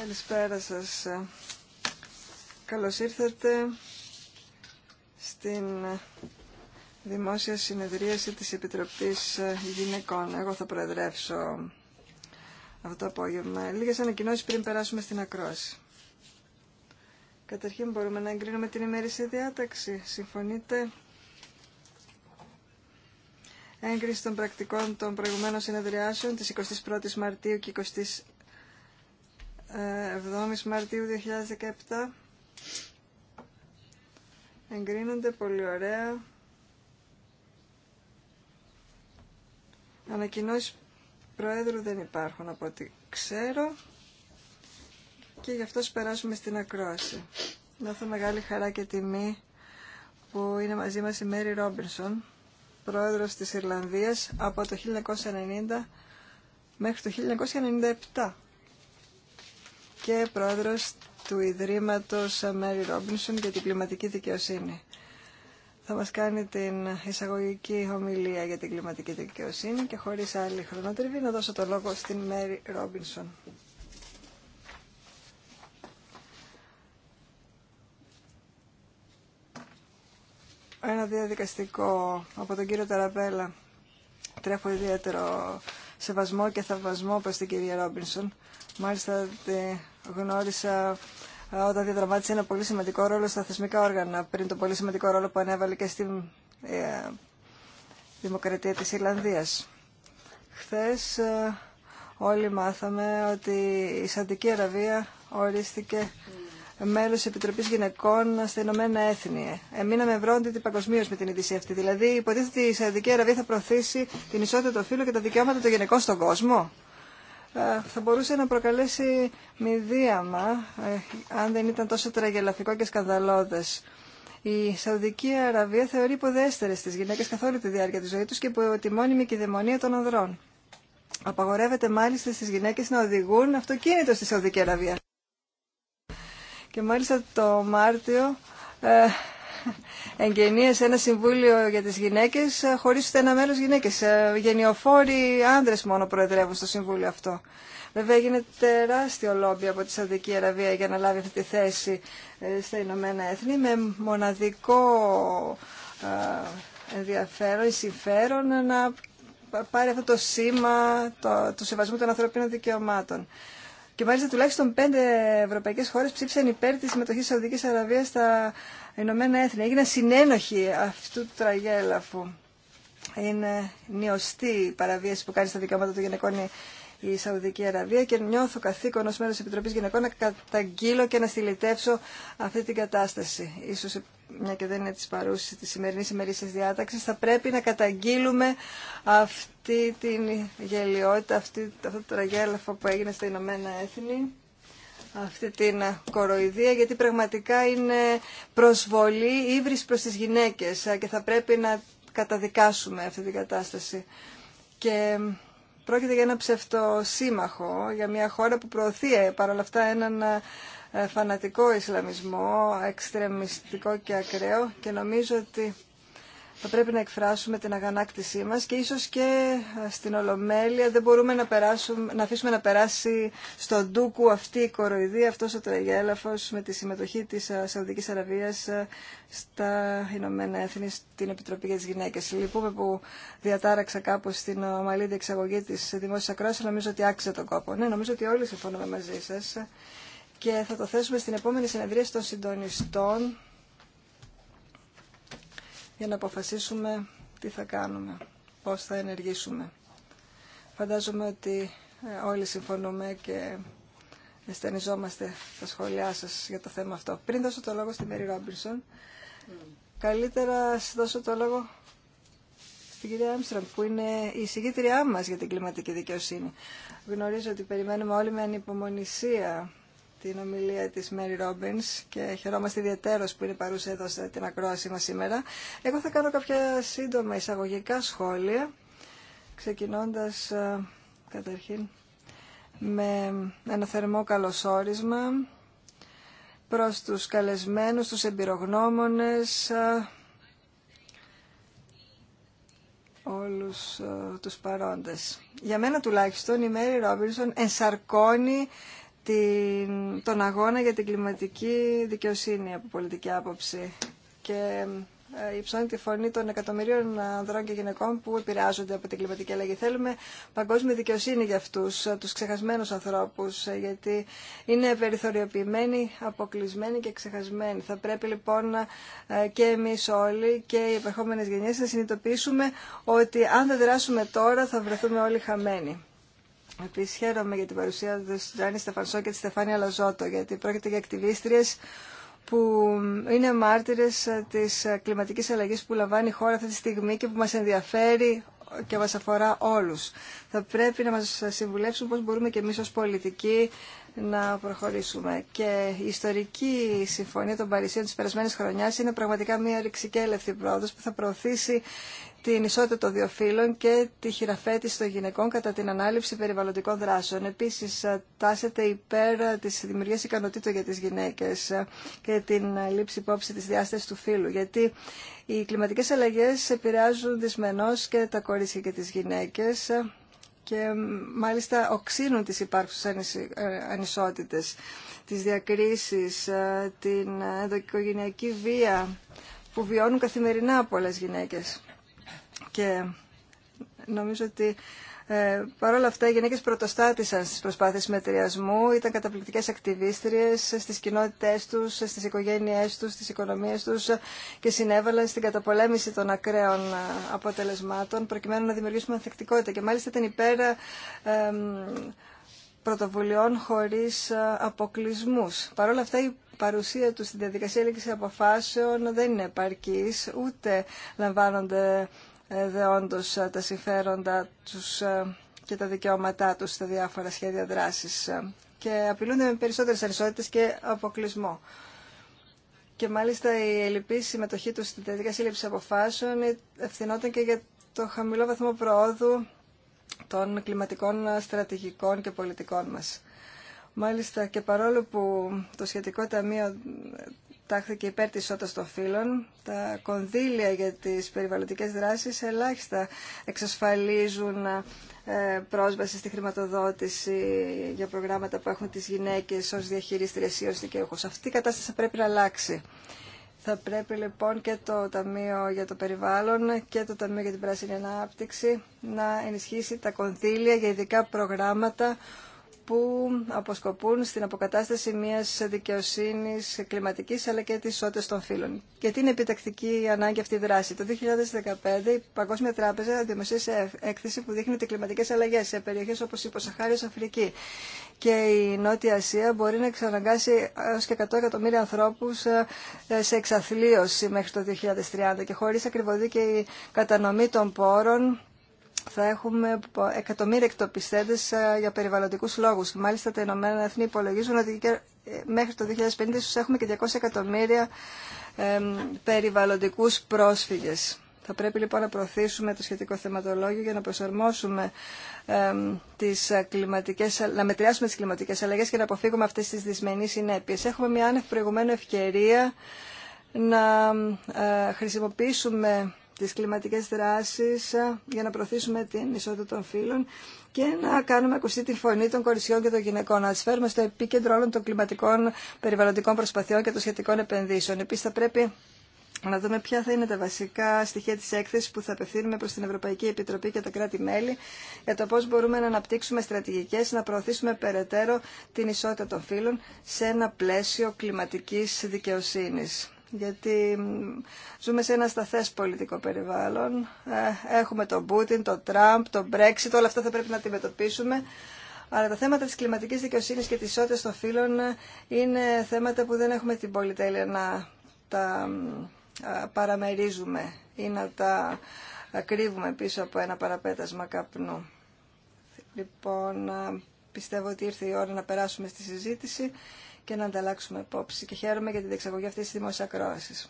Καλησπέρα σας. Καλώς ήρθατε στην δημόσια συνεδρίαση της Επιτροπής Γυναικών. Εγώ θα προεδρεύσω αυτό το απόγευμα. Λίγες ανακοινώσεις πριν περάσουμε στην ακρόαση. Καταρχήν μπορούμε να εγκρίνουμε την ημέρηση διάταξη. Συμφωνείτε έγκριση των πρακτικών των προηγουμένων συνεδριάσεων της 21ης Μαρτίου και 27ης Μαρτίου 2017. Εγκρίνονται πολύ ωραία. Ανακοινώσεις Προέδρου δεν υπάρχουν από ό,τι ξέρω και γι' αυτό περάσουμε στην ακρόαση. Νιώθω μεγάλη χαρά και τιμή που είναι μαζί μας η Μέρι Ρόμπινσον πρόεδρος της Ιρλανδίας από το 1990 μέχρι το 1997 και πρόεδρος του Ιδρύματος Μέρι Ρόμπινσον για την κλιματική δικαιοσύνη. Θα μας κάνει την εισαγωγική ομιλία για την κλιματική δικαιοσύνη και χωρίς άλλη χρονότριβη να δώσω το λόγο στην Μέρι Ρόμπινσον. ένα διαδικαστικό από τον κύριο Ταραπέλα. Τρέχω ιδιαίτερο σεβασμό και θαυμασμό προς την κυρία Ρόμπινσον. Μάλιστα τη γνώρισα ε, όταν διαδραμάτισε ένα πολύ σημαντικό ρόλο στα θεσμικά όργανα, πριν το πολύ σημαντικό ρόλο που ανέβαλε και στην ε, Δημοκρατία της Ιρλανδίας. Χθες ε, όλοι μάθαμε ότι η Σαντική Αραβία ορίστηκε μέλο τη Επιτροπή Γυναικών στα Ηνωμένα Έθνη. Εμείναμε ευρώντη παγκοσμίω με την ειδησία αυτή. Δηλαδή, υποτίθεται ότι η Σαουδική Αραβία θα προωθήσει την ισότητα των φύλων και τα δικαιώματα των γυναικών στον κόσμο. Ε, θα μπορούσε να προκαλέσει μηδίαμα, ε, αν δεν ήταν τόσο τραγελαφικό και σκανδαλώδε. Η Σαουδική Αραβία θεωρεί υποδέστερε τι γυναίκε καθ' τη διάρκεια τη ζωή του και τη μόνιμη κυδαιμονία των ανδρών. Απαγορεύεται μάλιστα στι γυναίκε να οδηγούν αυτοκίνητο στη Σαουδική Αραβία και μάλιστα το Μάρτιο ε, εγγενίασε ένα συμβούλιο για τις γυναίκες ε, χωρίς ούτε ένα μέρος γυναίκες. Ε, γενιοφόροι άνδρες μόνο προεδρεύουν στο συμβούλιο αυτό. Βέβαια έγινε τεράστιο λόμπι από τη Σαουδική Αραβία για να λάβει αυτή τη θέση ε, στα Ηνωμένα Έθνη με μοναδικό ενδιαφέρον ή συμφέρον να πάρει αυτό το σήμα το, του σεβασμού των ανθρωπίνων δικαιωμάτων. Και μάλιστα τουλάχιστον πέντε ευρωπαϊκέ χώρε ψήφισαν υπέρ τη συμμετοχή τη Σαουδική Αραβία στα Ηνωμένα Έθνη. Έγιναν συνένοχοι αυτού του τραγέλαφου. Είναι νιωστή η παραβίαση που κάνει στα δικαιώματα των γυναικών η Σαουδική Αραβία και νιώθω καθήκον ω μέλο τη Επιτροπή Γυναικών να καταγγείλω και να στυλιτεύσω αυτή την κατάσταση μια και δεν είναι της παρούσης της σημερινής ημερήσιας διάταξης, θα πρέπει να καταγγείλουμε αυτή την γελιότητα, αυτή, αυτό το τραγέλαφο που έγινε στα Ηνωμένα Έθνη, αυτή την κοροϊδία, γιατί πραγματικά είναι προσβολή ύβρις προς τις γυναίκες ε, και θα πρέπει να καταδικάσουμε αυτή την κατάσταση. Και πρόκειται για ένα ψευτοσύμμαχο, για μια χώρα που προωθεί ε, παρόλα αυτά έναν ε, ε, φανατικό Ισλαμισμό, εξτρεμιστικό και ακραίο και νομίζω ότι θα πρέπει να εκφράσουμε την αγανάκτησή μας και ίσως και ε, στην Ολομέλεια δεν μπορούμε να, περάσουμε, να αφήσουμε να περάσει στον Ντούκου αυτή η κοροϊδία, αυτός ο τραγέλαφος με τη συμμετοχή της ε, Σαουδικής Αραβίας στα Ηνωμένα Έθνη στην Επιτροπή για τις Γυναίκες. Λυπούμε που διατάραξα κάπως την ομαλή διεξαγωγή της δημόσιας ακρόσης. Νομίζω ότι άξιζε τον κόπο. Ναι, νομίζω ότι όλοι συμφωνούμε μαζί σας και θα το θέσουμε στην επόμενη συνεδρία των συντονιστών για να αποφασίσουμε τι θα κάνουμε, πώς θα ενεργήσουμε. Φαντάζομαι ότι ε, όλοι συμφωνούμε και στενιζόμαστε τα σχόλιά σας για το θέμα αυτό. Πριν δώσω το λόγο στη Μέρη Ρόμπινσον, καλύτερα σας δώσω το λόγο στην κυρία Άμστραμ, που είναι η συγκήτριά μας για την κλιματική δικαιοσύνη. Γνωρίζω ότι περιμένουμε όλοι με ανυπομονησία την ομιλία της Μέρι Ρόμπινς και χαιρόμαστε ιδιαίτερος που είναι παρούσα εδώ στην ακρόαση μας σήμερα. Εγώ θα κάνω κάποια σύντομα εισαγωγικά σχόλια, ξεκινώντας ε, καταρχήν με ένα θερμό καλωσόρισμα προς τους καλεσμένους, τους εμπειρογνώμονες, ε, όλους ε, τους παρόντες. Για μένα τουλάχιστον η Μέρι Ρόμπινσον ενσαρκώνει τον αγώνα για την κλιματική δικαιοσύνη από πολιτική άποψη και ε, υψώνει τη φωνή των εκατομμυρίων ανδρών και γυναικών που επηρεάζονται από την κλιματική αλλαγή. Θέλουμε παγκόσμια δικαιοσύνη για αυτούς, ε, τους ξεχασμένους ανθρώπους, ε, γιατί είναι περιθωριοποιημένοι, αποκλεισμένοι και ξεχασμένοι. Θα πρέπει λοιπόν και εμείς όλοι και οι επερχόμενες γενιές να συνειδητοποιήσουμε ότι αν δεν δράσουμε τώρα θα βρεθούμε όλοι χαμένοι. Επίση χαίρομαι για την παρουσία τη Τζάνι Στεφανσό και τη Στεφάνια Λαζότο, γιατί πρόκειται για ακτιβίστριε που είναι μάρτυρες της κλιματικής αλλαγής που λαμβάνει η χώρα αυτή τη στιγμή και που μας ενδιαφέρει και μας αφορά όλους. Θα πρέπει να μας συμβουλεύσουν πώς μπορούμε και εμείς ως πολιτικοί να προχωρήσουμε. Και η ιστορική συμφωνία των Παρισίων τη περασμένη χρονιά είναι πραγματικά μια ρηξικέλευτη πρόοδο που θα προωθήσει την ισότητα των δύο φύλων και τη χειραφέτηση των γυναικών κατά την ανάληψη περιβαλλοντικών δράσεων. Επίση, τάσεται υπέρ τη δημιουργία ικανοτήτων για τι γυναίκε και την λήψη υπόψη τη διάσταση του φύλου. Γιατί οι κλιματικέ αλλαγέ επηρεάζουν δυσμενώ και τα κορίτσια και τι γυναίκε και μάλιστα οξύνουν τις υπάρχουσες ε, ανισότητες, τις διακρίσεις, ε, την ενδοκοικογενειακή βία που βιώνουν καθημερινά πολλές γυναίκες. Και νομίζω ότι ε, Παρ' όλα αυτά, οι γυναίκε πρωτοστάτησαν στι προσπάθειε μετριασμού, ήταν καταπληκτικέ ακτιβίστριε στι κοινότητέ του, στι οικογένειέ του, στι οικονομίε του και συνέβαλαν στην καταπολέμηση των ακραίων ε, αποτελεσμάτων, προκειμένου να δημιουργήσουμε ανθεκτικότητα. Και μάλιστα ήταν υπέρ ε, πρωτοβουλειών χωρί αποκλεισμού. Παρ' όλα αυτά, η παρουσία του στην διαδικασία λήξη αποφάσεων δεν είναι επαρκή, ούτε λαμβάνονται ε, δεόντως ε, τα συμφέροντα τους ε, και τα δικαιώματά τους στα διάφορα σχέδια δράσης και απειλούνται με περισσότερες ανισότητες και αποκλεισμό. Και μάλιστα η ελληπή συμμετοχή του στην τελική σύλληψη αποφάσεων ευθυνόταν και για το χαμηλό βαθμό προόδου των κλιματικών στρατηγικών και πολιτικών μας. Μάλιστα και παρόλο που το σχετικό ταμείο τάχθηκε υπέρ της των φύλων. Τα κονδύλια για τις περιβαλλοντικές δράσεις ελάχιστα εξασφαλίζουν ε, πρόσβαση στη χρηματοδότηση για προγράμματα που έχουν τις γυναίκες ως διαχειρίστριες ή ως δικαιούχος. Αυτή η κατάσταση θα πρέπει να αλλάξει. Θα πρέπει λοιπόν και το Ταμείο για το Περιβάλλον και το Ταμείο για την Πράσινη Ανάπτυξη να ενισχύσει τα κονδύλια για ειδικά προγράμματα που αποσκοπούν στην αποκατάσταση μιας δικαιοσύνης κλιματικής αλλά και της ισότητας των φύλων. Και την επιτακτική ανάγκη αυτή η δράση. Το 2015 η Παγκόσμια Τράπεζα δημοσίευσε έκθεση που δείχνει ότι οι κλιματικές αλλαγές σε περιοχές όπως η Ποσαχάριος Αφρική και η Νότια Ασία μπορεί να εξαναγκάσει έως και 100 εκατομμύρια ανθρώπους ε, σε εξαθλίωση μέχρι το 2030 και χωρίς ακριβωδή και η κατανομή των πόρων θα έχουμε εκατομμύρια εκτοπιστέντε ε, για περιβαλλοντικούς λόγους. Μάλιστα τα Ηνωμένα Εθνή υπολογίζουν ότι ε, μέχρι το 2050 έχουμε και 200 εκατομμύρια περιβαλλοντικού πρόσφυγε. Θα πρέπει λοιπόν να προωθήσουμε το σχετικό θεματολόγιο για να προσαρμόσουμε ε, τις κλιματικές, να μετριάσουμε τις κλιματικές αλλαγές και να αποφύγουμε αυτές τις δυσμενείς συνέπειες. Έχουμε μια άνευ προηγουμένου ευκαιρία να ε, χρησιμοποιήσουμε τις κλιματικές δράσεις για να προωθήσουμε την ισότητα των φύλων και να κάνουμε ακουστή τη φωνή των κορισιών και των γυναικών. Να τι φέρουμε στο επίκεντρο όλων των κλιματικών περιβαλλοντικών προσπαθειών και των σχετικών επενδύσεων. Επίση, θα πρέπει να δούμε ποια θα είναι τα βασικά στοιχεία τη έκθεση που θα απευθύνουμε προ την Ευρωπαϊκή Επιτροπή και τα κράτη-μέλη για το πώ μπορούμε να αναπτύξουμε στρατηγικέ, να προωθήσουμε περαιτέρω την ισότητα των φύλων σε ένα πλαίσιο κλιματική δικαιοσύνη γιατί ζούμε σε ένα σταθές πολιτικό περιβάλλον. Ε, έχουμε τον Πούτιν, τον Τραμπ, τον Brexit, όλα αυτά θα πρέπει να αντιμετωπίσουμε. Αλλά τα θέματα της κλιματικής δικαιοσύνης και της ισότητας των φύλων ε, είναι θέματα που δεν έχουμε την πολυτέλεια να τα ε, παραμερίζουμε ή να τα κρύβουμε πίσω από ένα παραπέτασμα καπνού. Λοιπόν, πιστεύω ότι ήρθε η ώρα να περάσουμε στη συζήτηση και να ανταλλάξουμε υπόψη Και χαίρομαι για την διεξαγωγή αυτής της δημοσιακρόασης.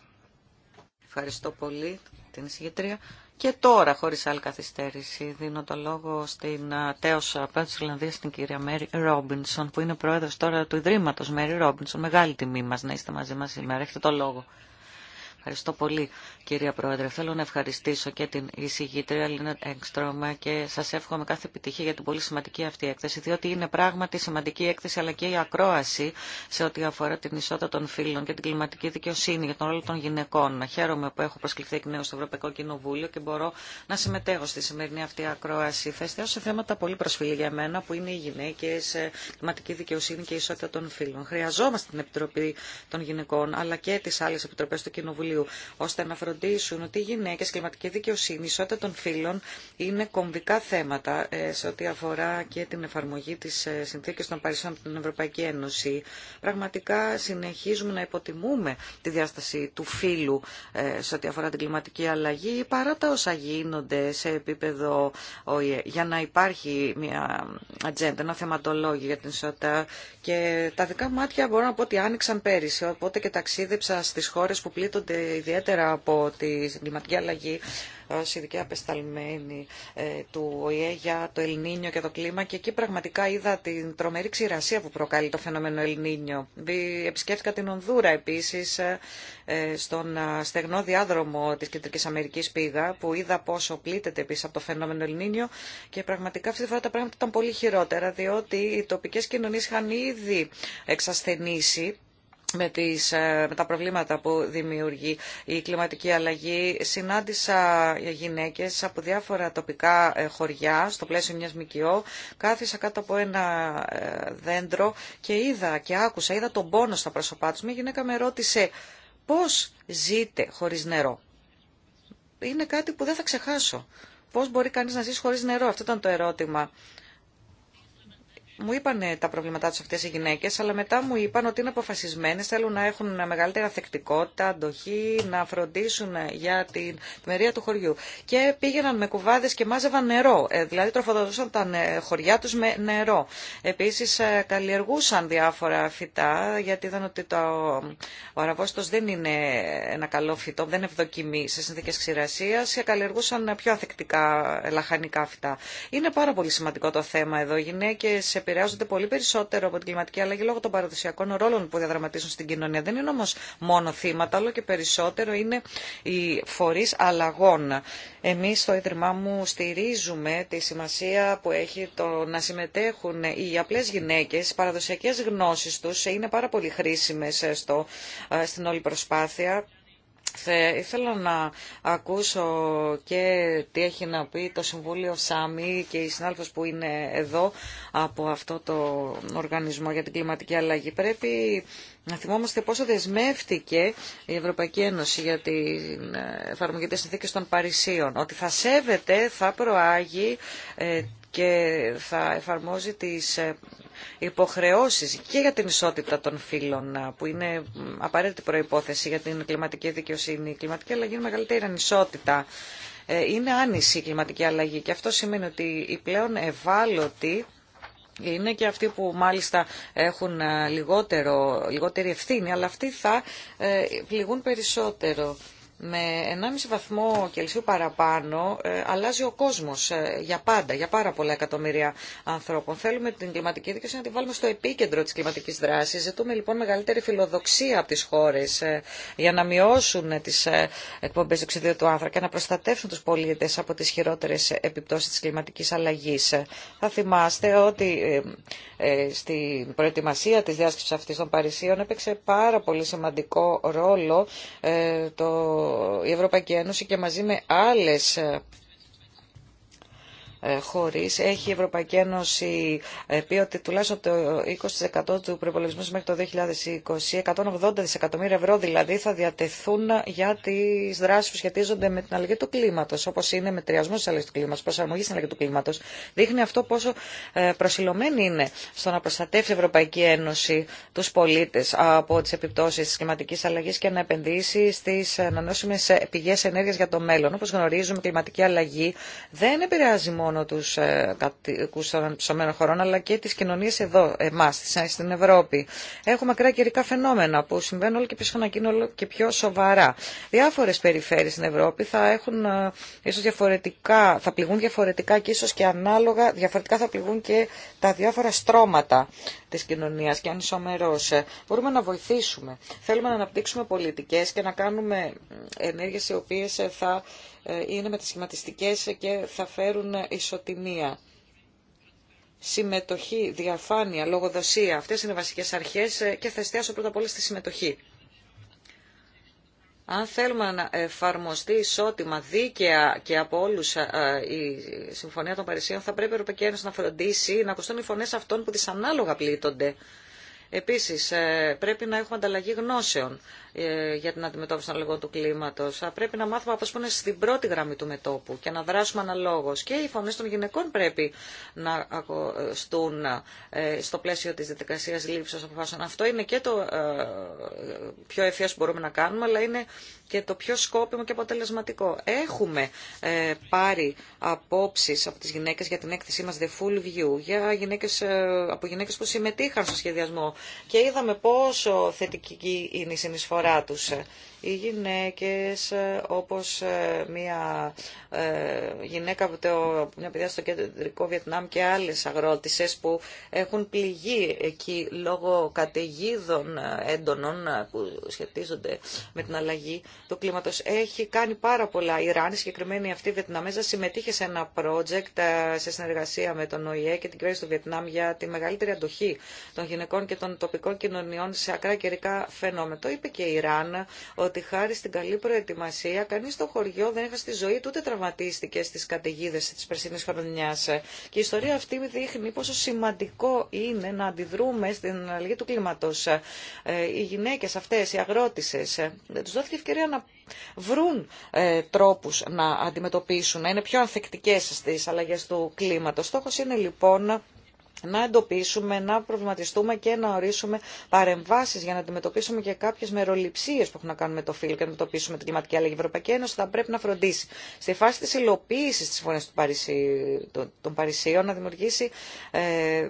Ευχαριστώ πολύ την εισηγητρία. Και τώρα, χωρίς άλλη καθυστέρηση, δίνω το λόγο στην τέωσα πρώτη τη την κυρία Μέρι Ρόμπινσον, που είναι πρόεδρος τώρα του Ιδρύματος Μέρι Ρόμπινσον. Μεγάλη τιμή μας να είστε μαζί μας σήμερα. Έχετε το λόγο. Ευχαριστώ πολύ κυρία Πρόεδρε. Θέλω να ευχαριστήσω και την εισηγήτρια Λίνα Εγκστρώμα και σας εύχομαι κάθε επιτυχία για την πολύ σημαντική αυτή έκθεση, διότι είναι πράγματι σημαντική έκθεση αλλά και η ακρόαση σε ό,τι αφορά την ισότητα των φίλων και την κλιματική δικαιοσύνη για τον ρόλο των γυναικών. Χαίρομαι που έχω προσκληθεί εκ νέου στο Ευρωπαϊκό Κοινοβούλιο και μπορώ να συμμετέχω στη σημερινή αυτή ακρόαση. Θα εστιάσω σε θέματα πολύ προσφυλή για μένα που είναι οι γυναίκε, ε, κλιματική δικαιοσύνη και η ισότητα των φίλων. Χρειαζόμαστε την Επιτροπή των Γυναικών αλλά και τι άλλε επιτροπέ του Κοινοβουλίου ώστε να φροντίσουν ότι οι γυναίκε, κλιματική δικαιοσύνη, ισότητα των φύλων είναι κομβικά θέματα ε, σε ό,τι αφορά και την εφαρμογή τη ε, συνθήκη των Παρισιών από την Ευρωπαϊκή Ένωση. Πραγματικά συνεχίζουμε να υποτιμούμε τη διάσταση του φύλου ε, σε ό,τι αφορά την κλιματική αλλαγή, παρά τα όσα γίνονται σε επίπεδο ΟΗΕ, για να υπάρχει μια ατζέντα, ένα θεματολόγιο για την ισότητα και τα δικά μάτια μπορώ να πω ότι άνοιξαν πέρυσι, οπότε και ταξίδεψα στι χώρε που πλήττονται ιδιαίτερα από τη κλιματική αλλαγή ως ειδική απεσταλμένη ε, του ΟΗΕ για το Ελνίνιο και το κλίμα και εκεί πραγματικά είδα την τρομερή ξηρασία που προκαλεί το φαινόμενο Ελνίνιο. Επισκέφθηκα την Ονδούρα επίσης ε, ε, στον στεγνό διάδρομο της Κεντρικής Αμερικής πήγα που είδα πόσο πλήττεται επίσης από το φαινόμενο Ελνίνιο και πραγματικά αυτή τη φορά τα πράγματα ήταν πολύ χειρότερα διότι οι τοπικές κοινωνίες είχαν ήδη εξασθενήσει με, τις, ε, με τα προβλήματα που δημιουργεί η κλιματική αλλαγή. Συνάντησα γυναίκες από διάφορα τοπικά ε, χωριά στο πλαίσιο μιας ΜΚΟ. Κάθισα κάτω από ένα ε, δέντρο και είδα και άκουσα, είδα τον πόνο στα πρόσωπά τους. Μια γυναίκα με ρώτησε πώς ζείτε χωρίς νερό. Είναι κάτι που δεν θα ξεχάσω. Πώς μπορεί κανείς να ζήσει χωρίς νερό. Αυτό ήταν το ερώτημα μου είπαν τα προβλήματά του αυτέ οι γυναίκε, αλλά μετά μου είπαν ότι είναι αποφασισμένε, θέλουν να έχουν μεγαλύτερη αθεκτικότητα αντοχή, να φροντίσουν για την μερία του χωριού. Και πήγαιναν με κουβάδε και μάζευαν νερό, ε, δηλαδή τροφοδοτούσαν τα χωριά του με νερό. Επίση, ε, καλλιεργούσαν διάφορα φυτά, γιατί είδαν ότι το, ο αραβόστο δεν είναι ένα καλό φυτό, δεν ευδοκιμεί σε συνθήκε ξηρασία και καλλιεργούσαν πιο αθεκτικά λαχανικά φυτά. Είναι πάρα πολύ σημαντικό το θέμα εδώ. Γυναίκε επηρεάζονται πολύ περισσότερο από την κλιματική αλλαγή λόγω των παραδοσιακών ρόλων που διαδραματίζουν στην κοινωνία. Δεν είναι όμω μόνο θύματα, όλο και περισσότερο είναι οι φορεί αλλαγών. Εμεί στο Ίδρυμά μου στηρίζουμε τη σημασία που έχει το να συμμετέχουν οι απλέ γυναίκε. Οι παραδοσιακέ γνώσει του είναι πάρα πολύ χρήσιμε στην όλη προσπάθεια ήθελα να ακούσω και τι έχει να πει το Συμβούλιο ΣΑΜΗ και οι συνάδελφοι που είναι εδώ από αυτό το οργανισμό για την κλιματική αλλαγή. Πρέπει να θυμόμαστε πόσο δεσμεύτηκε η Ευρωπαϊκή Ένωση για την ε, εφαρμογή της συνθήκης των Παρισίων. Ότι θα σέβεται, θα προάγει ε, και θα εφαρμόζει τις ε, υποχρεώσεις και για την ισότητα των φύλων που είναι απαραίτητη προϋπόθεση για την κλιματική δικαιοσύνη. Η κλιματική αλλαγή είναι μεγαλύτερη ανισότητα. Είναι άνηση η κλιματική αλλαγή και αυτό σημαίνει ότι οι πλέον ευάλωτοι είναι και αυτοί που μάλιστα έχουν ε, λιγότερο, λιγότερη ευθύνη, αλλά αυτοί θα ε, πληγούν περισσότερο με 1,5 βαθμό Κελσίου παραπάνω ε, αλλάζει ο κόσμος ε, για πάντα, για πάρα πολλά εκατομμύρια ανθρώπων. Θέλουμε την κλιματική δίκαιωση να τη βάλουμε στο επίκεντρο της κλιματικής δράσης. Ζητούμε λοιπόν μεγαλύτερη φιλοδοξία από τις χώρες ε, για να μειώσουν τις εκπομπές οξυδίου του άνθρακα και να προστατεύσουν τους πολίτες από τις χειρότερες επιπτώσεις της κλιματικής αλλαγής. Θα θυμάστε ότι στην προετοιμασία της διάσκεψης αυτής των Παρισίων έπαιξε πάρα πολύ σημαντικό ρόλο το η Ευρωπαϊκή Ένωση και μαζί με άλλες ε, ε, Έχει η Ευρωπαϊκή Ένωση ε, πει ότι τουλάχιστον το 20% του προπολογισμού μέχρι το 2020, 180 δισεκατομμύρια ευρώ δηλαδή, θα διατεθούν για τι δράσει που σχετίζονται με την αλλαγή του κλίματο, όπω είναι τριασμό τη αλλαγή του κλίματος, προσαρμογή στην αλλαγή του κλίματο. Δείχνει αυτό πόσο ε, προσιλωμένη είναι στο να προστατεύσει η Ευρωπαϊκή Ένωση του πολίτε από τι επιπτώσει τη κλιματική αλλαγή και να επενδύσει στι ανανεώσιμες πηγέ ενέργεια για το μέλλον. όπω γνωρίζουμε, κλιματική αλλαγή δεν επηρεάζει μόνο μόνο του ε, κατοικού των ψωμένων χωρών, αλλά και τι κοινωνίε εδώ, εμά, ε, στην Ευρώπη. Έχουμε ακραία καιρικά φαινόμενα που συμβαίνουν όλο και πιο όλο και πιο σοβαρά. Διάφορε περιφέρειε στην Ευρώπη θα έχουν ε, ίσω διαφορετικά, θα πληγούν διαφορετικά και ίσω και ανάλογα, διαφορετικά θα πληγούν και τα διάφορα στρώματα τη κοινωνία και αν ισομερώσει. Μπορούμε να βοηθήσουμε. Θέλουμε να αναπτύξουμε πολιτικέ και να κάνουμε ενέργειε οι οποίε θα είναι μετασχηματιστικές και θα φέρουν ισοτιμία. Συμμετοχή, διαφάνεια, λογοδοσία. Αυτές είναι οι βασικές αρχές ε, και θα εστιάσω πρώτα απ' όλα στη συμμετοχή. Αν θέλουμε να εφαρμοστεί ισότιμα, δίκαια και από όλου ε, ε, η Συμφωνία των Παρισίων, θα πρέπει η Ευρωπαϊκή Ένωση να φροντίσει να ακουστούν οι φωνέ αυτών που δυσανάλογα πλήττονται. Επίση, πρέπει να έχουμε ανταλλαγή γνώσεων ε, για την αντιμετώπιση των του κλίματο. πρέπει να μάθουμε από είναι στην πρώτη γραμμή του μετόπου και να δράσουμε αναλόγω. Και οι φωνέ των γυναικών πρέπει να ακουστούν ε, στο πλαίσιο τη διαδικασία λήψη αποφάσεων. Αυτό είναι και το ε, πιο ευφυέ που μπορούμε να κάνουμε, αλλά είναι και το πιο σκόπιμο και αποτελεσματικό. Έχουμε πάρει απόψει από τι γυναίκε για την έκθεσή μα The Full View, για γυναίκες, από γυναίκε που συμμετείχαν στο σχεδιασμό και είδαμε πόσο θετική είναι η συνεισφορά κράτους οι γυναίκες όπως ε, μια ε, γυναίκα μια παιδιά στο κεντρικό Βιετνάμ και άλλες αγρότησες που έχουν πληγεί εκεί λόγω καταιγίδων ε, έντονων που σχετίζονται με την αλλαγή του κλίματος. Έχει κάνει πάρα πολλά. Η Ράνη συγκεκριμένη αυτή η Βιετναμέζα, συμμετείχε σε ένα project σε συνεργασία με τον ΟΗΕ και την κυβέρνηση του Βιετνάμ για τη μεγαλύτερη αντοχή των γυναικών και των τοπικών κοινωνιών σε ακρά καιρικά φαινόμενα. είπε και η Ιράν ότι χάρη στην καλή προετοιμασία κανείς στο χωριό δεν είχε στη ζωή του ούτε τραυματίστηκε στις καταιγίδες της περσινής χρονιά. Και η ιστορία αυτή δείχνει πόσο σημαντικό είναι να αντιδρούμε στην αλλαγή του κλίματος. Ε, οι γυναίκες αυτές, οι αγρότησες, ε, τους δόθηκε ευκαιρία να βρουν ε, τρόπους να αντιμετωπίσουν, να είναι πιο ανθεκτικές στις αλλαγές του κλίματος. Στόχος είναι λοιπόν να εντοπίσουμε, να προβληματιστούμε και να ορίσουμε παρεμβάσει για να αντιμετωπίσουμε και κάποιε μεροληψίε που έχουν να κάνουν με το φύλλο και να αντιμετωπίσουμε την κλιματική αλλαγή. Η Ευρωπαϊκή Ένωση θα πρέπει να φροντίσει στη φάση τη υλοποίηση τη Συμφωνία των Παρισίων να δημιουργήσει ε,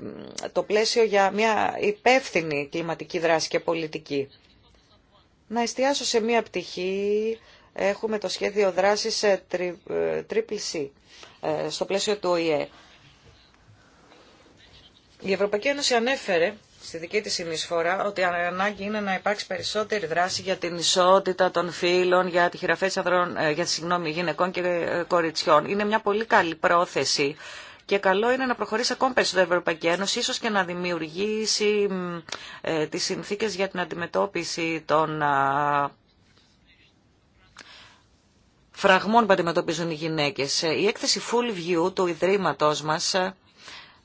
το πλαίσιο για μια υπεύθυνη κλιματική δράση και πολιτική. Να εστιάσω σε μία πτυχή. Έχουμε το σχέδιο δράσης ε, τρίπλη ε, C ε, στο πλαίσιο του ΟΗΕ η Ευρωπαϊκή Ένωση ανέφερε στη δική της συνεισφορά ότι ανάγκη είναι να υπάρξει περισσότερη δράση για την ισότητα των φύλων, για τη χειραφέτηση αδρών, ε, για συγγνώμη, γυναικών και ε, κοριτσιών. Είναι μια πολύ καλή πρόθεση και καλό είναι να προχωρήσει ακόμα περισσότερο η Ευρωπαϊκή Ένωση, ίσως και να δημιουργήσει ε, τις συνθήκες για την αντιμετώπιση των φραγμών που αντιμετωπίζουν οι γυναίκες. Η έκθεση Full View του Ιδρύματός μας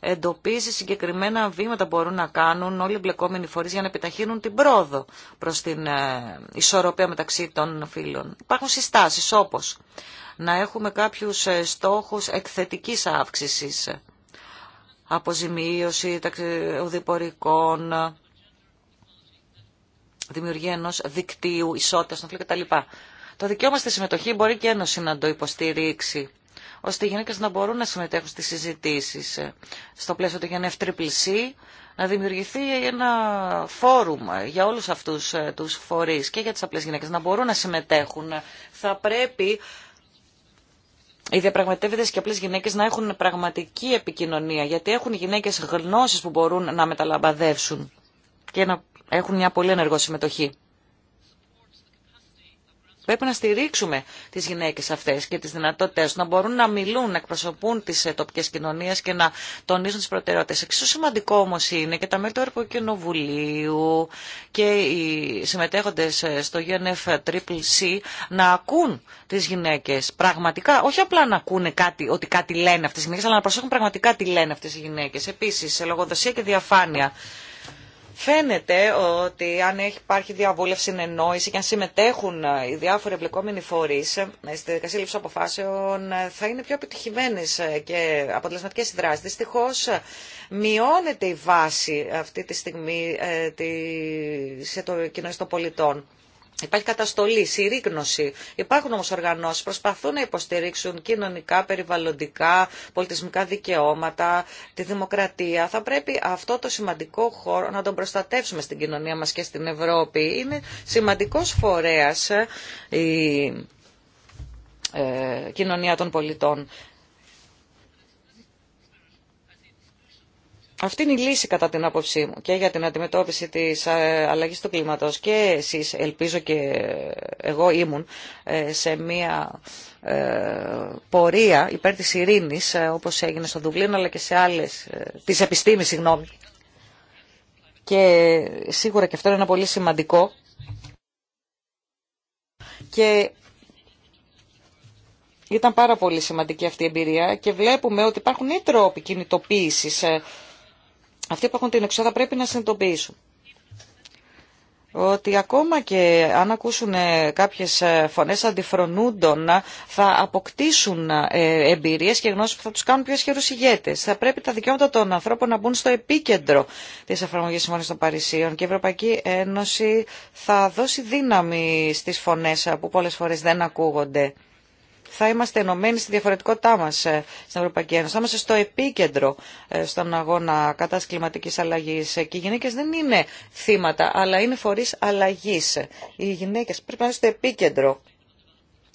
εντοπίζει συγκεκριμένα βήματα μπορούν να κάνουν όλοι οι μπλεκόμενοι φορείς για να επιταχύνουν την πρόοδο προ την ε, ισορροπία μεταξύ των φύλων. Υπάρχουν συστάσει όπως να έχουμε κάποιους ε, στόχους εκθετικής αύξησης, αποζημίωση οδηπορικών, δημιουργία ενός δικτύου, ισότητας των φύλων κτλ. Το δικαίωμα στη συμμετοχή μπορεί και Ένωση να το υποστηρίξει ώστε οι γυναίκε να μπορούν να συμμετέχουν στις συζητήσει ε, στο πλαίσιο του GNF να δημιουργηθεί ένα φόρουμ για όλους αυτούς ε, τους φορείς και για τις απλές γυναίκες να μπορούν να συμμετέχουν. Θα πρέπει οι διαπραγματεύτες και απλές γυναίκες να έχουν πραγματική επικοινωνία γιατί έχουν γυναίκε γνώσει που μπορούν να μεταλαμπαδεύσουν και να έχουν μια πολύ ενεργό συμμετοχή. Πρέπει να στηρίξουμε τι γυναίκε αυτέ και τι δυνατότητε να μπορούν να μιλούν, να εκπροσωπούν τι ε, τοπικέ κοινωνίε και να τονίζουν τι προτεραιότητε. Εξίσου σημαντικό όμω είναι και τα μέλη του Ευρωπαϊκού και οι συμμετέχοντε ε, στο UNFCCC να ακούν τι γυναίκε πραγματικά. Όχι απλά να ακούνε κάτι, ότι κάτι λένε αυτέ οι γυναίκε, αλλά να προσέχουν πραγματικά τι λένε αυτέ οι γυναίκε. Επίση, σε λογοδοσία και διαφάνεια. Φαίνεται ότι αν υπάρχει διαβούλευση, συνεννόηση και αν συμμετέχουν ε, οι διάφοροι εμπλεκόμενοι φορεί ε, στη δικασία λήψη αποφάσεων, ε, θα είναι πιο επιτυχημένε και αποτελεσματικέ οι δράσει. Δυστυχώ, μειώνεται η βάση αυτή τη στιγμή σε το κοινό των πολιτών. Υπάρχει καταστολή, συρρήγνωση. Υπάρχουν όμω οργανώσει που προσπαθούν να υποστηρίξουν κοινωνικά, περιβαλλοντικά, πολιτισμικά δικαιώματα, τη δημοκρατία. Θα πρέπει αυτό το σημαντικό χώρο να τον προστατεύσουμε στην κοινωνία μα και στην Ευρώπη. Είναι σημαντικό φορέα ε, η ε, κοινωνία των πολιτών. Αυτή είναι η λύση κατά την άποψή μου και για την αντιμετώπιση της ε, αλλαγής του κλίματος και εσείς ελπίζω και εγώ ήμουν ε, σε μια ε, πορεία υπέρ της ειρήνης όπως έγινε στο Δουβλίνο αλλά και σε άλλες, της επιστήμης συγγνώμη. Και σίγουρα και αυτό είναι ένα πολύ σημαντικό και ήταν πάρα πολύ σημαντική αυτή η εμπειρία και βλέπουμε ότι υπάρχουν οι τρόποι κινητοποίησης αυτοί που έχουν την θα πρέπει να συνειδητοποιήσουν ότι ακόμα και αν ακούσουν ε, κάποιες ε, φωνές αντιφρονούντων ε, θα αποκτήσουν εμπειρίες και γνώσεις που θα τους κάνουν πιο ισχυρούς ηγέτες. Θα πρέπει τα δικαιώματα των ανθρώπων να μπουν στο επίκεντρο της εφαρμογής συμφωνίας των Παρισίων και η Ευρωπαϊκή Ένωση θα δώσει δύναμη στις φωνές που πολλές φορές δεν ακούγονται θα είμαστε ενωμένοι στη διαφορετικότητά μα ε, στην Ευρωπαϊκή Ένωση. Θα είμαστε στο επίκεντρο ε, στον αγώνα κατά τη κλιματική αλλαγή. Ε, και οι γυναίκε δεν είναι θύματα, αλλά είναι φορεί αλλαγή. Οι γυναίκε πρέπει να είναι στο επίκεντρο.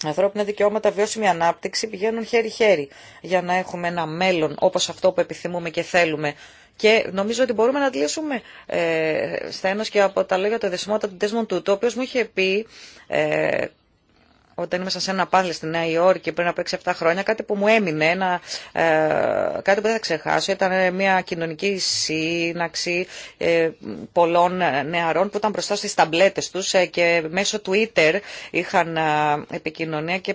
Ανθρώπινα δικαιώματα, βιώσιμη ανάπτυξη πηγαίνουν χέρι-χέρι για να έχουμε ένα μέλλον όπω αυτό που επιθυμούμε και θέλουμε. Και νομίζω ότι μπορούμε να αντλήσουμε ε, στένος και από τα λόγια του δεσμότητα του Ντέσμον οποίο μου είχε πει ε, όταν ήμασταν σε ένα πάνελ στη Νέα Υόρκη πριν από 6-7 χρόνια, κάτι που μου έμεινε, ε, κάτι που δεν θα ξεχάσω, ήταν μια κοινωνική σύναξη ε, πολλών ε, νεαρών που ήταν μπροστά στις ταμπλέτες τους και μέσω Twitter είχαν επικοινωνία και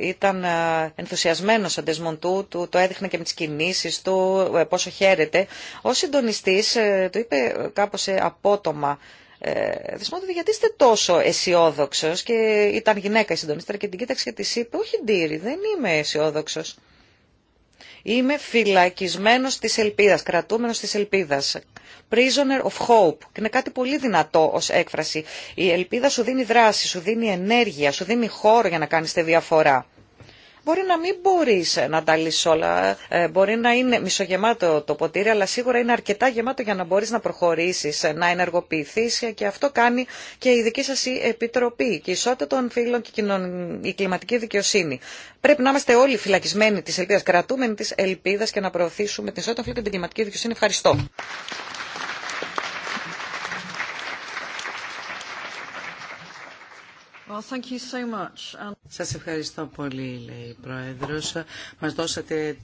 ήταν ενθουσιασμένος ο Ντεσμοντού, του το έδειχνε και με τις κινήσεις του, πόσο χαίρεται. Ο συντονιστής του είπε κάπως απότομα ε, γιατί είστε τόσο αισιόδοξο και ήταν γυναίκα η συντονίστρα και την κοίταξε και τη είπε, Όχι, Ντύρι, δεν είμαι αισιόδοξο. Είμαι φυλακισμένο τη ελπίδα, κρατούμενο τη ελπίδα. Prisoner of hope. Και είναι κάτι πολύ δυνατό ω έκφραση. Η ελπίδα σου δίνει δράση, σου δίνει ενέργεια, σου δίνει χώρο για να κάνει τη διαφορά. Μπορεί να μην μπορεί ε, να τα λύσει όλα. Ε, μπορεί να είναι μισογεμάτο το ποτήρι, αλλά σίγουρα είναι αρκετά γεμάτο για να μπορεί να προχωρήσει, ε, να ενεργοποιηθεί και αυτό κάνει και η δική σα επιτροπή. Και η ισότητα των φίλων και η κλιματική δικαιοσύνη. Πρέπει να είμαστε όλοι φυλακισμένοι τη ελπίδα, κρατούμενοι τη ελπίδα και να προωθήσουμε την ισότητα των φίλων και την κλιματική δικαιοσύνη. Ευχαριστώ. Um, Σας ευχαριστώ πολύ, λέει η Πρόεδρος. Μας δώσατε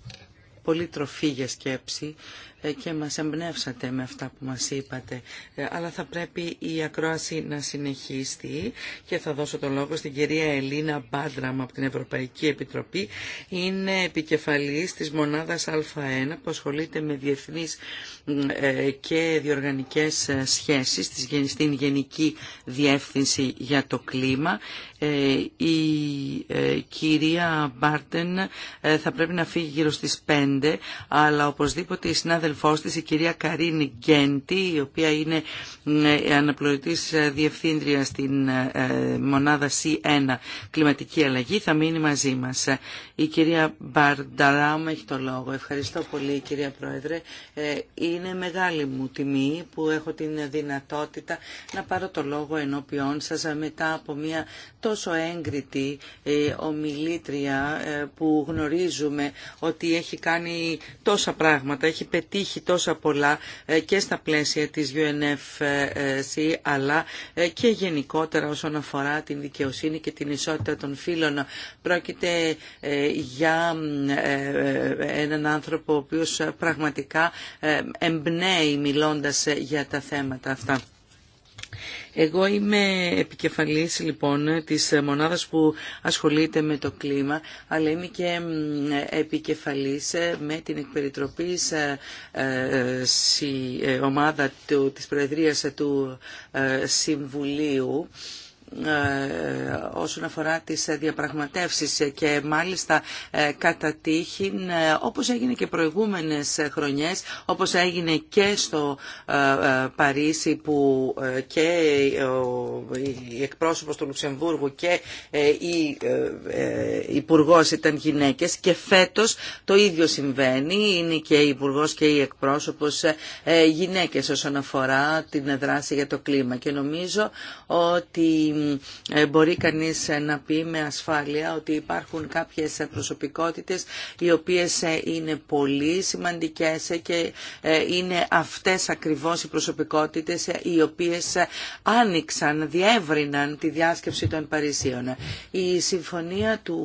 πολύ τροφή για σκέψη ε, και μας εμπνεύσατε με αυτά που μας είπατε. Ε, αλλά θα πρέπει η ακρόαση να συνεχίσει και θα δώσω το λόγο στην κυρία Ελίνα Μπάντραμ από την Ευρωπαϊκή Επιτροπή. Είναι επικεφαλής της μονάδας Α1 που ασχολείται με διεθνείς ε, και διοργανικές σχέσεις στην Γενική Διεύθυνση για το Κλίμα. Η κυρία Μπάρτεν θα πρέπει να φύγει γύρω στις 5, αλλά οπωσδήποτε οι συνάδελφός της, η κυρία Καρίνη Γκέντη, η οποία είναι ε, αναπληρωτής ε, διευθύντρια στην ε, μονάδα C1 Κλιματική Αλλαγή, θα μείνει μαζί μας. Η κυρία Μπαρνταράμ έχει το λόγο. Ευχαριστώ πολύ κυρία Πρόεδρε. Είναι μεγάλη μου τιμή που έχω την δυνατότητα να πάρω το λόγο ενώπιόν σας μετά από μια τόσο έγκριτη ομιλήτρια που γνωρίζουμε ότι έχει κάνει τόσα πράγματα, έχει πετύχει πετύχει τόσα πολλά ε, και στα πλαίσια της UNFC ε, ε, αλλά και γενικότερα όσον αφορά την δικαιοσύνη και την ισότητα των φίλων. Πρόκειται για έναν άνθρωπο ο οποίος πραγματικά εμπνέει μιλώντας για τα θέματα αυτά. Εγώ είμαι επικεφαλής λοιπόν της μονάδας που ασχολείται με το κλίμα, αλλά είμαι και επικεφαλής ε, με την εκπεριτροπή ε, ε, ομάδα του της Προεδρίας του Συμβουλίου ε, όσον αφορά τις διαπραγματεύσεις και μάλιστα ε, κατά ε, όπως έγινε και προηγούμενες χρονιές όπως έγινε και στο Παρίσι που και ο εκπρόσωπος του Λουξεμβούργου και η υπουργό ήταν γυναίκες και φέτος το ίδιο συμβαίνει είναι και η υπουργό και η εκπρόσωπος γυναίκες όσον αφορά την δράση για το κλίμα και νομίζω ότι ε, μπορεί κανείς ε, να πει με ασφάλεια ότι υπάρχουν κάποιες προσωπικότητες οι οποίες ε, είναι πολύ σημαντικές και είναι αυτές ακριβώς οι προσωπικότητες οι οποίες άνοιξαν, διεύρυναν τη διάσκεψη των Παρισίων. Η συμφωνία του,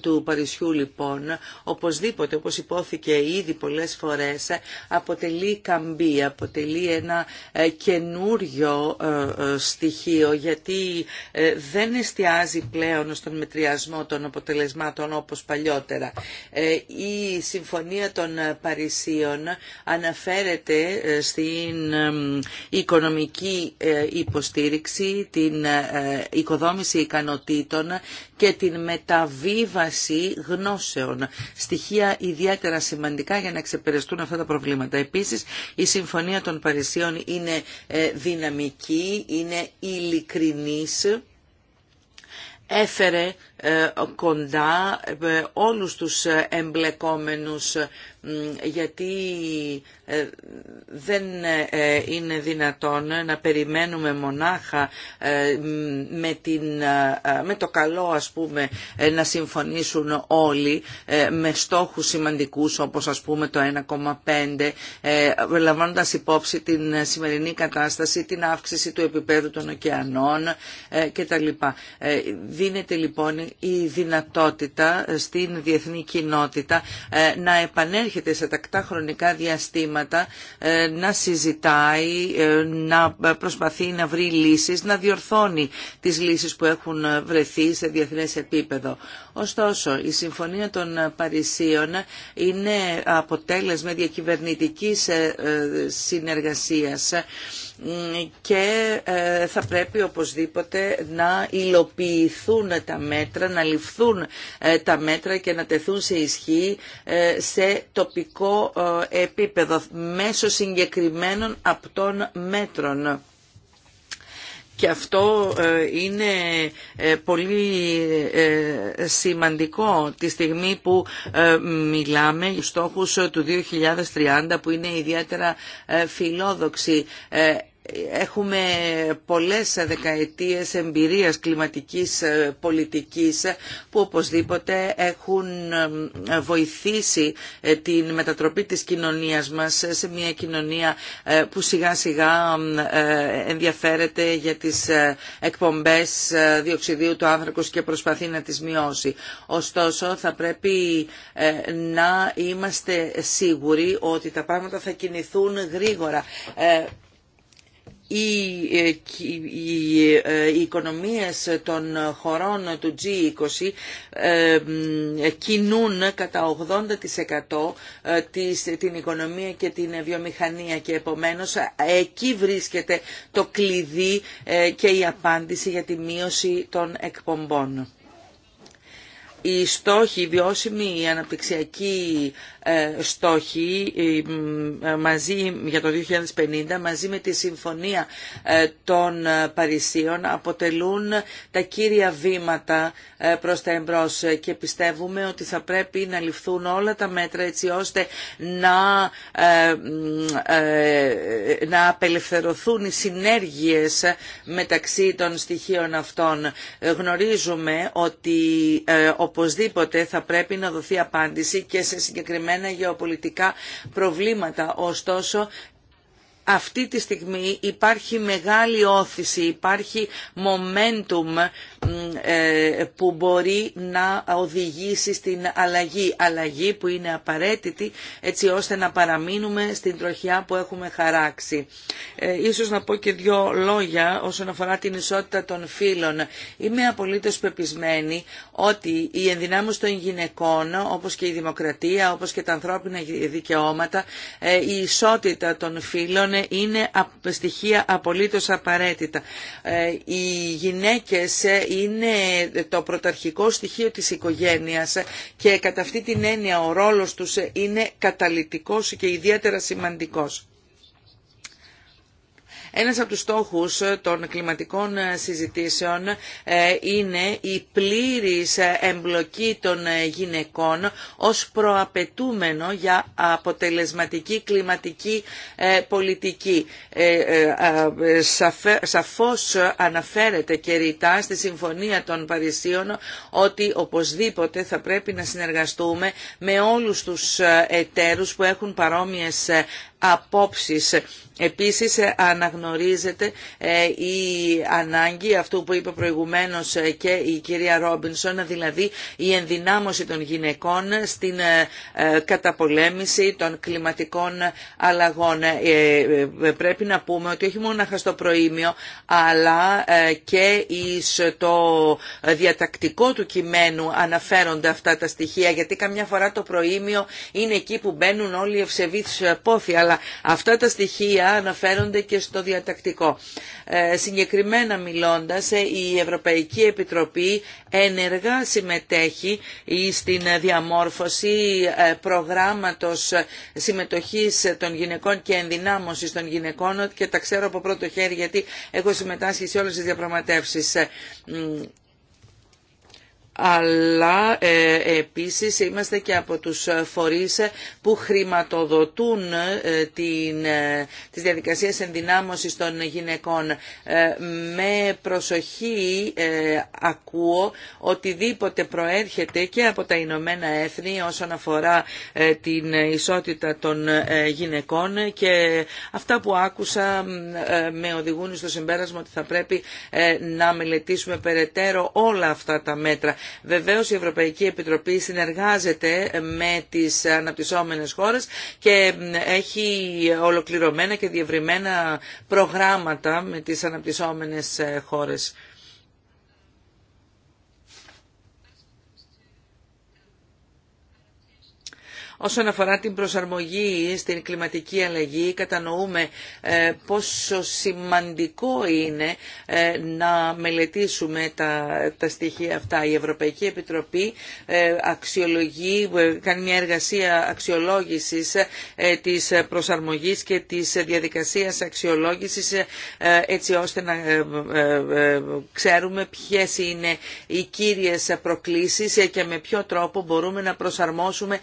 του Παρισιού λοιπόν οπωσδήποτε όπως υπόθηκε ήδη πολλές φορές αποτελεί καμπή, αποτελεί ένα καινούριο στοιχείο γιατί ε, δεν εστιάζει πλέον στον μετριασμό των αποτελεσμάτων όπως παλιότερα. Ε, η Συμφωνία των Παρισίων αναφέρεται ε, στην οικονομική υποστήριξη, την οικοδόμηση ικανοτήτων και την μεταβίβαση γνώσεων. Στοιχεία ιδιαίτερα σημαντικά για να ξεπεραστούν αυτά τα προβλήματα. Επίσης, η Συμφωνία των Παρισίων είναι δυναμική, είναι ειλικρινή κανείς έφερε ε, κοντά ε, όλους τους εμπλεκόμενους γιατί ε, δεν είναι δυνατόν να περιμένουμε μονάχα με, το καλό ας πούμε να συμφωνήσουν όλοι με στόχους σημαντικούς όπως ας πούμε το 1,5 λαμβάνοντας υπόψη την σημερινή κατάσταση, την αύξηση του επίπεδου των ωκεανών λοιπά Δίνεται λοιπόν η δυνατότητα στην διεθνή κοινότητα ε, να επανέρχεται σε τακτά χρονικά διαστήματα, ε, να συζητάει, ε, να προσπαθεί να βρει λύσεις, να διορθώνει τις λύσεις που έχουν βρεθεί σε διεθνές επίπεδο. Ωστόσο, η Συμφωνία των Παρισίων είναι αποτέλεσμα διακυβερνητικής συνεργασίας και ε, θα πρέπει οπωσδήποτε να υλοποιηθούν τα μέτρα, να ληφθούν ε, τα μέτρα και να τεθούν σε ισχύ ε, σε τοπικό επίπεδο μέσω συγκεκριμένων απτών μέτρων. Και αυτό είναι πολύ σημαντικό τη στιγμή που μιλάμε για στόχους του 2030 που είναι ιδιαίτερα φιλόδοξοι. Έχουμε πολλές δεκαετίες εμπειρίας κλιματικής ε, πολιτικής που οπωσδήποτε έχουν ε, βοηθήσει ε, την μετατροπή της κοινωνίας μας σε μια κοινωνία που σιγά σιγά ενδιαφέρεται για τις εκπομπές διοξιδίου του άνθρακος και προσπαθεί να τις μειώσει. Ωστόσο θα πρέπει να είμαστε σίγουροι ότι τα πράγματα θα κινηθούν γρήγορα ε, ε, οι οικονομίες των χωρών του G20 ε, κινούν κατά 80% την οικονομία και την βιομηχανία και επομένως εκεί βρίσκεται το κλειδί και η απάντηση για τη μείωση των εκπομπών οι στόχοι, η η αναπτυξιακή ε, στόχοι ε, ε, μαζί για το 2050 μαζί με τη Συμφωνία των Παρισίων αποτελούν τα κύρια βήματα προς τα εμπρός και πιστεύουμε ότι θα πρέπει να ληφθούν όλα τα μέτρα έτσι ώστε να, να απελευθερωθούν οι συνέργειες μεταξύ των στοιχείων αυτών. Γνωρίζουμε ότι οπωσδήποτε θα πρέπει να δοθεί απάντηση και σε συγκεκριμένα συγκεκριμένα γεωπολιτικά προβλήματα. Ωστόσο αυτή τη στιγμή υπάρχει μεγάλη όθηση, υπάρχει momentum ε, που μπορεί να οδηγήσει στην αλλαγή. Αλλαγή που είναι απαραίτητη έτσι ώστε να παραμείνουμε στην τροχιά που έχουμε χαράξει. Ε, ίσως να πω και δύο λόγια όσον αφορά την ισότητα των φύλων. Είμαι απολύτως πεπισμένη ότι η ενδυνάμωση των γυναικών, όπως και η δημοκρατία, όπως και τα ανθρώπινα δικαιώματα, ε, η ισότητα των φύλων είναι στοιχεία απολύτως απαραίτητα. Ε, οι γυναίκες ε, είναι το πρωταρχικό στοιχείο της οικογένειας και κατά αυτή την έννοια ο ρόλος τους ε, είναι καταλητικός και ιδιαίτερα σημαντικός. Ένας από τους στόχους των κλιματικών συζητήσεων ε, είναι η πλήρης εμπλοκή των γυναικών ως προαπαιτούμενο για αποτελεσματική κλιματική ε, πολιτική. Ε, σαφώς αναφέρεται και ρητά στη Συμφωνία των Παρισίων ότι οπωσδήποτε θα πρέπει να συνεργαστούμε με όλους τους εταίρους που έχουν παρόμοιες απόψεις. Επίσης ε, αναγνωρίζεται ε, η ανάγκη αυτού που είπε προηγουμένως ε, και η κυρία Ρόμπινσον, δηλαδή η ενδυνάμωση των γυναικών στην καταπολέμηση των κλιματικών αλλαγών. Πρέπει να πούμε ότι όχι μόνο στο προήμιο, αλλά και στο διατακτικό του κειμένου αναφέρονται αυτά τα στοιχεία, γιατί καμιά φορά το προήμιο είναι εκεί που μπαίνουν όλοι οι ευσεβείς πόθοι, αυτά τα στοιχεία αναφέρονται και στο διατακτικό. Ε, συγκεκριμένα μιλώντας, ε, η Ευρωπαϊκή Επιτροπή ενεργά συμμετέχει ε, στην διαμόρφωση προγράμματος συμμετοχής των γυναικών και ενδυνάμωσης των γυναικών και τα ξέρω από πρώτο χέρι γιατί έχω συμμετάσχει σε όλες τις διαπραγματεύσεις αλλά ε, επίσης είμαστε και από τους φορείς που χρηματοδοτούν ε, την, ε, τις διαδικασίες ενδυνάμωσης των γυναικών. Με προσοχή ακούω οτιδήποτε προέρχεται και από τα Ηνωμένα Έθνη όσον αφορά την ισότητα των γυναικών και αυτά που άκουσα με οδηγούν στο συμπέρασμα ότι θα πρέπει να μελετήσουμε περαιτέρω όλα αυτά τα μέτρα Βεβαίως η Ευρωπαϊκή Επιτροπή συνεργάζεται με τις αναπτυσσόμενες χώρες και έχει ολοκληρωμένα και διευρυμένα προγράμματα με τις αναπτυσσόμενες ε, χώρες. Όσον αφορά την προσαρμογή στην κλιματική αλλαγή, κατανοούμε ε, πόσο σημαντικό είναι ε, να μελετήσουμε τα, τα στοιχεία αυτά. Η Ευρωπαϊκή Επιτροπή ε, αξιολογεί, κάνει μια εργασία αξιολόγησης της προσαρμογής και της διαδικασίας αξιολόγησης έτσι ώστε να ξέρουμε ποιες είναι οι κύριες προκλήσεις και με ποιο τρόπο μπορούμε να προσαρμόσουμε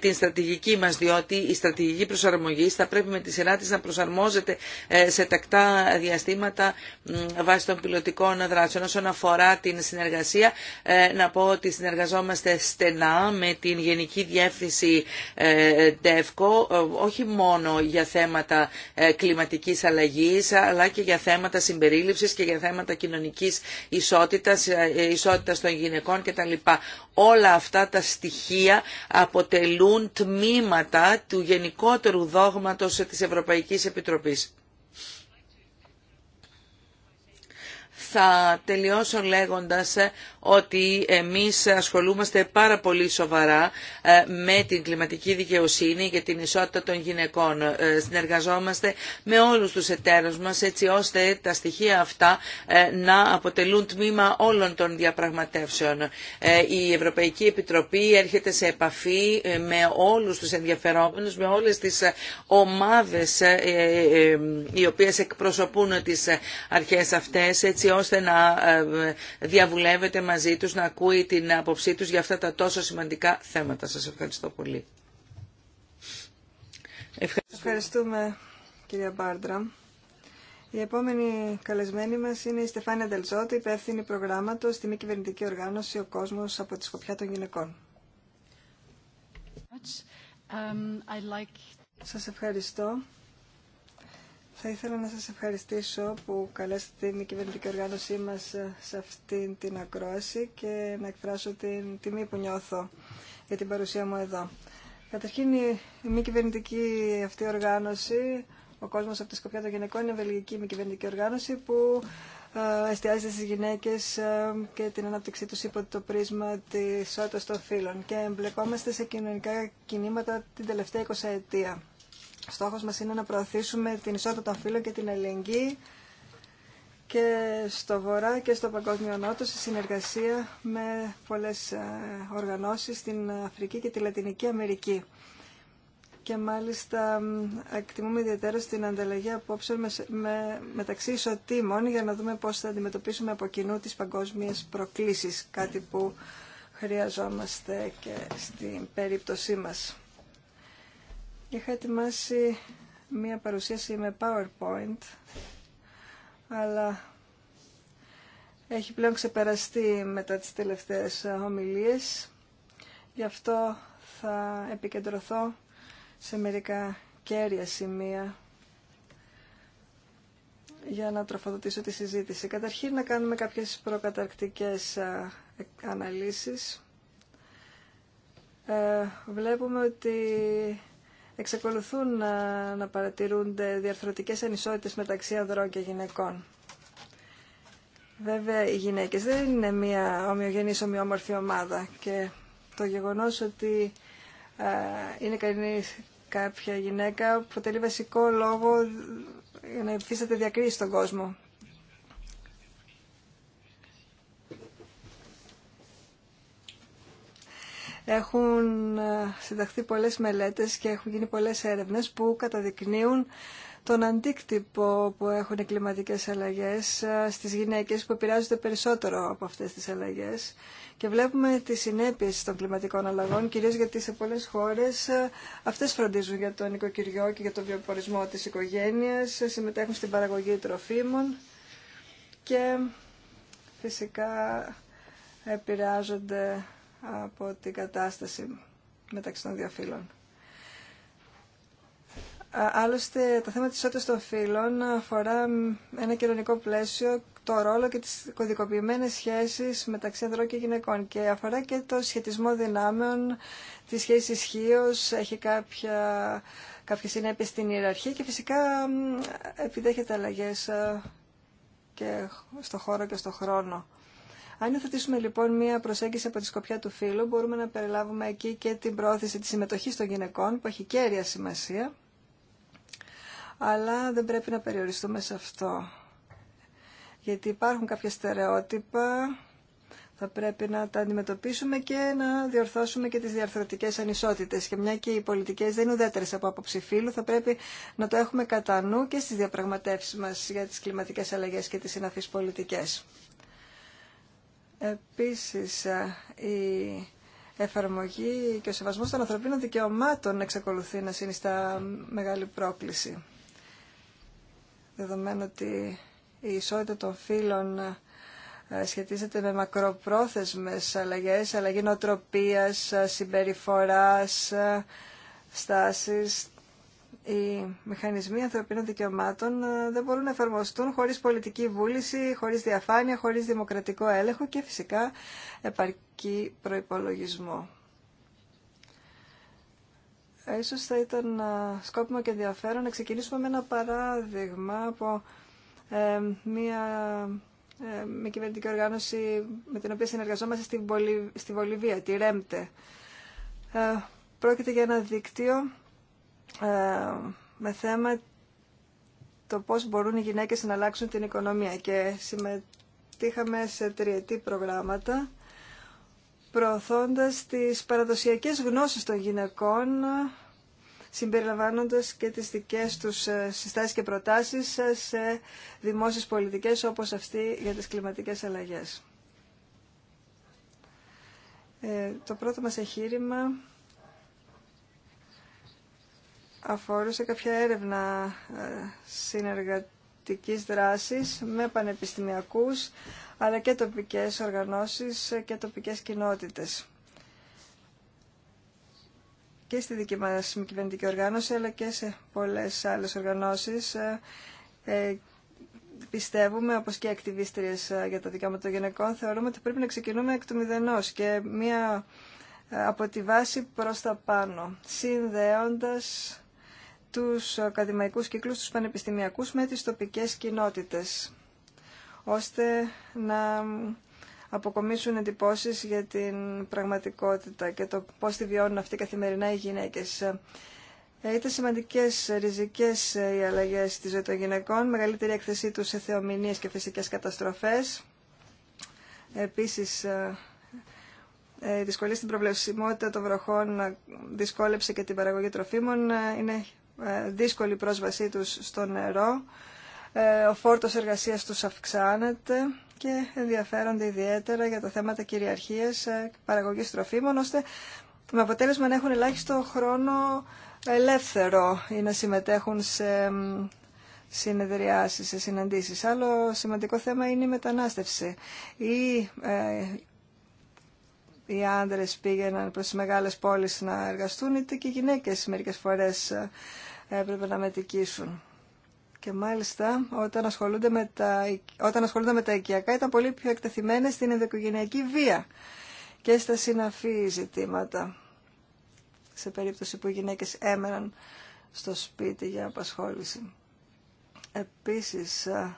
την στρατηγική μας, διότι η στρατηγική προσαρμογή θα πρέπει με τη σειρά της να προσαρμόζεται ε, σε τακτά διαστήματα βάσει των πιλωτικών δράσεων. Όσον αφορά την συνεργασία, ε, να πω ότι συνεργαζόμαστε στενά με την Γενική Διεύθυνση ΔΕΦΚΟ, ε, όχι μόνο για θέματα κλιματικής αλλαγής, αλλά και για θέματα συμπερίληψης και για θέματα κοινωνικής ισότητας, ισότητας των γυναικών κτλ. Όλα αυτά τα στοιχεία αποτελούν τμήματα του γενικότερου δόγματος της Ευρωπαϊκής Επιτροπής. Θα τελειώσω λέγοντας ε, ότι εμείς ασχολούμαστε πάρα πολύ σοβαρά ε, με την κλιματική δικαιοσύνη και την ισότητα των γυναικών. Ε, συνεργαζόμαστε με όλους τους εταίρους μας έτσι ώστε τα στοιχεία αυτά να αποτελούν τμήμα όλων των διαπραγματεύσεων. Η Ευρωπαϊκή Επιτροπή έρχεται σε επαφή με όλους τους ενδιαφερόμενους, με όλες τις ομάδες οι οποίες εκπροσωπούν τις αρχές αυτές έτσι ώστε να ε, διαβουλεύετε μαζί τους, να ακούει την άποψή τους για αυτά τα τόσο σημαντικά θέματα. Σας ευχαριστώ πολύ. Ευχαριστούμε, Ευχαριστούμε κυρία Μπάρντρα. Η επόμενη καλεσμένη μας είναι η Στεφάνια Δελζότη, υπεύθυνη προγράμματος στη μη κυβερνητική οργάνωση «Ο κόσμος από τη σκοπιά των γυναικών». Um, Σας ευχαριστώ. Θα ήθελα να σας ευχαριστήσω που καλέσατε την κυβερνητική οργάνωσή μας ε, σε αυτή την ακρόαση και να εκφράσω την τιμή που νιώθω για την παρουσία μου εδώ. Καταρχήν η μη κυβερνητική αυτή οργάνωση, ο κόσμος από τη Σκοπιά των Γυναικών, είναι βελγική μη κυβερνητική οργάνωση που ε, εστιάζεται στις γυναίκες ε, και την ανάπτυξή τους υπό το πρίσμα της ισότητας των φύλων και εμπλεκόμαστε σε κοινωνικά κινήματα την τελευταία 20 ετία. Στόχος μας είναι να προωθήσουμε την ισότητα των φύλων και την αλληλεγγύη και στο Βορρά και στο Παγκόσμιο Νότο σε συνεργασία με πολλές ε, οργανώσεις στην Αφρική και τη Λατινική Αμερική. Και μάλιστα εκτιμούμε ιδιαίτερα στην ανταλλαγή απόψεων με, με, μεταξύ ισοτήμων για να δούμε πώς θα αντιμετωπίσουμε από κοινού τις παγκόσμιες προκλήσεις, κάτι που χρειαζόμαστε και στην περίπτωσή μας. Είχα ετοιμάσει μία παρουσίαση με PowerPoint, αλλά έχει πλέον ξεπεραστεί μετά τις τελευταίες ομιλίες. Γι' αυτό θα επικεντρωθώ σε μερικά κέρια σημεία για να τροφοδοτήσω τη συζήτηση. Καταρχήν να κάνουμε κάποιες προκαταρκτικές αναλύσεις. Ε, βλέπουμε ότι εξακολουθούν να, να παρατηρούνται διαρθρωτικές ανισότητες μεταξύ ανδρών και γυναικών. Βέβαια, οι γυναίκες δεν είναι μια ομοιογενής ομοιόμορφη ομάδα και το γεγονός ότι είναι κανείς κάποια γυναίκα αποτελεί βασικό λόγο για να υφίσταται διακρίσεις στον κόσμο. Έχουν ε, συνταχθεί πολλές μελέτες και έχουν γίνει πολλές έρευνες που καταδεικνύουν τον αντίκτυπο που έχουν οι κλιματικές αλλαγές ε, στις γυναίκες που επηρεάζονται περισσότερο από αυτές τις αλλαγές και βλέπουμε τις συνέπειες των κλιματικών αλλαγών, κυρίως γιατί σε πολλές χώρες ε, αυτές φροντίζουν για το νοικοκυριό και για τον βιοπορισμό της οικογένειας, συμμετέχουν στην παραγωγή τροφίμων και φυσικά επηρεάζονται από την κατάσταση μεταξύ των δύο φύλων. Άλλωστε, το θέμα της ισότητας των φύλων αφορά ένα κοινωνικό πλαίσιο, το ρόλο και τις κωδικοποιημένες σχέσεις μεταξύ ανδρών και γυναικών και αφορά και το σχετισμό δυνάμεων, τη σχέση ισχύω, έχει κάποια, κάποια συνέπειες στην ιεραρχία και φυσικά επιδέχεται αλλαγές ε, και στο χώρο και στο χρόνο. Αν υιοθετήσουμε λοιπόν μία προσέγγιση από τη σκοπιά του φύλου, μπορούμε να περιλάβουμε εκεί και την πρόθεση τη συμμετοχή των γυναικών, που έχει κέρια σημασία, αλλά δεν πρέπει να περιοριστούμε σε αυτό. Γιατί υπάρχουν κάποια στερεότυπα, θα πρέπει να τα αντιμετωπίσουμε και να διορθώσουμε και τις διαρθρωτικές ανισότητες. Και μια και οι πολιτικές δεν είναι ουδέτερες από άποψη φύλου, θα πρέπει να το έχουμε κατά νου και στις διαπραγματεύσεις μας για τις κλιματικές αλλαγές και τις συναφείς πολιτικές. Επίσης, ε, η εφαρμογή και ο σεβασμός των ανθρωπίνων δικαιωμάτων εξακολουθεί να συνιστά μεγάλη πρόκληση. Δεδομένου ότι η ισότητα των φύλων ε, σχετίζεται με μακροπρόθεσμες αλλαγές, αλλαγή νοοτροπίας, ε, συμπεριφοράς, στάσεις οι μηχανισμοί ανθρωπίνων δικαιωμάτων ε, δεν μπορούν να εφαρμοστούν χωρίς πολιτική βούληση, χωρίς διαφάνεια, χωρίς δημοκρατικό έλεγχο και φυσικά επαρκή προϋπολογισμό. Ε, ίσως θα ήταν ε, σκόπιμο και ενδιαφέρον να ξεκινήσουμε με ένα παράδειγμα από μια κυβερνητική οργάνωση με την οποία συνεργαζόμαστε στη, Βολιβία, τη ΡΕΜΤΕ. πρόκειται για ένα δίκτυο ε, με θέμα το πώς μπορούν οι γυναίκες να αλλάξουν την οικονομία και συμμετείχαμε σε τριετή προγράμματα προωθώντας τις παραδοσιακές γνώσεις των γυναικών συμπεριλαμβάνοντας και τις δικές τους ε, συστάσεις και προτάσεις σε δημόσιες πολιτικές όπως αυτή για τις κλιματικές αλλαγές. Ε, το πρώτο μας εγχείρημα αφορούσε κάποια έρευνα ε, συνεργατικής δράσης με πανεπιστημιακούς, αλλά και τοπικές οργανώσεις και τοπικές κοινότητες. Και στη δική μας κυβερνητική οργάνωση, αλλά και σε πολλές άλλες οργανώσεις ε, ε, πιστεύουμε, όπως και οι ακτιβίστριες για τα δικαιώματα των γυναικών, θεωρούμε ότι πρέπει να ξεκινούμε εκ του μηδενός και μία από τη βάση προς τα πάνω, συνδέοντας τους ακαδημαϊκούς κύκλους, τους πανεπιστημιακούς με τις τοπικές κοινότητες, ώστε να αποκομίσουν εντυπώσεις για την πραγματικότητα και το πώς τη βιώνουν αυτοί καθημερινά οι γυναίκες. Ήταν ε, σημαντικές ριζικές ε, οι αλλαγές στη ζωή των γυναικών, μεγαλύτερη έκθεσή τους σε θεομηνίες και φυσικές καταστροφές. Επίσης, ε, η δυσκολία στην προβλεψιμότητα των βροχών δυσκόλεψε και την παραγωγή τροφίμων. Είναι ε, δύσκολη πρόσβασή τους στο νερό, ε, ο φόρτος εργασίας τους αυξάνεται και ενδιαφέρονται ιδιαίτερα για τα θέματα κυριαρχίας ε, παραγωγής τροφίμων, ώστε με αποτέλεσμα να έχουν ελάχιστο χρόνο ελεύθερο ή να συμμετέχουν σε συνεδριάσεις, σε συναντήσεις. Άλλο σημαντικό θέμα είναι η μετανάστευση οι άντρες πήγαιναν προς τις μεγάλες πόλεις να εργαστούν, είτε και οι γυναίκες μερικές φορές ε, έπρεπε να μετικήσουν. Και μάλιστα όταν ασχολούνται με τα, όταν ασχολούνται με τα οικιακά ήταν πολύ πιο εκτεθειμένες στην ενδοικογενειακή βία και στα συναφή ζητήματα. Σε περίπτωση που οι γυναίκες έμεναν στο σπίτι για απασχόληση. Επίσης, ε,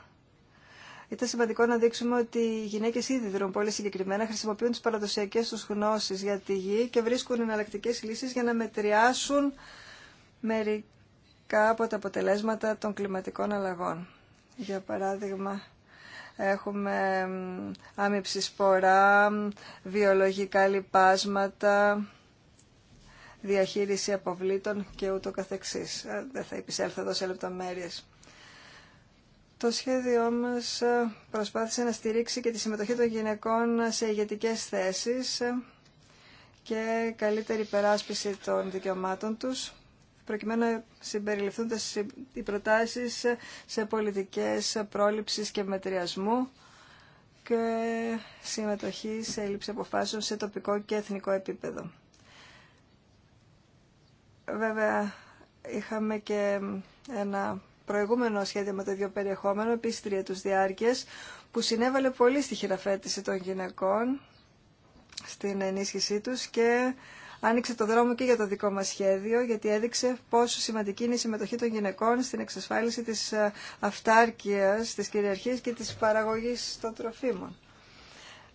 ήταν σημαντικό να δείξουμε ότι οι γυναίκε ήδη δρούν πολύ συγκεκριμένα, χρησιμοποιούν τι παραδοσιακέ του γνώσει για τη γη και βρίσκουν εναλλακτικέ λύσει για να μετριάσουν μερικά από τα αποτελέσματα των κλιματικών αλλαγών. Για παράδειγμα, έχουμε άμυψη σπορά, βιολογικά λιπάσματα, διαχείριση αποβλήτων και ούτω καθεξής. Ε, δεν θα επισέλθω εδώ σε λεπτομέρειες. Το σχέδιό μας ε, προσπάθησε να στηρίξει και τη συμμετοχή των γυναικών σε ηγετικές θέσεις ε, και καλύτερη υπεράσπιση των δικαιωμάτων τους, προκειμένου να συμπεριληφθούν οι προτάσεις ε, σε πολιτικές πρόληψης και μετριασμού και συμμετοχή σε έλλειψη αποφάσεων σε τοπικό και εθνικό επίπεδο. Βέβαια, είχαμε και ένα προηγούμενο σχέδιο με το ίδιο περιεχόμενο, επίση του Διάρκεια, που συνέβαλε πολύ στη χειραφέτηση των γυναικών, στην ενίσχυσή τους και άνοιξε το δρόμο και για το δικό μας σχέδιο, γιατί έδειξε πόσο σημαντική είναι η συμμετοχή των γυναικών στην εξασφάλιση της ε, αυτάρκειας, της κυριαρχίας και της παραγωγής των τροφίμων.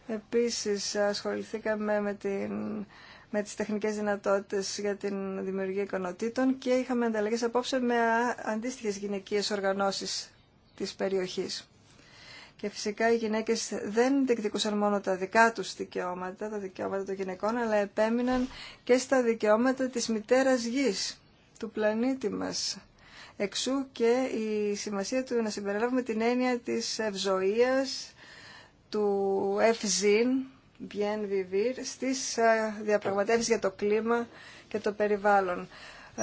Επίσης ασχοληθήκαμε με την με τις τεχνικές δυνατότητες για την δημιουργία ικανοτήτων και είχαμε ανταλλαγές απόψε με αντίστοιχες γυναικείες οργανώσεις της περιοχής. Και φυσικά οι γυναίκες δεν διεκδικούσαν μόνο τα δικά τους δικαιώματα, τα δικαιώματα των γυναικών, αλλά επέμειναν και στα δικαιώματα της μητέρας γης, του πλανήτη μας. Εξού και η σημασία του να συμπεριλάβουμε την έννοια της ευζοίας, του ευζήν, Bien στις ε, διαπραγματεύσεις για το κλίμα και το περιβάλλον.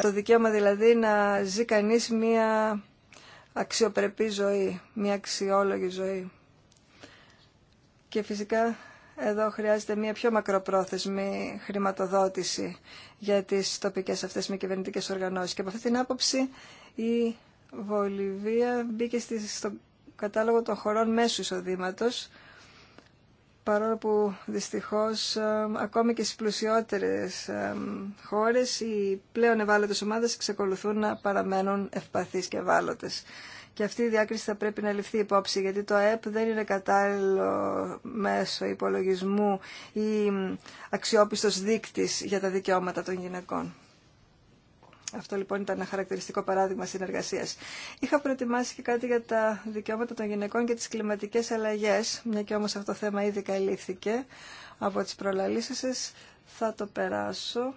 Το δικαίωμα δηλαδή να ζει κανείς μία αξιοπρεπή ζωή, μία αξιόλογη ζωή. Και φυσικά εδώ χρειάζεται μία πιο μακροπρόθεσμη χρηματοδότηση για τις τοπικές αυτές μη κυβερνητικέ οργανώσεις. Και από αυτή την άποψη η Βολιβία μπήκε στον κατάλογο των χωρών μέσου εισοδήματος παρόλο που δυστυχώς ακόμη και στις πλουσιότερες χώρες οι πλέον ευάλωτες ομάδες εξακολουθούν να παραμένουν ευπαθείς και ευάλωτες. Και αυτή η διάκριση θα πρέπει να ληφθεί υπόψη, γιατί το ΑΕΠ δεν είναι κατάλληλο μέσο υπολογισμού ή αξιόπιστος δείκτης για τα δικαιώματα των γυναικών. Αυτό λοιπόν ήταν ένα χαρακτηριστικό παράδειγμα συνεργασία. Είχα προετοιμάσει και κάτι για τα δικαιώματα των γυναικών και τι κλιματικέ αλλαγέ, μια και όμω αυτό το θέμα ήδη καλύφθηκε από τι προλαλήσει σα. Θα το περάσω.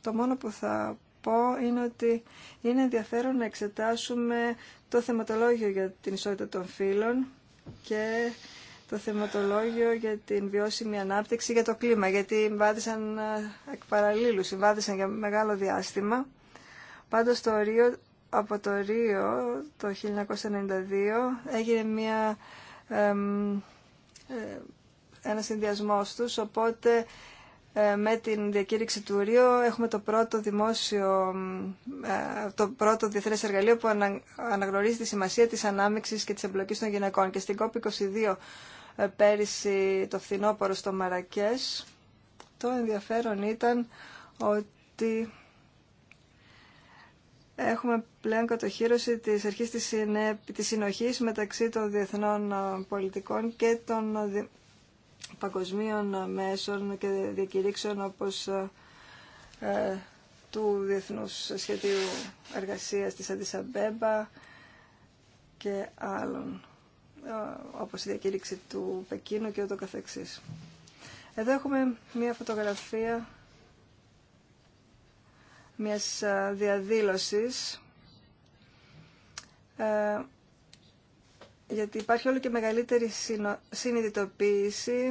Το μόνο που θα πω είναι ότι είναι ενδιαφέρον να εξετάσουμε το θεματολόγιο για την ισότητα των φύλων και το θεματολόγιο για την βιώσιμη ανάπτυξη για το κλίμα, γιατί συμβάδισαν ε, εκ παραλίλου, συμβάδισαν για μεγάλο διάστημα Πάντω Ρίο, από το Ρίο το 1992 έγινε μια, ε, ε, ένα συνδυασμό τους, οπότε ε, με την διακήρυξη του Ρίο έχουμε το πρώτο δημόσιο, ε, το πρώτο διεθνές εργαλείο που αναγνωρίζει τη σημασία της ανάμειξης και της εμπλοκής των γυναικών. Και στην COP22 ε, πέρυσι το φθινόπωρο στο Μαρακές, το ενδιαφέρον ήταν ότι Έχουμε πλέον κατοχύρωση της αρχής της, συνε... της συνοχής μεταξύ των διεθνών ε, πολιτικών και των ε, παγκοσμίων ε, μέσων και διακηρύξεων όπως ε, του Διεθνούς Σχεδίου Εργασίας της Αντισαμπέμπα και άλλων όπως η διακήρυξη του Πεκίνου και ούτω καθεξής. Εδώ έχουμε μια φωτογραφία μιας ε, διαδήλωσης ε, γιατί υπάρχει όλο και μεγαλύτερη συνειδητοποίηση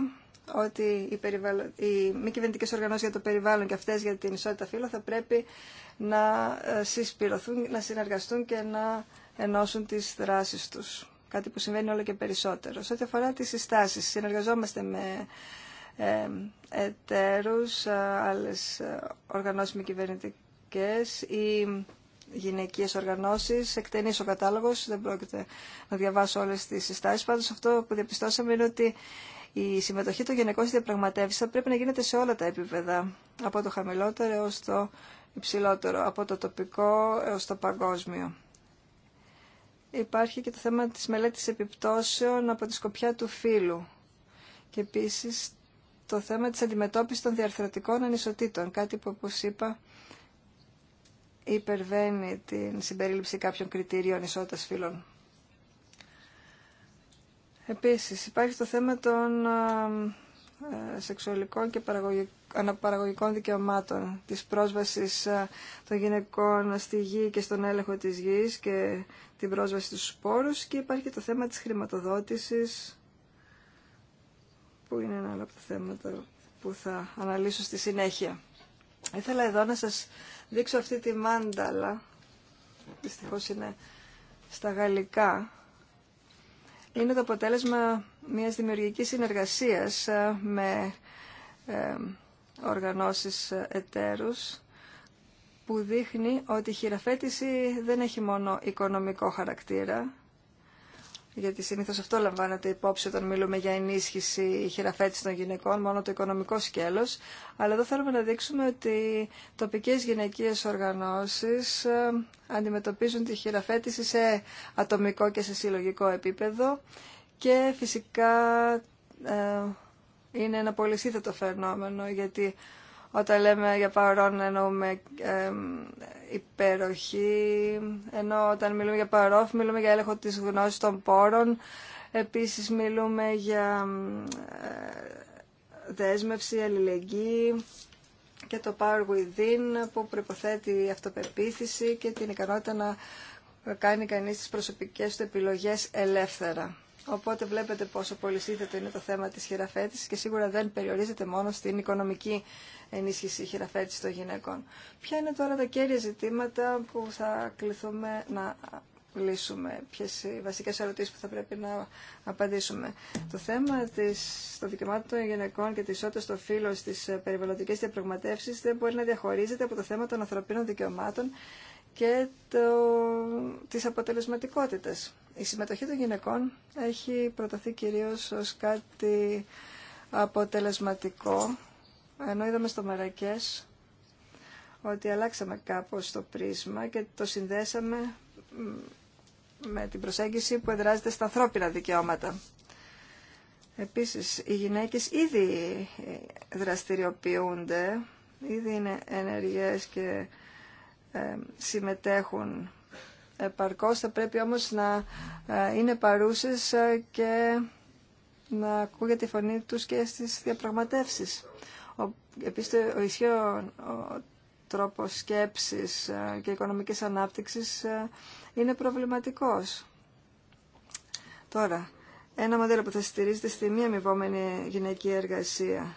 ότι οι, οι μη κυβερνητικέ οργανώσεις για το περιβάλλον και αυτές για την ισότητα φύλου θα πρέπει να ε, συσπηρωθούν, να συνεργαστούν και να ενώσουν τις δράσεις τους. Κάτι που συμβαίνει όλο και περισσότερο. Σε ό,τι αφορά τις συστάσεις, συνεργαζόμαστε με ε, εταίρους, άλλες οργανώσεις μη κυβερνητικές, γυναίκες ή γυναικείες οργανώσεις, εκτενής ο κατάλογος, δεν πρόκειται να διαβάσω όλες τις συστάσεις. Πάντως αυτό που διαπιστώσαμε είναι ότι η συμμετοχή των γυναικών στη διαπραγματεύση θα πρέπει να γίνεται σε όλα τα επίπεδα, από το χαμηλότερο έως το υψηλότερο, από το τοπικό έως το παγκόσμιο. Υπάρχει και το θέμα της μελέτης επιπτώσεων από τη σκοπιά του φύλου και επίσης το θέμα της αντιμετώπισης των διαρθρωτικών ανισοτήτων, κάτι που όπως είπα υπερβαίνει την συμπερίληψη κάποιων κριτηρίων ισότητας φύλων. Επίσης, υπάρχει το θέμα των ε, ε, σεξουαλικών και αναπαραγωγικών δικαιωμάτων, της πρόσβασης ε, των γυναικών στη γη και στον έλεγχο της γης και την πρόσβαση στους σπόρους και υπάρχει και το θέμα της χρηματοδότησης, που είναι ένα άλλο από τα θέματα που θα αναλύσω στη συνέχεια. Ήθελα εδώ να σας δείξω αυτή τη μάνταλα, δυστυχώς είναι στα γαλλικά. Είναι το αποτέλεσμα μιας δημιουργικής συνεργασίας ε, με ε, οργανώσεις ε, εταίρους που δείχνει ότι η χειραφέτηση δεν έχει μόνο οικονομικό χαρακτήρα, γιατί συνήθω αυτό λαμβάνεται υπόψη όταν μιλούμε για ενίσχυση ή χειραφέτηση των γυναικών, μόνο το οικονομικό σκέλο, αλλά εδώ θέλουμε να δείξουμε ότι τοπικές γυναικείες οργανώσεις ε, αντιμετωπίζουν τη χειραφέτηση σε ατομικό και σε συλλογικό επίπεδο και φυσικά ε, είναι ένα πολύ σύνθετο φαινόμενο, γιατί όταν λέμε για παρόν εννοούμε ε, υπεροχή, ενώ όταν μιλούμε για παρόφ μιλούμε για έλεγχο της γνώσης των πόρων, επίσης μιλούμε για ε, δέσμευση, αλληλεγγύη και το power within που προϋποθέτει η αυτοπεποίθηση και την ικανότητα να κάνει κανείς τις προσωπικές του επιλογές ελεύθερα. Οπότε βλέπετε πόσο πολυσύνθετο είναι το θέμα της χειραφέτησης και σίγουρα δεν περιορίζεται μόνο στην οικονομική ενίσχυση χειραφέτησης των γυναικών. Ποια είναι τώρα τα κέρια ζητήματα που θα κληθούμε να λύσουμε, ποιες οι βασικές ερωτήσεις που θα πρέπει να απαντήσουμε. Το θέμα της, των δικαιωμάτων των γυναικών και της ισότητας των φύλων στις ε, περιβαλλοντικές διαπραγματεύσεις δεν μπορεί να διαχωρίζεται από το θέμα των ανθρωπίνων δικαιωμάτων και το, της αποτελεσματικότητας. Η συμμετοχή των γυναικών έχει προταθεί κυρίως ως κάτι αποτελεσματικό, ενώ είδαμε στο Μαρακές ότι αλλάξαμε κάπως το πρίσμα και το συνδέσαμε με την προσέγγιση που εδράζεται στα ανθρώπινα δικαιώματα. Επίσης, οι γυναίκες ήδη δραστηριοποιούνται, ήδη είναι ενεργές και ε, συμμετέχουν επαρκώς, θα πρέπει όμως να ε, είναι παρούσες ε, και να ακούγεται η φωνή τους και στις διαπραγματεύσεις. Ο, επίσης, ο ο τρόπος σκέψης ε, και οικονομικής ανάπτυξης είναι προβληματικός. Τώρα, ένα μοντέλο που θα στηρίζεται στη μη αμοιβόμενη γυναική εργασία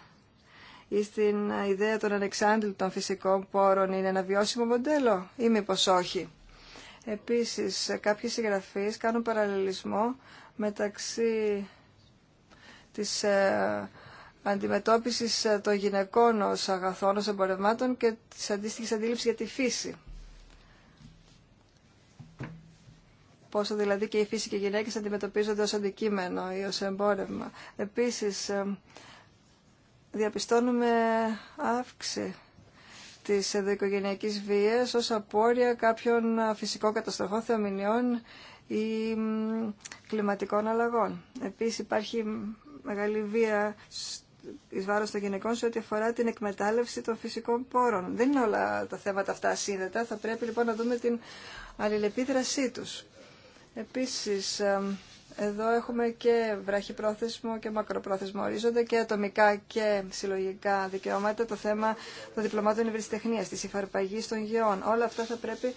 ή στην ιδέα των ανεξάντλητων φυσικών πόρων είναι ένα βιώσιμο μοντέλο ή μήπως όχι. Επίσης, κάποιες συγγραφείς κάνουν παραλληλισμό μεταξύ της ε, αντιμετώπισης ε, των γυναικών ως αγαθών, ως εμπορευμάτων και της αντίστοιχης αντίληψης για τη φύση. Πόσο δηλαδή και η φύση και οι γυναίκες αντιμετωπίζονται ως αντικείμενο ή ως εμπόρευμα. Επίσης, ε, διαπιστώνουμε αύξηση της ενδοοικογενειακής βίας ως απόρρια κάποιων φυσικών καταστροφών, θεομηνιών ή κλιματικών αλλαγών. Επίσης υπάρχει μεγάλη βία εις βάρος των γυναικών σε ό,τι αφορά την εκμετάλλευση των φυσικών πόρων. Δεν είναι όλα τα θέματα αυτά ασύνδετα. θα πρέπει λοιπόν να δούμε την αλληλεπίδρασή τους. Επίσης, εδώ έχουμε και βραχυπρόθεσμο και μακροπρόθεσμο ορίζοντα και ατομικά και συλλογικά δικαιώματα, το θέμα των διπλωμάτων ευρεσιτεχνία, τη υφαρπαγή των γεών. Όλα αυτά θα πρέπει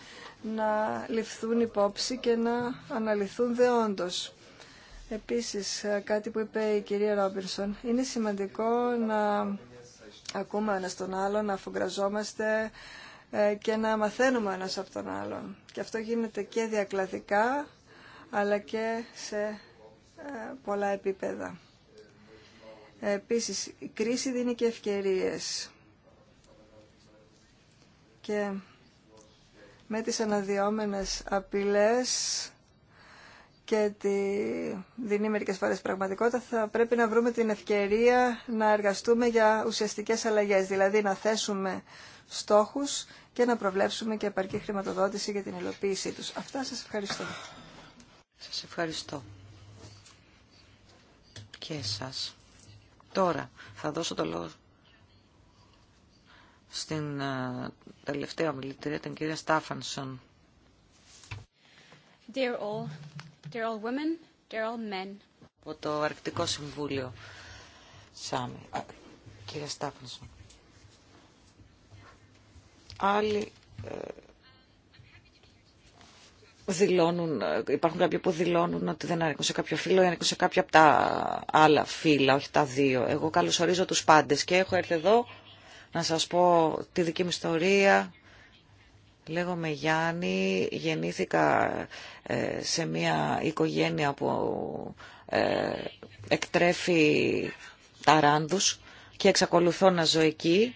να ληφθούν υπόψη και να αναλυθούν δεόντως. Επίσης, κάτι που είπε η κυρία Ρόμπινσον, είναι σημαντικό να ακούμε ένα τον άλλον, να αφογκραζόμαστε ε, και να μαθαίνουμε ένας από τον άλλον. Και αυτό γίνεται και διακλαδικά αλλά και σε ε, πολλά επίπεδα. Επίσης, η κρίση δίνει και ευκαιρίες. Και με τις αναδυόμενες απειλές και τη δίνει μερικές φορές πραγματικότητα, θα πρέπει να βρούμε την ευκαιρία να εργαστούμε για ουσιαστικές αλλαγές, δηλαδή να θέσουμε στόχους και να προβλέψουμε και επαρκή χρηματοδότηση για την υλοποίησή τους. Αυτά σας ευχαριστώ. Σας ευχαριστώ. Και εσάς. Τώρα θα δώσω το λόγο στην ε, τελευταία ομιλητήρια, την κυρία Στάφανσον. Dear all, dear all women, dear all men. Από το Αρκτικό Συμβούλιο, Σάμι. Κυρία Στάφανσον. Άλλη ε, δηλώνουν, ε, υπάρχουν κάποιοι που δηλώνουν ότι δεν ανήκουν σε κάποιο φύλλο ή ανήκουν σε κάποια από τα άλλα φύλλα, όχι τα δύο. Εγώ καλωσορίζω τους πάντες και έχω έρθει εδώ να σας πω τη δική μου ιστορία. Λέγομαι Γιάννη, γεννήθηκα ε, σε μια οικογένεια που ε, εκτρέφει ταράνδους και εξακολουθώ να ζω εκεί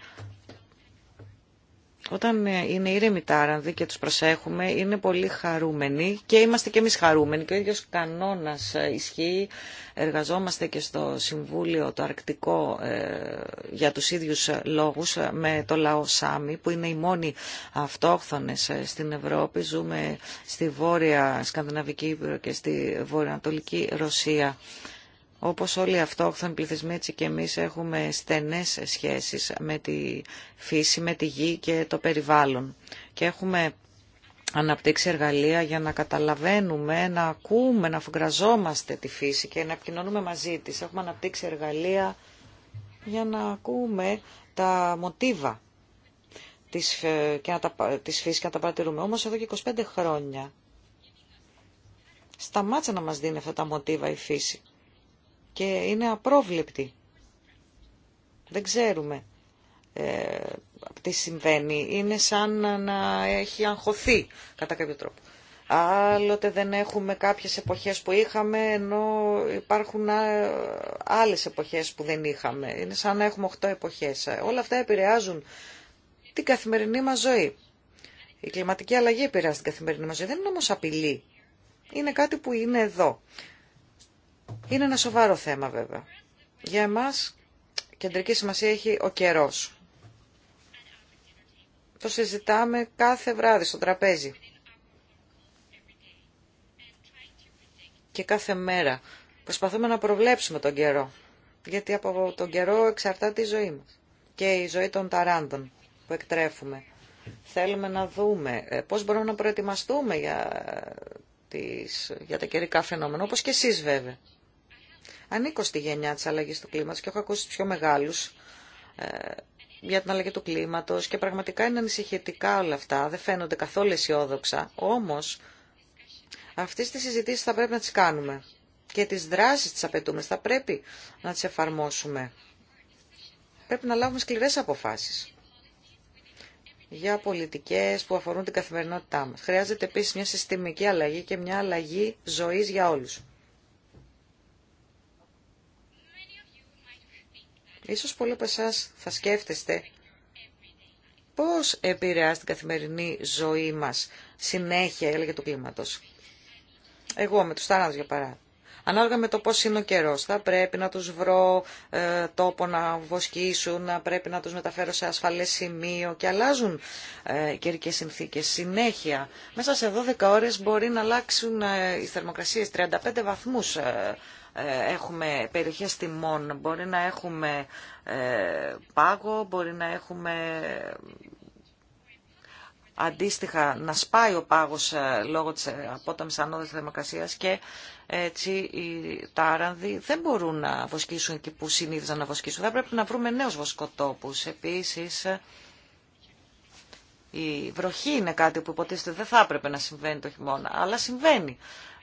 όταν ε, είναι ήρεμοι τάρανδοι και τους προσέχουμε, είναι πολύ χαρούμενοι και είμαστε και εμείς χαρούμενοι και ο ίδιος κανόνας ε, ισχύει. Εργαζόμαστε και στο Συμβούλιο το Αρκτικό ε, για τους ίδιους λόγους με το λαό Σάμι που είναι οι μόνοι αυτόχθονες στην Ευρώπη. Ζούμε στη βόρεια Σκανδιναβική Ήπειρο και στη βορειοανατολική Ρωσία. Όπως όλοι οι αυτόχθον πληθυσμοί, και εμείς έχουμε στενές σχέσεις με τη φύση, με τη γη και το περιβάλλον. Και έχουμε αναπτύξει εργαλεία για να καταλαβαίνουμε, να ακούμε, να φουγκραζόμαστε τη φύση και να επικοινωνούμε μαζί της. Έχουμε αναπτύξει εργαλεία για να ακούμε τα μοτίβα της, ε, και να τα, της φύσης και να τα παρατηρούμε. Όμως εδώ και 25 χρόνια σταμάτησε να μας δίνει αυτά τα μοτίβα η φύση και είναι απρόβλεπτη. Δεν ξέρουμε ε, τι συμβαίνει. Είναι σαν να έχει αγχωθεί κατά κάποιο τρόπο. Άλλοτε δεν έχουμε κάποιες εποχές που είχαμε, ενώ υπάρχουν ε, άλλες εποχές που δεν είχαμε. Είναι σαν να έχουμε 8 εποχές. Όλα αυτά επηρεάζουν την καθημερινή μας ζωή. Η κλιματική αλλαγή επηρεάζει την καθημερινή μας ζωή. Δεν είναι όμως απειλή. Είναι κάτι που είναι εδώ. Είναι ένα σοβαρό θέμα βέβαια. Για εμάς κεντρική σημασία έχει ο καιρός. Το συζητάμε κάθε βράδυ στο τραπέζι. Και κάθε μέρα προσπαθούμε να προβλέψουμε τον καιρό. Γιατί από τον καιρό εξαρτάται η ζωή μας. Και η ζωή των ταράντων που εκτρέφουμε. Θέλουμε να δούμε ε, πώς μπορούμε να προετοιμαστούμε για, τις, για τα καιρικά φαινόμενα, όπως και εσείς βέβαια. Ανήκω στη γενιά της αλλαγής του κλίματος και έχω ακούσει τους πιο μεγάλους ε, για την αλλαγή του κλίματος και πραγματικά είναι ανησυχητικά όλα αυτά, δεν φαίνονται καθόλου αισιόδοξα, όμως αυτές τις συζητήσεις θα πρέπει να τις κάνουμε και τις δράσεις τις απαιτούμε, θα πρέπει να τις εφαρμόσουμε. Πρέπει να λάβουμε σκληρές αποφάσεις για πολιτικές που αφορούν την καθημερινότητά μας. Χρειάζεται επίσης μια συστημική αλλαγή και μια αλλαγή ζωής για όλους. Ίσως πολλοί από εσά θα σκέφτεστε πώς επηρεάζει την καθημερινή ζωή μας συνέχεια έλεγε του κλίματος. Εγώ με τους θάνατους για παράδειγμα. Ανάλογα με το πώς είναι ο καιρός, θα πρέπει να τους βρω ε, τόπο να βοσκήσουν, να πρέπει να τους μεταφέρω σε ασφαλές σημείο και αλλάζουν ε, καιρικές συνθήκες συνέχεια. Μέσα σε 12 ώρες μπορεί να αλλάξουν ε, οι θερμοκρασίες 35 βαθμούς ε, ε, έχουμε περιοχές τιμών, μπορεί να έχουμε ε, πάγο, μπορεί να έχουμε αντίστοιχα να σπάει ο πάγος ε, λόγω της απόταμης ανώδης θερμοκρασίας και έτσι οι τάρανδοι δεν μπορούν να βοσκήσουν εκεί που συνήθιζαν να βοσκήσουν. Θα πρέπει να βρούμε νέους βοσκοτόπους. Επίσης, η βροχή είναι κάτι που υποτίθεται δεν θα έπρεπε να συμβαίνει το χειμώνα, αλλά συμβαίνει.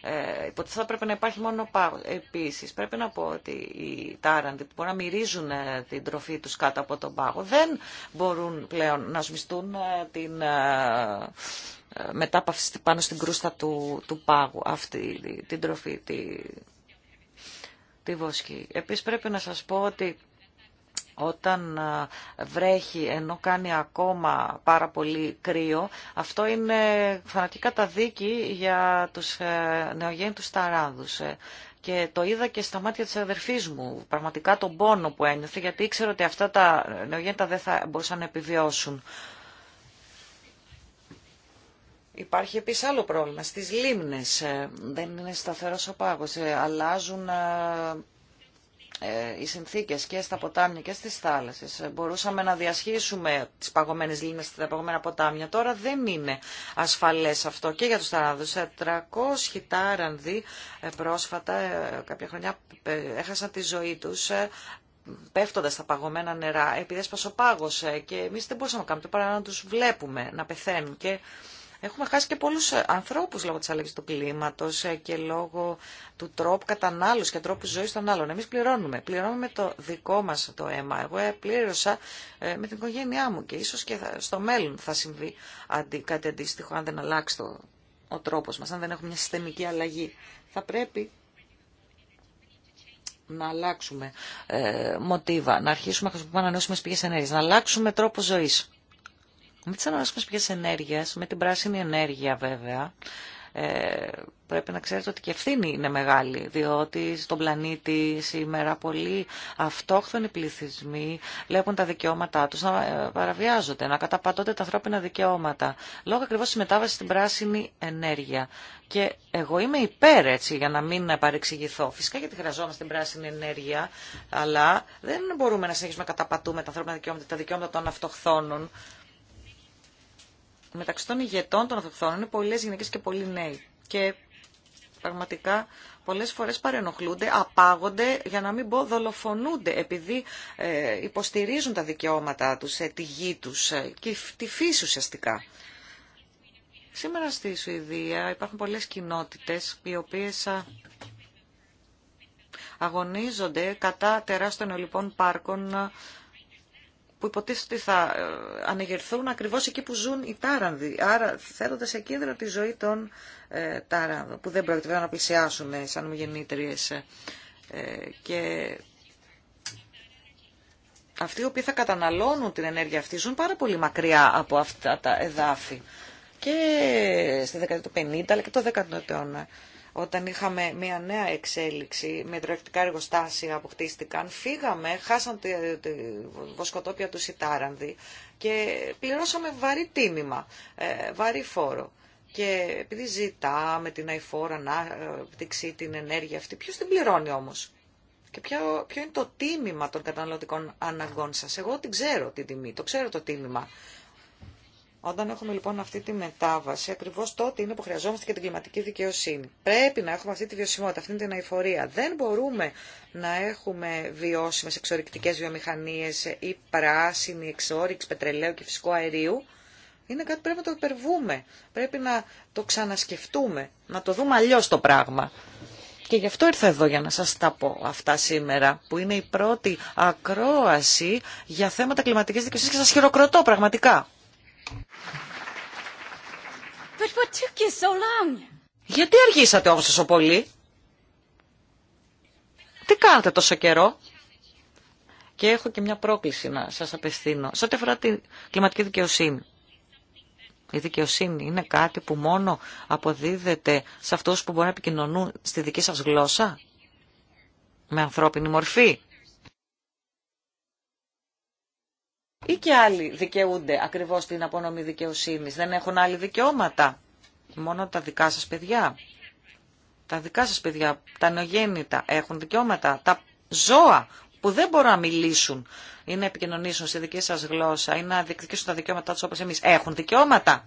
Ε, θα πρέπει να υπάρχει μόνο πάγο. Επίση, πρέπει να πω ότι οι τάραντι που μπορούν να μυρίζουν ε, την τροφή του κάτω από τον πάγο δεν μπορούν πλέον να σμιστούν ε, την ε, μετάπαυση πάνω στην κρούστα του, του πάγου αυτή την τροφή, τη, τη βοσκή. Επίσης πρέπει να σας πω ότι όταν ε, βρέχει ενώ κάνει ακόμα πάρα πολύ κρύο, αυτό είναι φανατική καταδίκη για τους ε, νεογέννητους ταράδους. Ε, και το είδα και στα μάτια της αδερφής μου, πραγματικά τον πόνο που ένιωθε, γιατί ήξερε ότι αυτά τα νεογέννητα δεν θα μπορούσαν να επιβιώσουν. Υπάρχει επίσης άλλο πρόβλημα. Στις λίμνες δεν είναι σταθερός ο πάγος. Αλλάζουν ε, οι συνθήκες και στα ποτάμια και στις θάλασσες. Ε, μπορούσαμε να διασχίσουμε τις παγωμένες λίμνες, τα παγωμένα ποτάμια. Τώρα δεν είναι ασφαλές αυτό και για τους θανάδους. 300 τάρανδοι ε, πρόσφατα κάποια χρονιά έχασαν τη ζωή τους πέφτοντα στα παγωμένα νερά, επειδή έσπασε ο πάγο και εμεί δεν μπορούσαμε να κάνουμε παρά να του βλέπουμε να πεθαίνουν. Έχουμε χάσει και πολλούς ε, ανθρώπους λόγω της αλλαγής του κλίματος ε, και λόγω του τρόπου κατανάλωσης και τρόπου ζωής των άλλων. Εμείς πληρώνουμε. Πληρώνουμε το δικό μας το αίμα. Εγώ ε, πλήρωσα με την οικογένειά μου και ίσως και στο μέλλον θα συμβεί κάτι αντίστοιχο αν δεν αλλάξει το, ο τρόπος μας, αν δεν έχουμε μια συστημική αλλαγή. Θα πρέπει να αλλάξουμε μοτίβα, να αρχίσουμε να χρησιμοποιούμε ανανεώσιμες πηγές ενέργειας, να αλλάξουμε τρόπο ζωής με τις ποιες ενέργειες, με την πράσινη ενέργεια βέβαια, ε, πρέπει να ξέρετε ότι και ευθύνη είναι μεγάλη, διότι στον πλανήτη σήμερα πολλοί αυτόχθονοι πληθυσμοί βλέπουν τα δικαιώματά τους να ε, παραβιάζονται, να καταπατώνται τα ανθρώπινα δικαιώματα, λόγω ακριβώς της μετάβασης στην πράσινη ενέργεια. Και εγώ είμαι υπέρ, έτσι, για να μην παρεξηγηθώ. Φυσικά γιατί χρειαζόμαστε την πράσινη ενέργεια, αλλά δεν μπορούμε να συνεχίσουμε να καταπατούμε τα ανθρώπινα δικαιώματα, τα δικαιώματα των αυτοχθόνων μεταξύ των ηγετών των αυτοκθόνων είναι πολλέ γυναίκες και πολλοί νέοι. Και πραγματικά πολλές φορές παρενοχλούνται, απάγονται, για να μην πω δολοφονούνται, επειδή ε, υποστηρίζουν τα δικαιώματά τους, ε, τη γη τους ε, και τη φύση ουσιαστικά. Σήμερα στη Σουηδία υπάρχουν πολλές κοινότητες οι οποίες αγωνίζονται κατά τεράστιων λοιπόν πάρκων που υποτίθεται ότι θα ε, ανεγερθούν ακριβώς εκεί που ζουν οι τάρανδοι, άρα θέτοντας σε κίνδυνο τη ζωή των ε, τάρανδων, που δεν πρόκειται να πλησιάσουν σαν γεννήτριες. Ε, ε, και αυτοί οι οποίοι θα καταναλώνουν την ενέργεια αυτή ζουν πάρα πολύ μακριά από αυτά τα εδάφη και στη δεκαετία του 50 αλλά και το 19ο αιώνα όταν είχαμε μια νέα εξέλιξη με εργοστάσια που φύγαμε, χάσαν τη, βοσκοτόπια του Σιτάρανδη και πληρώσαμε βαρύ τίμημα, ε, βαρύ φόρο. Και επειδή ζητάμε την αηφόρα να δείξει την ενέργεια αυτή, ποιος την πληρώνει όμως. Και ποιο, ποιο είναι το τίμημα των καταναλωτικών αναγκών σας. Εγώ την ξέρω την τιμή, το ξέρω το τίμημα. Όταν έχουμε λοιπόν αυτή τη μετάβαση, ακριβώ τότε είναι που χρειαζόμαστε και την κλιματική δικαιοσύνη. Πρέπει να έχουμε αυτή τη βιωσιμότητα, αυτή την αηφορία. Δεν μπορούμε να έχουμε βιώσιμε εξορυκτικές βιομηχανίε ή πράσινη εξόρυξη πετρελαίου και φυσικού αερίου. Είναι κάτι που πρέπει να το υπερβούμε. Πρέπει να το ξανασκεφτούμε, να το δούμε αλλιώ το πράγμα. Και γι' αυτό ήρθα εδώ για να σας τα πω αυτά σήμερα, που είναι η πρώτη ακρόαση για θέματα κλιματικής δικαιοσύνης και σας χειροκροτώ πραγματικά. But what took Γιατί αργήσατε όμως τόσο πολύ. Τι κάνατε τόσο καιρό. Και έχω και μια πρόκληση να σας απευθύνω. Σε ό,τι αφορά την κλιματική δικαιοσύνη. Η δικαιοσύνη είναι κάτι που μόνο αποδίδεται σε αυτούς που μπορούν να επικοινωνούν στη δική σας γλώσσα. Με ανθρώπινη μορφή. ή και άλλοι δικαιούνται ακριβώς την απονομή δικαιοσύνης. Δεν έχουν άλλοι δικαιώματα. Μόνο τα δικά σας παιδιά. Τα δικά σας παιδιά, τα νεογέννητα έχουν δικαιώματα. Τα ζώα που δεν μπορούν να μιλήσουν ή να επικοινωνήσουν στη δική σας γλώσσα ή να διεκδικήσουν τα δικαιώματά τους όπως εμείς έχουν δικαιώματα.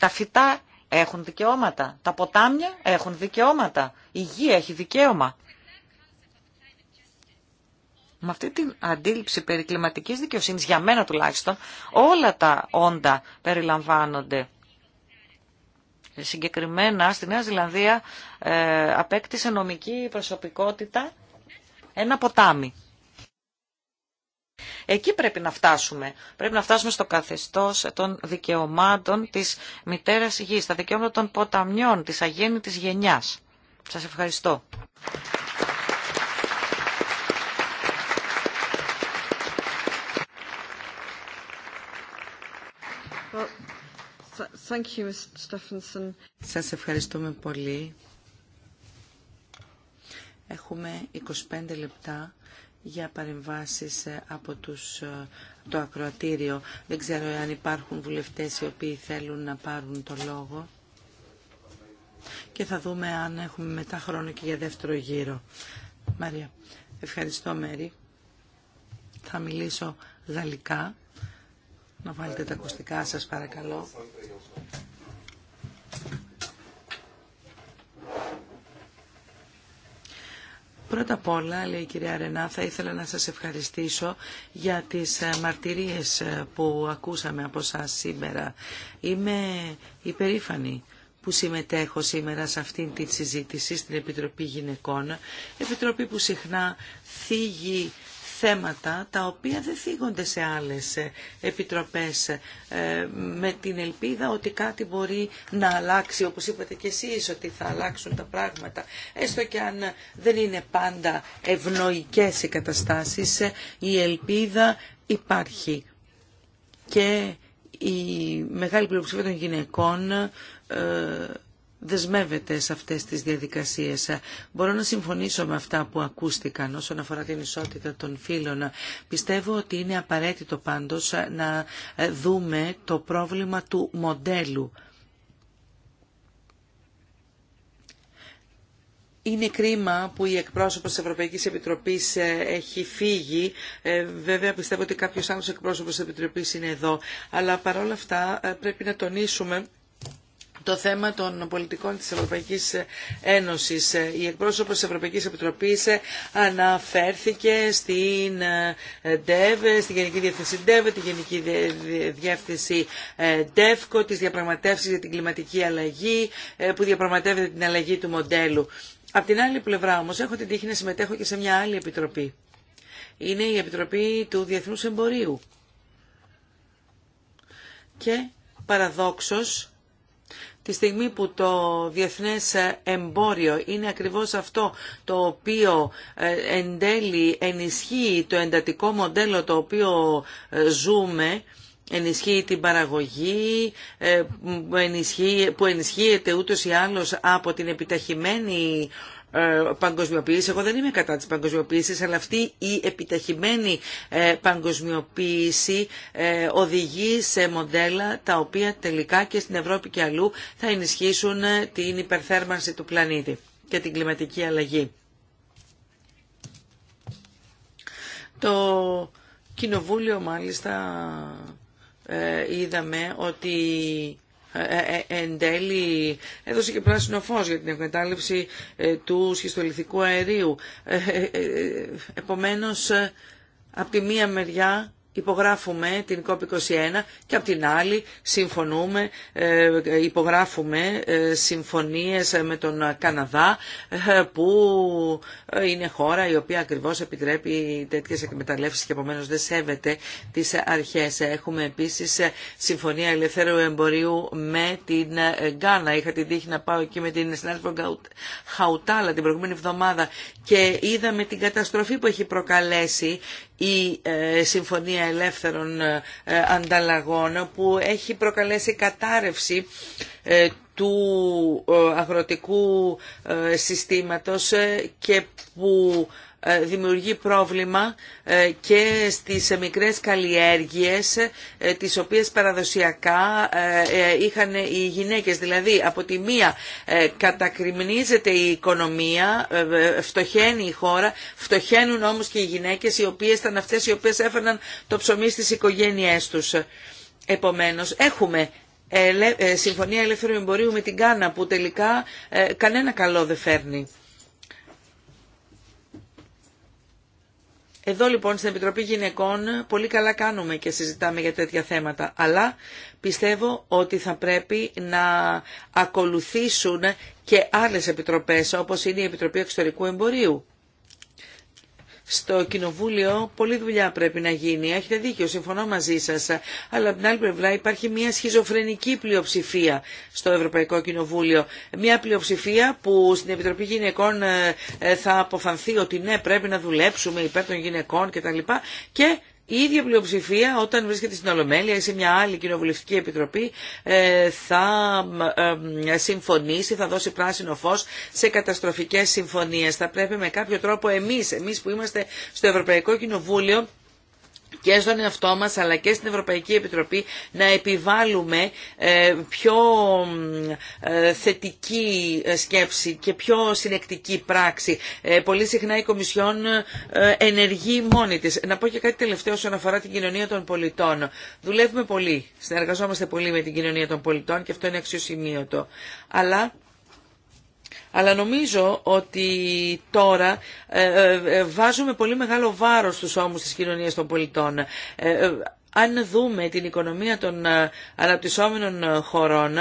Τα φυτά έχουν δικαιώματα. Τα ποτάμια έχουν δικαιώματα. Η γη έχει δικαίωμα. Με αυτή την αντίληψη περί κλιματικής δικαιοσύνης, για μένα τουλάχιστον, όλα τα όντα περιλαμβάνονται. Συγκεκριμένα στη Νέα Ζηλανδία ε, απέκτησε νομική προσωπικότητα ένα ποτάμι. Εκεί πρέπει να φτάσουμε. Πρέπει να φτάσουμε στο καθεστώς των δικαιωμάτων της μητέρας γης, τα δικαιώματα των ποταμιών, της αγέννητης γενιάς. Σας ευχαριστώ. Thank Σας ευχαριστούμε πολύ. Έχουμε 25 λεπτά για παρεμβάσεις ε, από, τους, ε, το ακροατήριο. Δεν ξέρω αν υπάρχουν βουλευτές οι οποίοι θέλουν να πάρουν το λόγο. Και θα δούμε αν έχουμε μετά χρόνο και για δεύτερο γύρο. Μαρία, ευχαριστώ Μέρη. Θα μιλήσω γαλλικά να βάλετε τα ακουστικά σας παρακαλώ. Πρώτα απ' όλα, λέει η κυρία Ρενά, θα ήθελα να σας ευχαριστήσω για τις ε, μαρτυρίες ε, που ακούσαμε από σας σήμερα. Είμαι υπερήφανη που συμμετέχω σήμερα σε αυτήν τη συζήτηση στην Επιτροπή Γυναικών, Επιτροπή που συχνά θίγει θέματα τα οποία δεν θίγονται σε άλλες ε, επιτροπές ε, με την ελπίδα ότι κάτι μπορεί να αλλάξει όπως είπατε και εσείς ότι θα αλλάξουν τα πράγματα έστω και αν δεν είναι πάντα ευνοϊκές οι καταστάσεις ε, η ελπίδα υπάρχει και η μεγάλη πλειοψηφία των γυναικών δεσμεύεται σε αυτές τις διαδικασίες. Μπορώ να συμφωνήσω με αυτά που ακούστηκαν όσον αφορά την ισότητα των φύλων. Πιστεύω ότι είναι απαραίτητο πάντως να δούμε το πρόβλημα του μοντέλου. Είναι κρίμα που η εκπρόσωπος της Ευρωπαϊκής Επιτροπής ε, έχει φύγει. Ε, βέβαια πιστεύω ότι κάποιος άλλος εκπρόσωπος της Επιτροπής είναι εδώ. Αλλά παρόλα αυτά ε, πρέπει να τονίσουμε το θέμα των πολιτικών της Ευρωπαϊκής Ένωσης. Η εκπρόσωπος της Ευρωπαϊκής Επιτροπής αναφέρθηκε στην ΔΕΒ, στη Γενική Διεύθυνση ΔΕΒ, τη Γενική Διεύθυνση ε, ΔΕΦΚΟ, τις διαπραγματεύσεις για την κλιματική αλλαγή, ε, που διαπραγματεύεται την αλλαγή του μοντέλου. Απ' την άλλη πλευρά όμως έχω την τύχη να συμμετέχω και σε μια άλλη επιτροπή. Είναι η Επιτροπή του Διεθνούς Εμπορίου. Και παραδόξως τη στιγμή που το διεθνές εμπόριο είναι ακριβώς αυτό το οποίο ε, εν τέλει ενισχύει το εντατικό μοντέλο το οποίο ε, ζούμε, ενισχύει την παραγωγή ε, που ενισχύεται ούτως ή άλλως από την επιταχυμένη ε, παγκοσμιοποίηση. Εγώ δεν είμαι κατά της παγκοσμιοποίησης, αλλά αυτή η επιταχυμένη ε, παγκοσμιοποίηση ε, οδηγεί σε μοντέλα τα οποία τελικά και στην Ευρώπη και αλλού θα ενισχύσουν την υπερθέρμανση του πλανήτη και την κλιματική αλλαγή. Το Κοινοβούλιο μάλιστα είδαμε ότι ε, ε, ε, εν τέλει έδωσε και πράσινο φως για την εκμετάλλευση του σχιστολιθικού αερίου. Επομένως, από τη μία μεριά υπογράφουμε την COP21 και από την άλλη συμφωνούμε, ε, υπογράφουμε ε, συμφωνίες με τον Καναδά ε, που είναι χώρα η οποία ακριβώς επιτρέπει τέτοιες εκμεταλλεύσεις και επομένως δεν σέβεται τις αρχές. Έχουμε επίσης συμφωνία ελευθέρου εμπορίου με την Γκάνα. Είχα την τύχη να πάω εκεί με την συνάδελφο Χαουτάλα την προηγούμενη εβδομάδα και είδαμε την καταστροφή που έχει προκαλέσει η ε, Συμφωνία Ελεύθερων ε, Ανταλλαγών που έχει προκαλέσει κατάρρευση ε, του αγροτικού συστήματος και που ε, δημιουργεί πρόβλημα ε, και στις μικρές καλλιέργειες ε, τις οποίες παραδοσιακά είχαν οι γυναίκες. Δηλαδή από τη μία κατακριμνίζεται η οικονομία, φτωχαίνει η χώρα, φτωχαίνουν όμως και οι γυναίκες οι οποίες ήταν αυτές οι οποίες έφερναν το ψωμί στις οικογένειές τους. Επομένως έχουμε συμφωνία ελεύθερου εμπορίου με την Κάνα που τελικά κανένα καλό δεν φέρνει. Εδώ λοιπόν στην Επιτροπή Γυναικών πολύ καλά κάνουμε και συζητάμε για τέτοια θέματα, αλλά πιστεύω ότι θα πρέπει να ακολουθήσουν και άλλες επιτροπές όπως είναι η Επιτροπή Εξωτερικού Εμπορίου στο Κοινοβούλιο πολλή δουλειά πρέπει να γίνει. Έχετε δίκιο, συμφωνώ μαζί σας. Αλλά από την άλλη πλευρά υπάρχει μια σχιζοφρενική πλειοψηφία στο Ευρωπαϊκό Κοινοβούλιο. Μια πλειοψηφία που στην Επιτροπή Γυναικών ε, ε, θα αποφανθεί ότι ναι πρέπει να δουλέψουμε υπέρ των γυναικών κτλ. και η ίδια πλειοψηφία όταν βρίσκεται στην Ολομέλεια ή σε μια άλλη κοινοβουλευτική επιτροπή ε, θα ε, ε, συμφωνήσει, θα δώσει πράσινο φως σε καταστροφικές συμφωνίες. Θα πρέπει με κάποιο τρόπο εμείς, εμείς που είμαστε στο Ευρωπαϊκό Κοινοβούλιο και στον εαυτό μας αλλά και στην Ευρωπαϊκή Επιτροπή να επιβάλλουμε ε, πιο ε, θετική ε, σκέψη και πιο συνεκτική πράξη. Πολύ συχνά η Κομισιόν ενεργεί μόνη της. Να πω και κάτι τελευταίο όσον αφορά την κοινωνία των πολιτών. Δουλεύουμε πολύ, συνεργαζόμαστε πολύ με την κοινωνία των πολιτών και αυτό είναι αξιοσημείωτο. Αλλά αλλά νομίζω ότι τώρα ε, ε, ε, βάζουμε πολύ μεγάλο βάρος στους ώμους της κοινωνίας των πολιτών. Αν δούμε την οικονομία των αναπτυσσόμενων χωρών,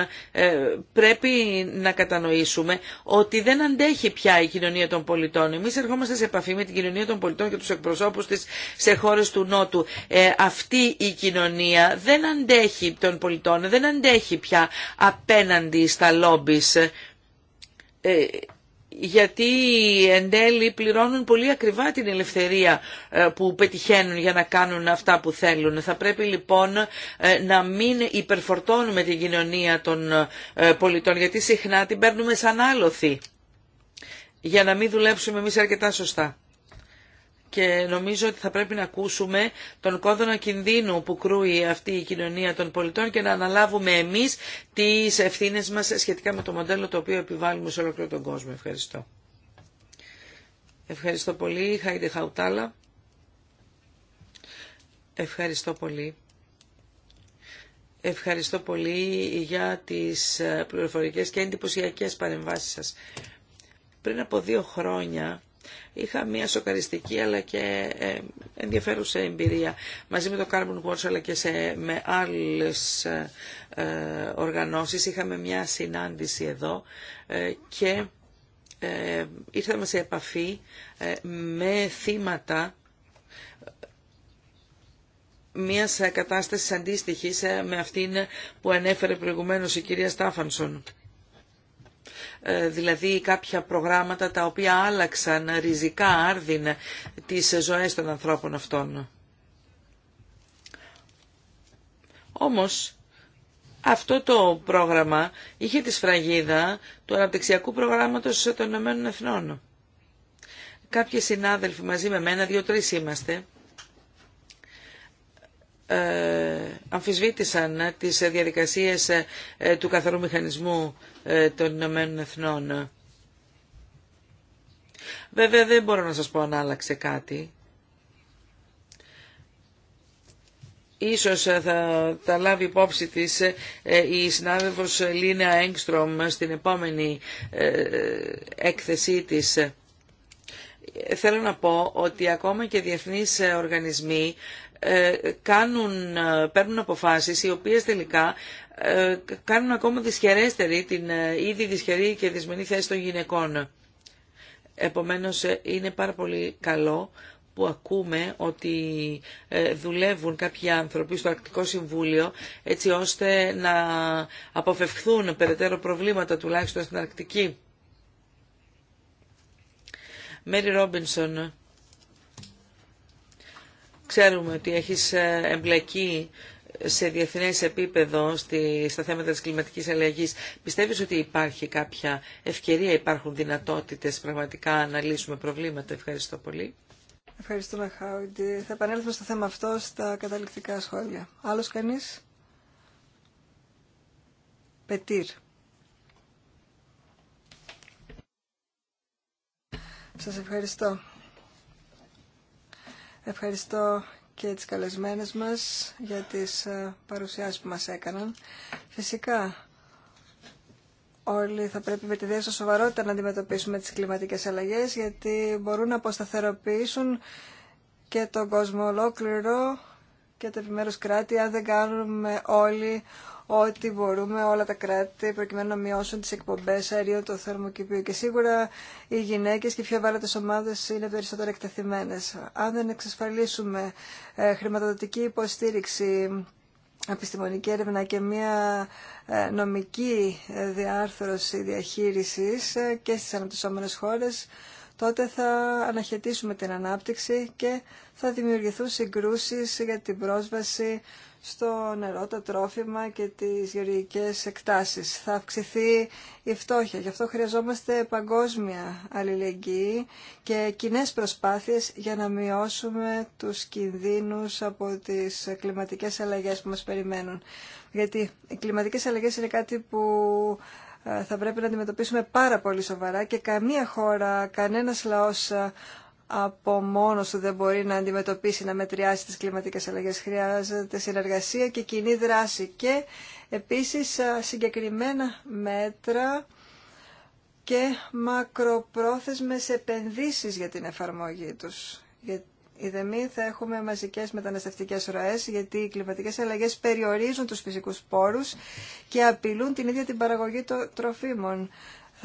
πρέπει να κατανοήσουμε ότι δεν αντέχει πια η κοινωνία των πολιτών. Εμείς ερχόμαστε σε επαφή με την κοινωνία των πολιτών και τους εκπροσώπους της σε χώρες του Νότου. Αυτή η κοινωνία δεν αντέχει των πολιτών, δεν αντέχει πια απέναντι στα λόμπις ε, γιατί εν τέλει πληρώνουν πολύ ακριβά την ελευθερία ε, που πετυχαίνουν για να κάνουν αυτά που θέλουν. Θα πρέπει λοιπόν ε, να μην υπερφορτώνουμε την κοινωνία των πολιτών, γιατί συχνά την παίρνουμε σαν άλοθη για να μην δουλέψουμε εμείς αρκετά σωστά και νομίζω ότι θα πρέπει να ακούσουμε τον κόδωνα κινδύνου που κρούει αυτή η κοινωνία των πολιτών και να αναλάβουμε εμείς τις ευθύνες μας σχετικά με το μοντέλο το οποίο επιβάλλουμε σε ολόκληρο τον κόσμο. Ευχαριστώ. Ευχαριστώ πολύ. Χάιντε Χαουτάλα. Ευχαριστώ πολύ. Ευχαριστώ πολύ για τις ε, πληροφορικές και εντυπωσιακέ παρεμβάσεις σας. Πριν από δύο χρόνια Είχα μια σοκαριστική αλλά και ε, ενδιαφέρουσα εμπειρία μαζί με το Carbon Watch αλλά και σε, με άλλες ε, οργανώσεις. Είχαμε μια συνάντηση εδώ ε, και ήρθαμε σε επαφή με θύματα μιας κατάστασης αντίστοιχης με αυτήν που ανέφερε προηγουμένως η κυρία Στάφανσον. Ε, δηλαδή κάποια προγράμματα τα οποία άλλαξαν ριζικά άρδιν τις ζωές των ανθρώπων αυτών. Όμως αυτό το πρόγραμμα είχε τη σφραγίδα του αναπτυξιακού προγράμματος των Ηνωμένων Εθνών. Κάποιοι συνάδελφοι μαζί με μένα, δύο-τρεις είμαστε, ε, αμφισβήτησαν τις διαδικασίες ε, του καθαρού μηχανισμού ε, των Ηνωμένων Εθνών. Βέβαια δεν μπορώ να σας πω αν άλλαξε κάτι. Ίσως ε, θα τα λάβει υπόψη της ε, η συνάδελφος Λίνα Έγκστρομ στην επόμενη έκθεσή της. Θέλω να πω ότι ακόμα και διεθνείς οργανισμοί κάνουν, παίρνουν αποφάσεις οι οποίες τελικά ε, κάνουν ακόμα δυσχερέστερη την ε, ήδη δυσχερή και δυσμενή θέση των γυναικών. Επομένως ε, είναι πάρα πολύ καλό που ακούμε ότι δουλεύουν κάποιοι άνθρωποι στο Αρκτικό Συμβούλιο έτσι ώστε να αποφευχθούν περαιτέρω προβλήματα τουλάχιστον στην Αρκτική. Μέρι Ρόμπινσον, ξέρουμε ότι έχεις εμπλεκεί σε διεθνέ επίπεδο στα θέματα της κλιματικής αλλαγή. πιστεύει ότι υπάρχει κάποια ευκαιρία, υπάρχουν δυνατότητες πραγματικά να λύσουμε προβλήματα. Ευχαριστώ πολύ. Ευχαριστούμε, Χάουντι. Θα επανέλθουμε στο θέμα αυτό στα καταληκτικά σχόλια. Άλλο κανεί. Πετήρ. Σας ευχαριστώ. Ευχαριστώ και τις καλεσμένες μας για τις ε, παρουσιάσεις που μας έκαναν. Φυσικά, όλοι θα πρέπει με τη δέουσα σοβαρότητα να αντιμετωπίσουμε τις κλιματικές αλλαγές, γιατί μπορούν να αποσταθεροποιήσουν και τον κόσμο ολόκληρο και το επιμέρους κράτη, αν δεν κάνουμε όλοι ότι μπορούμε όλα τα κράτη προκειμένου να μειώσουν τις εκπομπές αερίων του θερμοκηπίου. Και σίγουρα οι γυναίκες και οι πιο ευάλωτες ομάδες είναι περισσότερο εκτεθειμένες. Αν δεν εξασφαλίσουμε ε, χρηματοδοτική υποστήριξη, επιστημονική έρευνα και μια ε, νομική ε, διάρθρωση διαχείρισης και στις αναπτυσσόμενες χώρες, τότε θα αναχαιτήσουμε την ανάπτυξη και θα δημιουργηθούν συγκρούσεις για την πρόσβαση στο νερό, τα τρόφιμα και τις γεωργικές εκτάσεις. Θα αυξηθεί η φτώχεια. Γι' αυτό χρειαζόμαστε παγκόσμια αλληλεγγύη και κοινέ προσπάθειες για να μειώσουμε τους κινδύνους από τις κλιματικές αλλαγές που μας περιμένουν. Γιατί οι κλιματικές αλλαγές είναι κάτι που ε, θα πρέπει να αντιμετωπίσουμε πάρα πολύ σοβαρά και καμία χώρα, κανένας λαός από μόνο του δεν μπορεί να αντιμετωπίσει, να μετριάσει τις κλιματικές αλλαγές. Χρειάζεται συνεργασία και κοινή δράση και επίσης συγκεκριμένα μέτρα και μακροπρόθεσμες επενδύσεις για την εφαρμογή τους. Η ΔΕΜΗ θα έχουμε μαζικές μεταναστευτικές ροές γιατί οι κλιματικές αλλαγές περιορίζουν τους φυσικούς πόρους και απειλούν την ίδια την παραγωγή των τροφίμων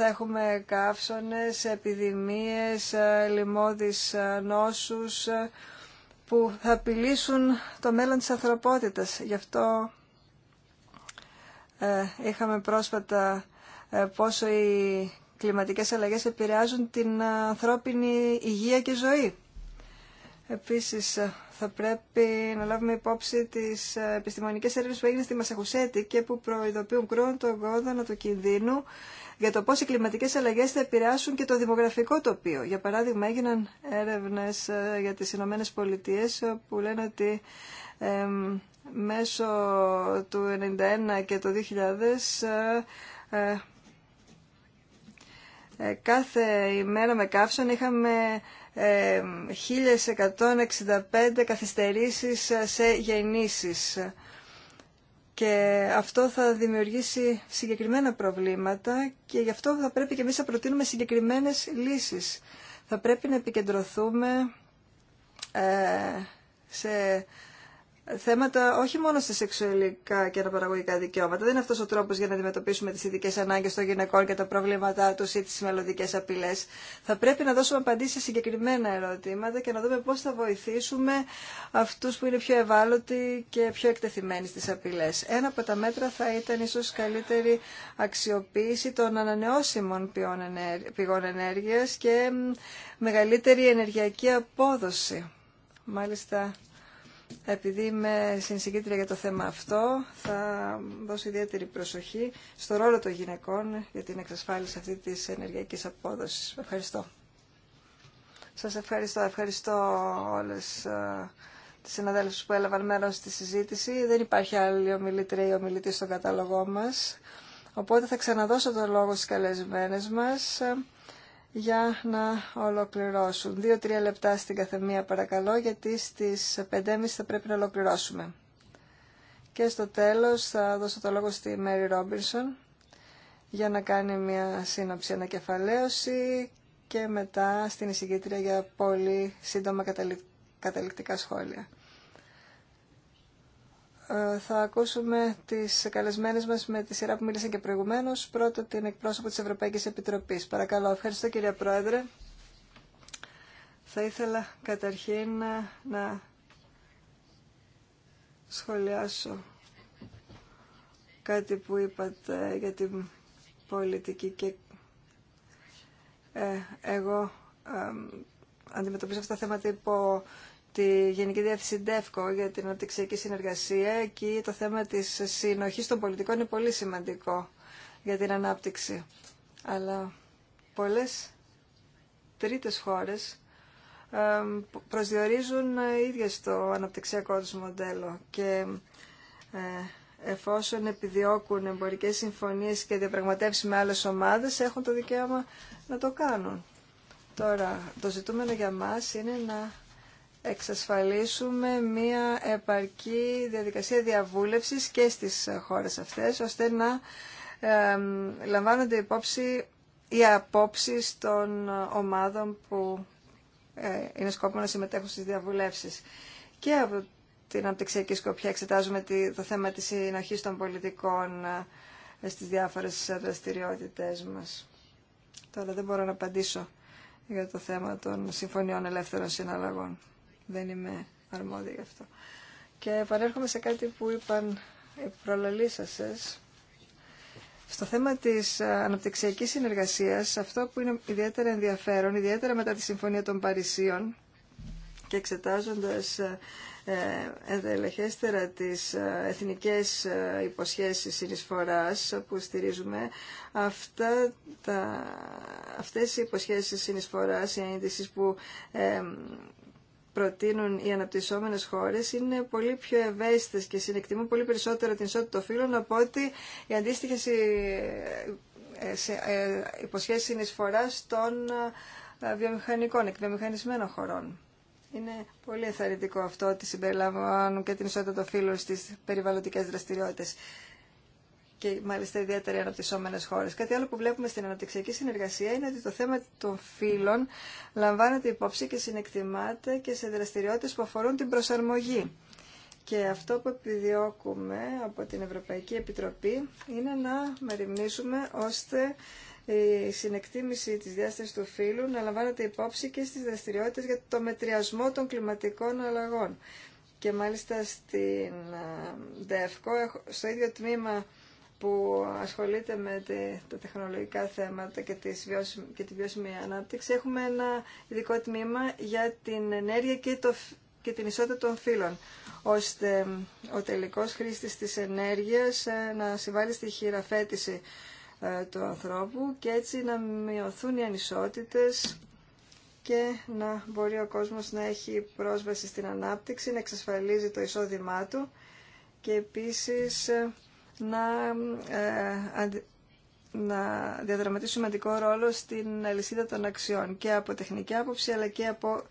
θα έχουμε καύσονες, επιδημίες, ε, λοιμώδεις ε, νόσους ε, που θα απειλήσουν το μέλλον της ανθρωπότητας. Γι' αυτό είχαμε πρόσφατα πόσο οι κλιματικές αλλαγές επηρεάζουν την ανθρώπινη υγεία και ζωή. Επίσης, ε, θα πρέπει να λάβουμε υπόψη τις ε, επιστημονικές έρευνες που έγιναν στη Μασαχουσέτη και που προειδοποιούν κρόν τον να του κινδύνου για το πώς οι κλιματικές αλλαγές θα επηρεάσουν και το δημογραφικό τοπίο. Για παράδειγμα, έγιναν έρευνες ε, για τις Ηνωμένε Πολιτείε που λένε ότι μέσω του 1991 και το 2000 ε, κάθε ημέρα με καύσον είχαμε 1165 καθυστερήσεις σε γεννήσεις. Και αυτό θα δημιουργήσει συγκεκριμένα προβλήματα και γι' αυτό θα πρέπει και εμείς να προτείνουμε συγκεκριμένες λύσεις. Θα πρέπει να επικεντρωθούμε ε, σε θέματα όχι μόνο στα σεξουαλικά και αναπαραγωγικά δικαιώματα. Δεν είναι αυτό ο τρόπο για να αντιμετωπίσουμε τι ειδικές ανάγκε των γυναικών και τα προβλήματά του ή τι μελλοντικέ απειλέ. Θα πρέπει να δώσουμε απαντήσει σε συγκεκριμένα ερωτήματα και να δούμε πώ θα βοηθήσουμε αυτού που είναι πιο ευάλωτοι και πιο εκτεθειμένοι στι απειλέ. Ένα από τα μέτρα θα ήταν ίσω καλύτερη αξιοποίηση των ανανεώσιμων πηγών ενέργεια και μεγαλύτερη ενεργειακή απόδοση. Μάλιστα, επειδή είμαι συνσηγήτρια για το θέμα αυτό, θα δώσω ιδιαίτερη προσοχή στο ρόλο των γυναικών για την εξασφάλιση αυτή της ενεργειακής απόδοσης. Ευχαριστώ. Σας ευχαριστώ. Ευχαριστώ όλες ε, τις συναδέλφους που έλαβαν μέρος στη συζήτηση. Δεν υπάρχει άλλη ομιλήτρια ή ομιλητή στον κατάλογό μας. Οπότε θα ξαναδώσω το λόγο στις καλεσμένες μας για να ολοκληρώσουν. Δύο-τρία λεπτά στην καθεμία παρακαλώ, γιατί στις 5.30 θα πρέπει να ολοκληρώσουμε. Και στο τέλος θα δώσω το λόγο στη Μέρι Ρόμπινσον για να κάνει μια σύνοψη ανακεφαλαίωση και μετά στην εισηγήτρια για πολύ σύντομα καταληκτικά σχόλια θα ακούσουμε τις καλεσμένες μας με τη σειρά που μίλησαν και προηγουμένως. Πρώτα την εκπρόσωπο της Ευρωπαϊκής Επιτροπής. Παρακαλώ. Ευχαριστώ κύριε Πρόεδρε. Θα ήθελα καταρχήν να σχολιάσω κάτι που είπατε για την πολιτική και ε, εγώ ε, αντιμετωπίζω αυτά τα θέματα υπό τη Γενική Διεύθυνση ΔΕΦΚΟ για την αναπτυξιακή συνεργασία. και το θέμα τη συνοχής των πολιτικών είναι πολύ σημαντικό για την ανάπτυξη. Αλλά πολλέ τρίτε χώρε προσδιορίζουν ίδια στο αναπτυξιακό τους μοντέλο και ε, εφόσον επιδιώκουν εμπορικές συμφωνίες και διαπραγματεύσει με άλλες ομάδες έχουν το δικαίωμα να το κάνουν. Τώρα, το ζητούμενο για μας είναι να εξασφαλίσουμε μία επαρκή διαδικασία διαβούλευσης και στις χώρες αυτές, ώστε να λαμβάνονται υπόψη οι απόψεις των ομάδων που ε, είναι σκόπιμο να συμμετέχουν στις διαβουλεύσεις. Και από την Αναπτυξιακή Σκοπιά εξετάζουμε το θέμα της συνοχή των πολιτικών ε, στις διάφορες δραστηριότητες μας. Τώρα δεν μπορώ να απαντήσω για το θέμα των συμφωνιών ελεύθερων συναλλαγών δεν είμαι αρμόδια γι' αυτό. Και επανέρχομαι σε κάτι που είπαν οι προλαλήσασες. Στο θέμα της ε, αναπτυξιακής συνεργασίας, αυτό που είναι ιδιαίτερα ενδιαφέρον, ιδιαίτερα μετά τη Συμφωνία των Παρισίων και εξετάζοντας ε, ε, ενδελεχέστερα τις εθνικές υποσχέσεις συνεισφοράς που στηρίζουμε, αυτά τα, αυτές οι υποσχέσεις συνεισφοράς, οι ένδυσεις που προτείνουν οι αναπτυσσόμενες χώρες είναι πολύ πιο ευαίσθητες και συνεκτιμούν πολύ περισσότερο την ισότητα των φύλων από ότι οι αντίστοιχες ε, ε, ε, υποσχέσεις συνεισφοράς των βιομηχανικών, εκβιομηχανισμένων χωρών. Είναι πολύ εθαρρυντικό αυτό ότι συμπεριλαμβάνουν και την ισότητα των φύλων στις περιβαλλοντικές δραστηριότητες και μάλιστα ιδιαίτερα οι αναπτυσσόμενες χώρες. Κάτι άλλο που βλέπουμε στην αναπτυξιακή συνεργασία είναι ότι το θέμα των φύλων λαμβάνεται υπόψη και συνεκτιμάται και σε δραστηριότητες που αφορούν την προσαρμογή. Και αυτό που επιδιώκουμε από την Ευρωπαϊκή Επιτροπή είναι να μεριμνήσουμε ώστε η συνεκτίμηση της διάστασης του φύλου να λαμβάνεται υπόψη και στις δραστηριότητες για το μετριασμό των κλιματικών αλλαγών. Και μάλιστα στην ε, ΔΕΦΚΟ, στο ίδιο τμήμα που ασχολείται με τα τεχνολογικά θέματα και, και τη βιώσιμη ανάπτυξη, έχουμε ένα ειδικό τμήμα για την ενέργεια και, το, και την ισότητα των φύλων, ώστε ο τελικός χρήστης της ενέργειας ε, να συμβάλλει στη χειραφέτηση ε, του ανθρώπου και έτσι να μειωθούν οι ανισότητες και να μπορεί ο κόσμος να έχει πρόσβαση στην ανάπτυξη, να εξασφαλίζει το εισόδημά του και επίσης ε, να, ε, να σημαντικό ρόλο στην αλυσίδα των αξιών και από τεχνική άποψη αλλά και από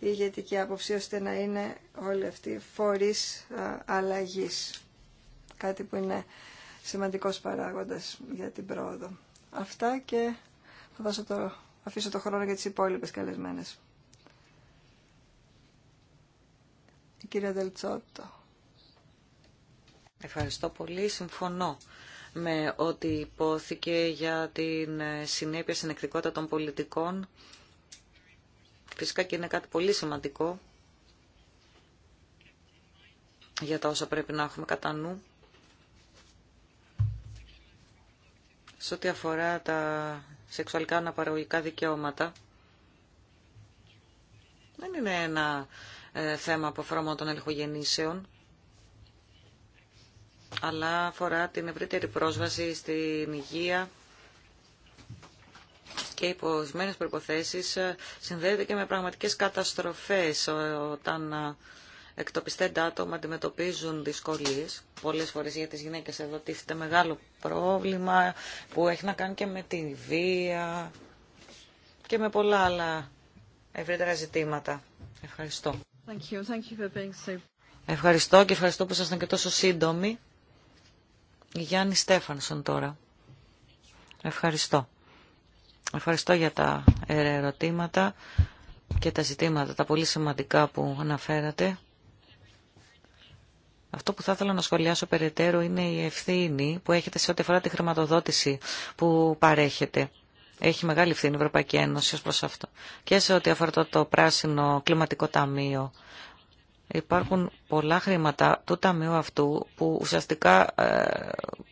ηγετική άποψη ώστε να είναι όλοι αυτοί φορείς ε, αλλαγής. Κάτι που είναι σημαντικός παράγοντας για την πρόοδο. Αυτά και θα δώσω το, αφήσω το χρόνο για τις υπόλοιπες καλεσμένες. Η κυρία Δελτσότο. Ευχαριστώ πολύ. Συμφωνώ με ό,τι υπόθηκε για την συνέπεια συνεκτικότητα των πολιτικών. Φυσικά και είναι κάτι πολύ σημαντικό για τα όσα πρέπει να έχουμε κατά νου. Σε ό,τι αφορά τα σεξουαλικά αναπαραγωγικά δικαιώματα, δεν είναι ένα ε, θέμα που αφορά των ελεγχογενήσεων αλλά αφορά την ευρύτερη πρόσβαση στην υγεία και υπό ορισμένες προϋποθέσεις ε, συνδέεται και με πραγματικές καταστροφές ε, όταν ε, εκτοπιστέντα άτομα αντιμετωπίζουν δυσκολίες. Πολλές φορές για τις γυναίκες εδώ τίθεται μεγάλο πρόβλημα που έχει να κάνει και με τη βία και με πολλά άλλα ευρύτερα ζητήματα. Ευχαριστώ. Thank you. Thank you for being so... Ευχαριστώ και ευχαριστώ που ήσασταν και τόσο σύντομοι. Γιάννη Στέφανσον τώρα. Ευχαριστώ. Ευχαριστώ για τα ερωτήματα και τα ζητήματα, τα πολύ σημαντικά που αναφέρατε. Αυτό που θα ήθελα να σχολιάσω περαιτέρω είναι η ευθύνη που έχετε σε ό,τι αφορά τη χρηματοδότηση που παρέχετε. Έχει μεγάλη ευθύνη η Ευρωπαϊκή Ένωση ως προς αυτό. Και σε ό,τι αφορά το, το πράσινο κλιματικό ταμείο υπάρχουν πολλά χρήματα του ταμείου αυτού που ουσιαστικά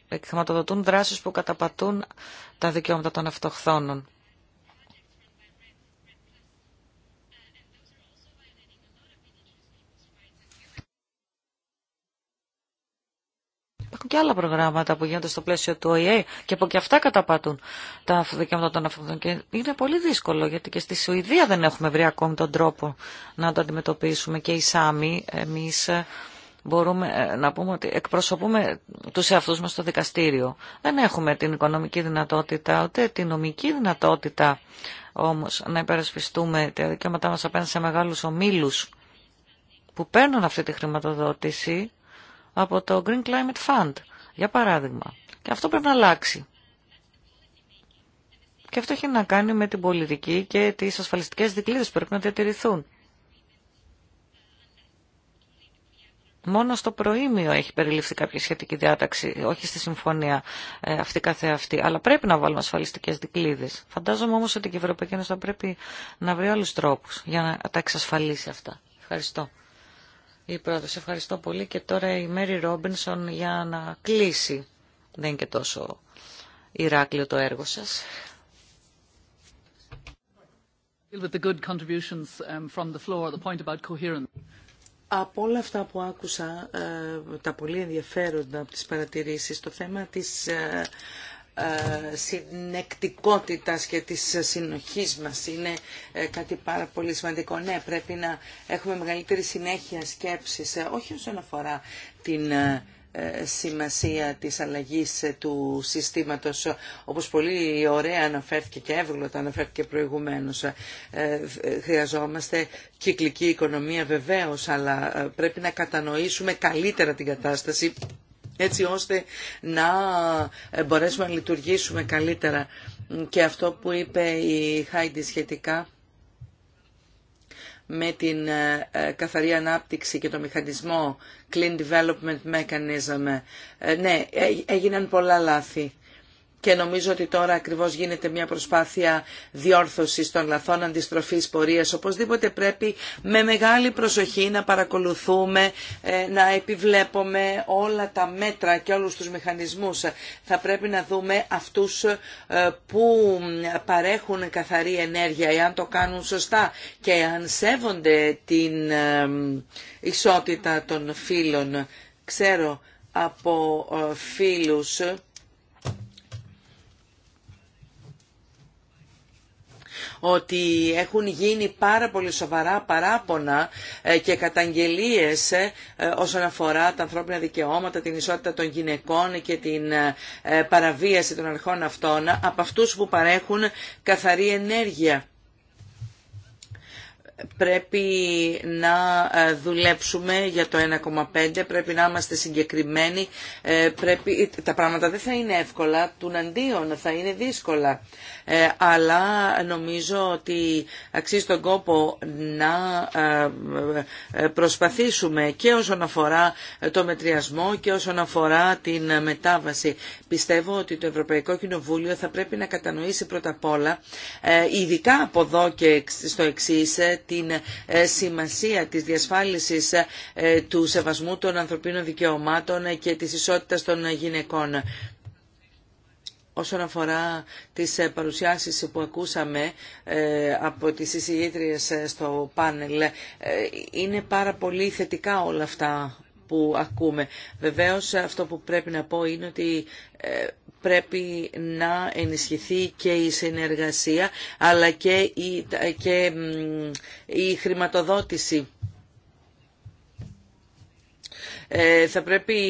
ε, χρηματοδοτούν δράσεις που καταπατούν τα δικαιώματα των αυτοχθόνων. Υπάρχουν και άλλα προγράμματα που γίνονται στο πλαίσιο του ΟΗΕ και που και αυτά καταπατούν τα δικαιώματα των αυτοκινήτων. Και είναι πολύ δύσκολο γιατί και στη Σουηδία δεν έχουμε βρει ακόμη τον τρόπο να το αντιμετωπίσουμε. Και οι ΣΑΜΗ. εμεί ε, μπορούμε ε, να πούμε ότι εκπροσωπούμε τους εαυτούς μας στο δικαστήριο. Δεν έχουμε την οικονομική δυνατότητα, ούτε την νομική δυνατότητα όμως να υπερασπιστούμε τα δικαιώματά μας απέναντι σε μεγάλους ομίλους που παίρνουν αυτή τη χρηματοδότηση από το Green Climate Fund, για παράδειγμα. Και αυτό πρέπει να αλλάξει. Και αυτό έχει να κάνει με την πολιτική και τις ασφαλιστικές δικλείδες που πρέπει να διατηρηθούν. Μόνο στο προήμιο έχει περιληφθεί κάποια σχετική διάταξη, όχι στη συμφωνία ε, αυτή καθεαυτή. Αλλά πρέπει να βάλουμε ασφαλιστικές δικλείδες. Φαντάζομαι όμως ότι και η Ευρωπαϊκή Ένωση θα πρέπει να βρει άλλους τρόπους για να τα εξασφαλίσει αυτά. Ευχαριστώ η σε Ευχαριστώ πολύ και τώρα η Μέρι Ρόμπινσον για να κλείσει. Δεν είναι και τόσο Ηράκλειο το έργο σας. Από όλα αυτά που άκουσα, ε, τα πολύ ενδιαφέροντα από τις παρατηρήσεις, το θέμα της ε, ε, συνεκτικότητας και της συνοχής μας είναι ε, κάτι πάρα πολύ σημαντικό. Ναι, πρέπει να έχουμε μεγαλύτερη συνέχεια σκέψης, ε, όχι όσον αφορά την σημασία της αλλαγής του συστήματος όπως πολύ ωραία αναφέρθηκε και εύγλωτα αναφέρθηκε προηγουμένως χρειαζόμαστε κυκλική οικονομία βεβαίως αλλά πρέπει να κατανοήσουμε καλύτερα την κατάσταση έτσι ώστε να ε, μπορέσουμε να λειτουργήσουμε καλύτερα. Και αυτό που είπε η Χάιντι σχετικά με την ε, ε, καθαρή ανάπτυξη και το μηχανισμό Clean Development Mechanism. Ναι, έγιναν πολλά λάθη και νομίζω ότι τώρα ακριβώς γίνεται μια προσπάθεια διόρθωσης των λαθών αντιστροφής πορείας. Οπωσδήποτε πρέπει με μεγάλη προσοχή να παρακολουθούμε, ε, να επιβλέπουμε όλα τα μέτρα και όλους τους μηχανισμούς. Θα πρέπει να δούμε αυτούς ε, που παρέχουν καθαρή ενέργεια, εάν το κάνουν σωστά και αν σέβονται την ε, ισότητα των φίλων. Ξέρω από φίλους ότι έχουν γίνει πάρα πολύ σοβαρά παράπονα ε, και καταγγελίες ε, ε, όσον αφορά τα ανθρώπινα δικαιώματα, την ισότητα των γυναικών και την παραβίαση των αρχών αυτών από αυτούς που παρέχουν καθαρή ενέργεια πρέπει να ε, δουλέψουμε για το 1,5, πρέπει να είμαστε συγκεκριμένοι, ε, πρέπει, τα πράγματα δεν θα είναι εύκολα, του θα είναι δύσκολα. Ε, αλλά νομίζω ότι αξίζει τον κόπο να προσπαθήσουμε και όσον αφορά το μετριασμό και όσον αφορά την μετάβαση. Πιστεύω ότι το Ευρωπαϊκό Κοινοβούλιο θα πρέπει να κατανοήσει πρώτα απ' όλα, ειδικά από εδώ και στο εξής, την ε, σημασία της διασφάλισης ε, του σεβασμού των ανθρωπίνων δικαιωμάτων ε, και της ισότητας των γυναικών. Όσον αφορά τις παρουσιάσεις που ακούσαμε από τις εισηγήτριες στο πάνελ, είναι πάρα πολύ θετικά όλα αυτά που ακούμε. Βεβαίως αυτό που πρέπει να πω είναι ότι ε, πρέπει να ενισχυθεί και η συνεργασία αλλά και η, και η χρηματοδότηση ε, θα πρέπει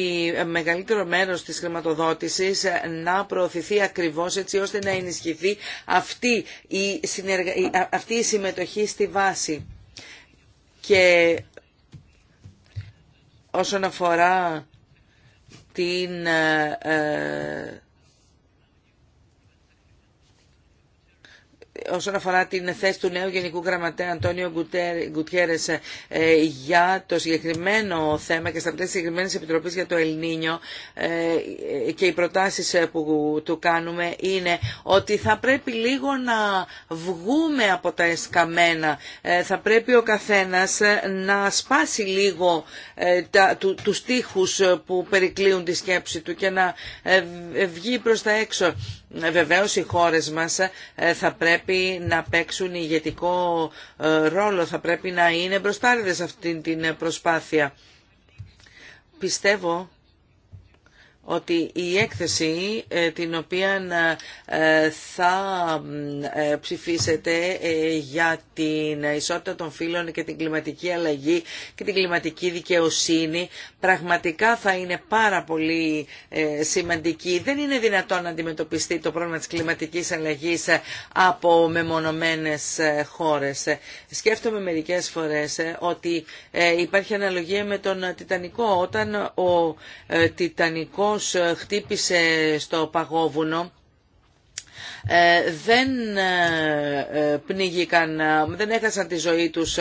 μεγαλύτερο μέρος της χρηματοδότησης να προωθηθεί ακριβώς έτσι ώστε να ενισχυθεί αυτή η, αυτή η συμμετοχή στη βάση. Και όσον αφορά την ε, ε, όσον αφορά την θέση του νέου Γενικού Γραμματέα Αντώνιο Γκουτιέρε ε, για το συγκεκριμένο θέμα και στα πλαίσια τη συγκεκριμένη επιτροπή για το Ελληνίνιο και οι προτάσει ε, που του κάνουμε είναι ότι θα πρέπει λίγο να βγούμε από τα εσκαμένα ε, Θα πρέπει ο καθένα να σπάσει λίγο του τείχου που περικλείουν τη σκέψη του και να βγει προς τα έξω ε, βεβαίως οι χώρες μας ε, θα πρέπει να παίξουν ηγετικό ε, ρόλο, θα πρέπει να είναι σε αυτήν την προσπάθεια. Πιστεύω ότι η έκθεση ε, την οποία ε, θα ε, ψηφίσετε για την ισότητα των φύλων και την κλιματική αλλαγή και την κλιματική δικαιοσύνη πραγματικά θα είναι πάρα πολύ σημαντική. Δεν είναι δυνατόν να αντιμετωπιστεί το πρόβλημα της κλιματικής αλλαγής από μεμονωμένες χώρες. Σκέφτομαι μερικές φορές ότι υπάρχει αναλογία με τον Τιτανικό. Όταν ο Τιτανικό σεισμός ε, χτύπησε στο παγόβουνο ε, δεν ε, πνίγηκαν, δεν έχασαν τη ζωή τους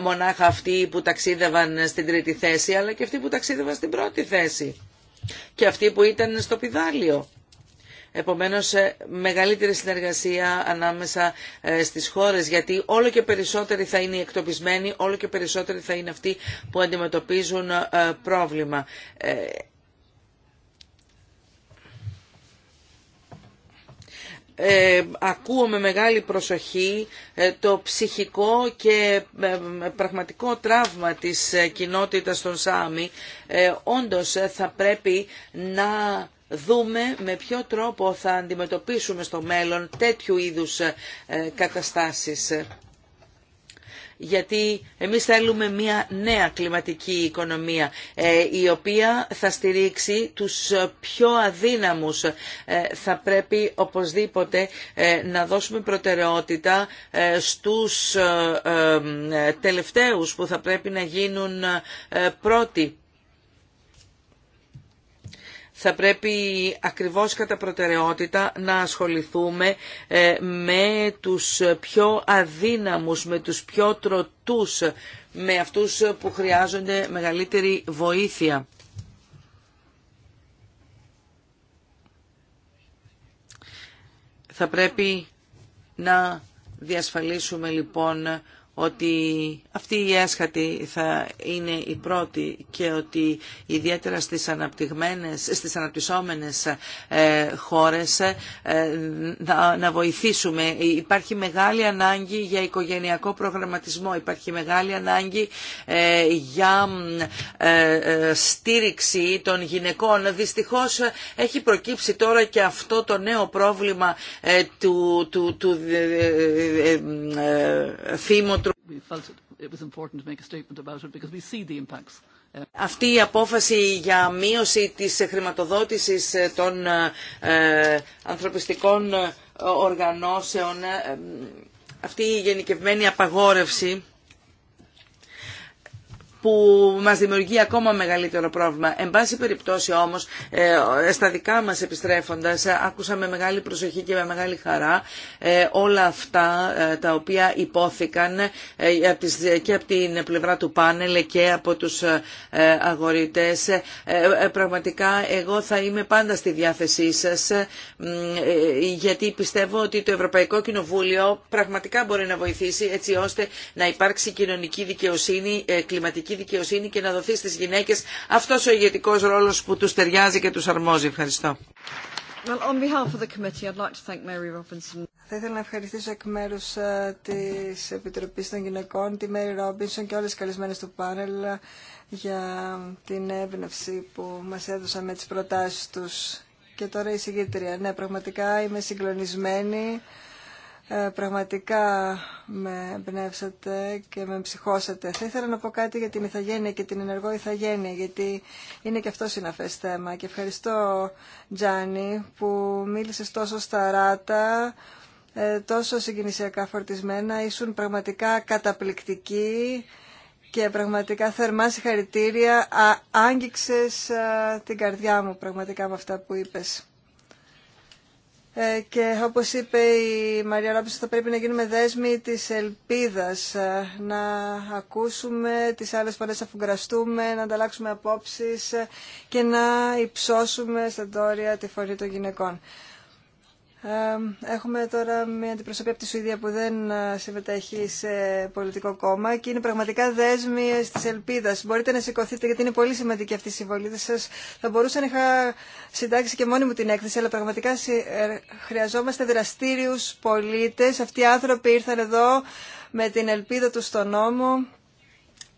μονάχα αυτοί που ταξίδευαν στην τρίτη θέση, αλλά και αυτοί που ταξίδευαν στην πρώτη θέση και αυτοί που ήταν στο πιδάλιο. Επομένως, μεγαλύτερη συνεργασία ανάμεσα στις χώρες, γιατί όλο και περισσότεροι θα είναι οι εκτοπισμένοι, όλο και περισσότεροι θα είναι αυτοί που αντιμετωπίζουν πρόβλημα. ε, ακούω με μεγάλη προσοχή ε, το ψυχικό και ε, πραγματικό τραύμα της ε, κοινότητας των Σάμι. Ε, θα πρέπει να δούμε με ποιο τρόπο θα αντιμετωπίσουμε στο μέλλον τέτοιου είδους καταστάσεις γιατί εμείς θέλουμε μια νέα κλιματική οικονομία ε, η οποία θα στηρίξει τους πιο αδύναμους. Ε, θα πρέπει οπωσδήποτε ε, να δώσουμε προτεραιότητα στους τελευταίους που θα πρέπει να γίνουν πρώτοι θα πρέπει ακριβώς κατά προτεραιότητα να ασχοληθούμε ε, με τους πιο αδύναμους, με τους πιο τροτούς, με αυτούς που χρειάζονται μεγαλύτερη βοήθεια. Θα πρέπει να διασφαλίσουμε λοιπόν ότι αυτή η έσχατη θα είναι η πρώτη και ότι ιδιαίτερα στις, αναπτυγμένες, στις αναπτυσσόμενες χώρες να βοηθήσουμε. Υπάρχει μεγάλη ανάγκη για οικογενειακό προγραμματισμό, υπάρχει μεγάλη ανάγκη για στήριξη των γυναικών. Δυστυχώς έχει προκύψει τώρα και αυτό το νέο πρόβλημα του, του, του, αυτή η απόφαση για μείωση της χρηματοδότησης ε, των ε, ε, ανθρωπιστικών οργανώσεων, αυτή η γενικευμένη απαγόρευση που μας δημιουργεί ακόμα μεγαλύτερο πρόβλημα. Εν πάση περιπτώσει όμως, ε, στα δικά μας επιστρέφοντας, ε, άκουσα με μεγάλη προσοχή και με μεγάλη χαρά ε, όλα αυτά τα οποία υπόθηκαν και από την πλευρά του πάνελ και από τους αγορητές. Πραγματικά εγώ θα είμαι πάντα στη διάθεσή σας γιατί πιστεύω ότι το Ευρωπαϊκό Κοινοβούλιο πραγματικά μπορεί να βοηθήσει έτσι ώστε να υπάρξει κοινωνική δικαιοσύνη, κλιματική ποινική δικαιοσύνη και να δοθεί στις γυναίκες αυτός ο ηγετικός ρόλος που τους ταιριάζει και τους αρμόζει. Ευχαριστώ. Θα ήθελα να ευχαριστήσω εκ μέρου ε, τη Επιτροπή των Γυναικών, τη Μέρι Ρόμπινσον και όλε τι καλεσμένε του πάνελ ε, για την έμπνευση που μα έδωσαν με τι προτάσει του. Και τώρα η συγκεκριτρία. Ναι, πραγματικά είμαι συγκλονισμένη. Ε, πραγματικά με εμπνεύσατε και με ψυχώσατε. Θα ήθελα να πω κάτι για την ηθαγένεια και την ενεργό ηθαγένεια, γιατί είναι και αυτό συναφές θέμα. Και ευχαριστώ, Τζάνι, που μίλησες τόσο σταράτα, ε, τόσο συγκινησιακά φορτισμένα. Ήσουν πραγματικά καταπληκτική και πραγματικά θερμά συγχαρητήρια. Άγγιξες ε, την καρδιά μου πραγματικά με αυτά που είπες. Ε, και όπως είπε η Μαρία Ράπης, θα πρέπει να γίνουμε δέσμοι της ελπίδας, ε, να ακούσουμε τις άλλες φορές να να ανταλλάξουμε απόψεις ε, και να υψώσουμε στα δόρια τη φωνή των γυναικών. Έχουμε τώρα μια αντιπροσωπή από τη Σουηδία που δεν ε, συμμετέχει σε πολιτικό κόμμα και είναι πραγματικά δέσμοι τη ελπίδα. Μπορείτε να σηκωθείτε γιατί είναι πολύ σημαντική αυτή η συμβολή σα. Θα μπορούσα να είχα συντάξει και μόνη μου την έκθεση, αλλά πραγματικά ε, χρειαζόμαστε δραστήριου πολίτε. Αυτοί οι άνθρωποι ήρθαν εδώ με την ελπίδα του στον νόμο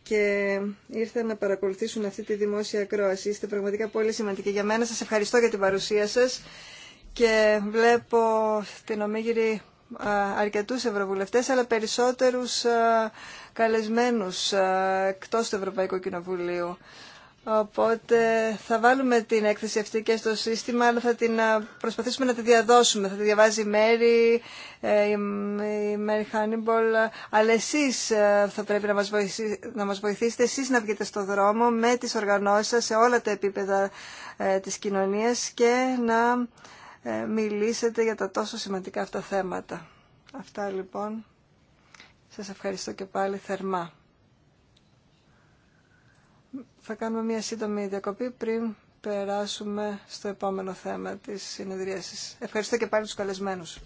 και ήρθαν να παρακολουθήσουν αυτή τη δημόσια ακρόαση. Είστε πραγματικά πολύ σημαντικοί για μένα. Σα ευχαριστώ για την παρουσία σα και βλέπω στην ομίγυρη αρκετούς ευρωβουλευτές αλλά περισσότερους καλεσμένους εκτός του Ευρωπαϊκού Κοινοβουλίου. Οπότε θα βάλουμε την έκθεση αυτή και στο σύστημα, αλλά θα την προσπαθήσουμε να τη διαδώσουμε. Θα τη διαβάζει η Μέρη, ε, η Μέρη Χάνιμπολ, αλλά εσείς ε, θα πρέπει να μας, βοηθήσετε, εσείς να βγείτε στο δρόμο με τις οργανώσεις σας σε όλα τα επίπεδα ε, της κοινωνίας και να ε, μιλήσετε για τα τόσο σημαντικά αυτά θέματα. Αυτά λοιπόν. Σας ευχαριστώ και πάλι θερμά. Θα κάνουμε μια σύντομη διακοπή πριν περάσουμε στο επόμενο θέμα της συνεδρίασης. Ευχαριστώ και πάλι τους καλεσμένους.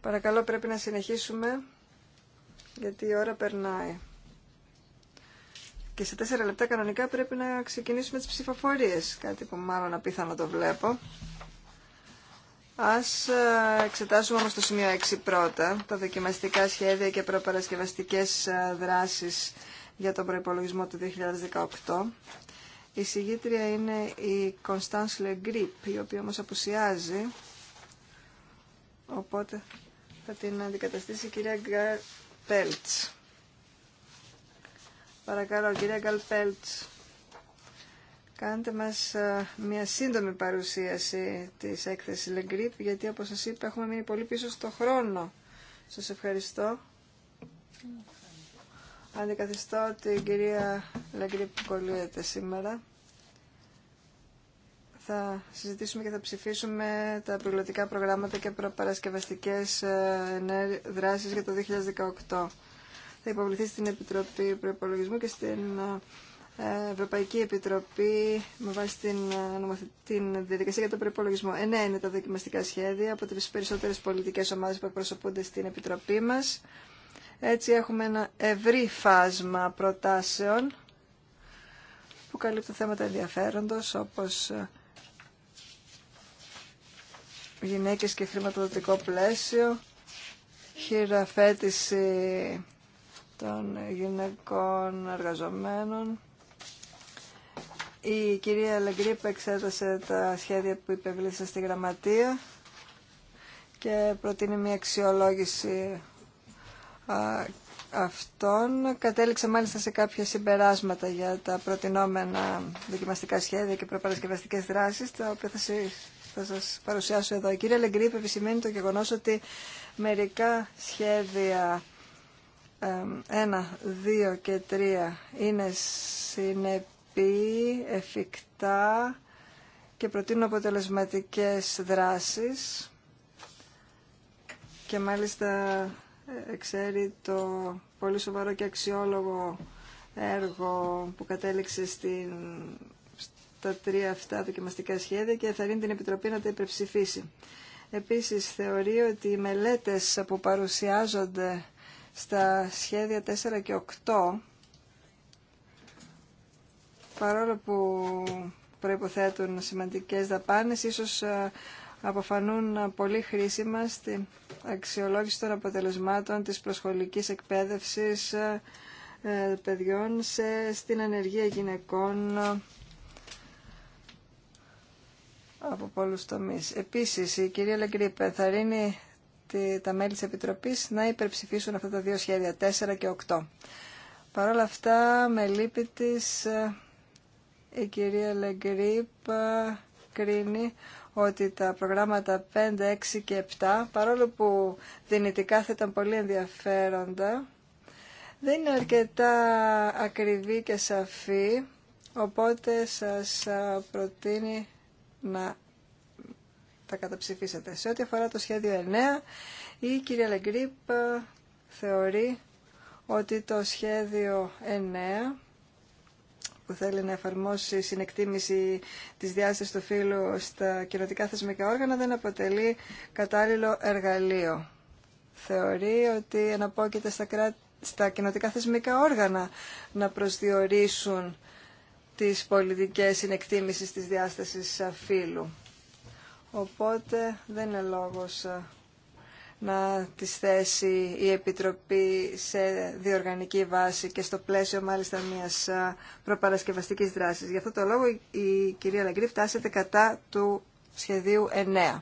Παρακαλώ πρέπει να συνεχίσουμε γιατί η ώρα περνάει. Και σε τέσσερα λεπτά κανονικά πρέπει να ξεκινήσουμε τις ψηφοφορίες, κάτι που μάλλον απίθανο το βλέπω. Ας ε, εξετάσουμε όμως το σημείο 6 πρώτα, τα δοκιμαστικά σχέδια και προπαρασκευαστικές ε, δράσεις για τον προϋπολογισμό του 2018 η συγγήτρια είναι η Κωνσταντς Λεγκρίπ, η οποία όμως απουσιάζει, οπότε θα την αντικαταστήσει η κυρία Γκάρ Πέλτς. Παρακαλώ, κυρία Γκάρ Πέλτς, κάντε μας ε, μια σύντομη παρουσίαση της έκθεσης Λεγκρίπ, γιατί όπως σας είπα έχουμε μείνει πολύ πίσω στο χρόνο. Σας ευχαριστώ. Αντικαθιστώ την κυρία Λεγκρυπ που κολλείεται σήμερα θα συζητήσουμε και θα ψηφίσουμε τα προγραμματικά προγράμματα και προπαρασκευαστικές ε, δράσει για το 2018. Θα υποβληθεί στην Επιτροπή Προπολογισμού και στην ε, Ευρωπαϊκή Επιτροπή με βάση την, ε, την διαδικασία για τον προπολογισμό. Εννέα είναι τα δοκιμαστικά σχέδια από τις περισσότερες πολιτικές ομάδες που εκπροσωπούνται στην Επιτροπή μας. Έτσι έχουμε ένα ευρύ φάσμα προτάσεων που καλύπτουν θέματα ενδιαφέροντος όπως γυναίκες και χρηματοδοτικό πλαίσιο, χειραφέτηση των γυναικών εργαζομένων. Η κυρία Λεγκρύπ εξέτασε τα σχέδια που υπευλήσα στη γραμματεία και προτείνει μια αξιολόγηση αυτών. Κατέληξε μάλιστα σε κάποια συμπεράσματα για τα προτινόμενα δοκιμαστικά σχέδια και προπαρασκευαστικές δράσεις, τα οποία θα θα σα παρουσιάσω εδώ. Η κυρία Λεγκρίπ επισημαίνει το γεγονό ότι μερικά σχέδια 1, 2 και 3 είναι συνεπή, εφικτά και προτείνουν αποτελεσματικές δράσεις και μάλιστα ε, ξέρει το πολύ σοβαρό και αξιόλογο έργο που κατέληξε στην τα τρία αυτά δοκιμαστικά σχέδια και θα την Επιτροπή να τα υπερψηφίσει. Επίσης, θεωρεί ότι οι μελέτες που παρουσιάζονται στα σχέδια 4 και 8, παρόλο που προϋποθέτουν σημαντικές δαπάνες, ίσως ε, αποφανούν πολύ χρήσιμα στην αξιολόγηση των αποτελεσμάτων της προσχολικής εκπαίδευσης ε, παιδιών σε, στην ανεργία γυναικών από πολλούς τομείς. Επίσης, η κυρία Λεγκρίπ τη, τα μέλη της Επιτροπής να υπερψηφίσουν αυτά τα δύο σχέδια, 4 και 8. Παρ' όλα αυτά, με λύπη της, ε, η κυρία Λεγκρίπ κρίνει ότι τα προγράμματα 5, 6 και 7, παρόλο που δυνητικά θα ήταν πολύ ενδιαφέροντα, δεν είναι αρκετά ακριβή και σαφή, οπότε σας ε, προτείνει να τα καταψηφίσετε. Σε ό,τι αφορά το σχέδιο 9, η κυρία Λεγκρίπ ε, θεωρεί ότι το σχέδιο 9 που θέλει να εφαρμόσει συνεκτίμηση της διάστασης του φύλου στα κοινοτικά θεσμικά όργανα δεν αποτελεί κατάλληλο εργαλείο. Θεωρεί ότι εναπόκειται στα, κρα... στα κοινοτικά θεσμικά όργανα να προσδιορίσουν τις πολιτικές συνεκτίμησης της διάστασης ε, φύλου. Οπότε δεν είναι λόγος ε, να τις θέσει η Επιτροπή σε διοργανική βάση και στο πλαίσιο μάλιστα μιας ε, προπαρασκευαστικής δράσης. Γι' αυτό το λόγο η κυρία Λαγκρή φτάσεται κατά του σχεδίου 9.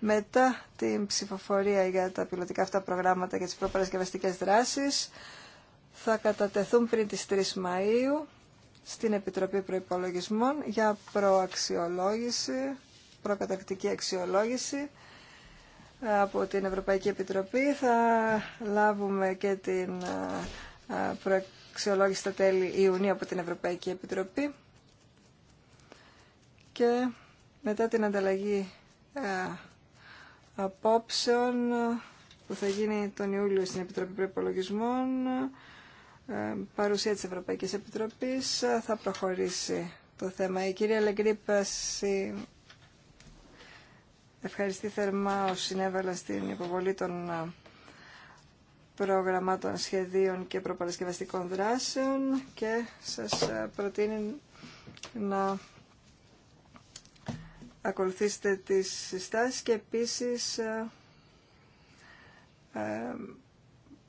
Μετά την ψηφοφορία για τα πιλωτικά αυτά προγράμματα και τις προπαρασκευαστικές δράσεις θα κατατεθούν πριν τις 3 Μαΐου στην Επιτροπή Προϋπολογισμών για προαξιολόγηση, προκατακτική αξιολόγηση ε, από την Ευρωπαϊκή Επιτροπή. Θα λάβουμε και την ε, ε, προαξιολόγηση στα τέλη Ιουνίου από την Ευρωπαϊκή Επιτροπή και μετά την ανταλλαγή απόψεων που θα γίνει τον Ιούλιο στην Επιτροπή Προϋπολογισμών ε, παρουσία της Ευρωπαϊκής Επιτροπής ε, θα προχωρήσει το θέμα. Η κυρία Λεγκρίπαση ε, ευχαριστεί θερμά ο συνέβαλα στην υποβολή των προγραμμάτων σχεδίων και προπαρασκευαστικών δράσεων και σας προτείνει να ακολουθήσετε τις συστάσεις και επίσης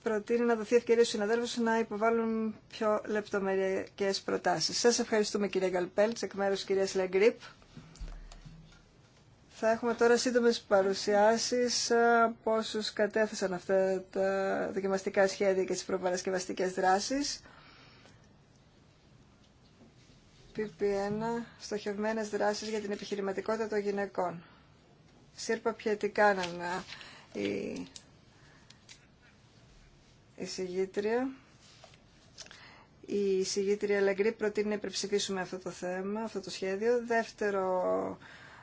προτείνει να δοθεί ευκαιρία στους συναδέλφους να υποβάλουν πιο λεπτομεριακές προτάσεις. Σας ευχαριστούμε κυρία Γκαλπέλτς, εκ μέρους κυρίας Λεγκρυπ. Θα έχουμε τώρα σύντομες παρουσιάσεις από όσου κατέθεσαν αυτά τα δοκιμαστικά σχέδια και τις προπαρασκευαστικές δράσεις. PP1, στοχευμένες δράσεις για την επιχειρηματικότητα των γυναικών. Σύρπα κάνανε η εισηγήτρια. Η συγγήτρια Λαγκρή προτείνει να υπερψηφίσουμε αυτό το θέμα, αυτό το σχέδιο. Δεύτερο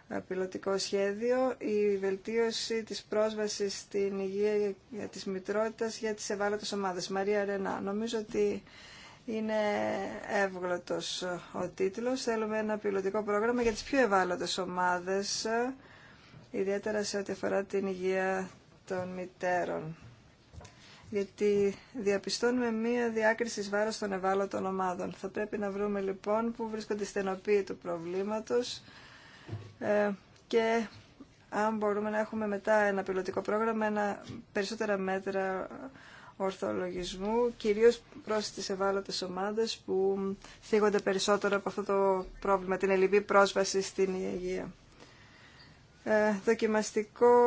ε, πιλωτικό σχέδιο, η βελτίωση της πρόσβασης στην υγεία της μητρότητας για τις ευάλωτες ομάδες. Μαρία Ρενά. Νομίζω ότι είναι εύγλωτος ο τίτλος. Θέλουμε ένα πιλωτικό πρόγραμμα για τις πιο ευάλωτες ομάδες, ε, ιδιαίτερα σε ό,τι αφορά την υγεία των μητέρων γιατί διαπιστώνουμε μία διάκριση βάρος των ευάλωτων ομάδων. Θα πρέπει να βρούμε λοιπόν που βρίσκονται στενοποίοι του προβλήματος ε, και αν μπορούμε να έχουμε μετά ένα πιλωτικό πρόγραμμα, ένα, περισσότερα μέτρα ορθολογισμού, κυρίως προς τις ευάλωτες ομάδες που θίγονται περισσότερο από αυτό το πρόβλημα, την ελληνική πρόσβαση στην υγεία. Ε, δοκιμαστικό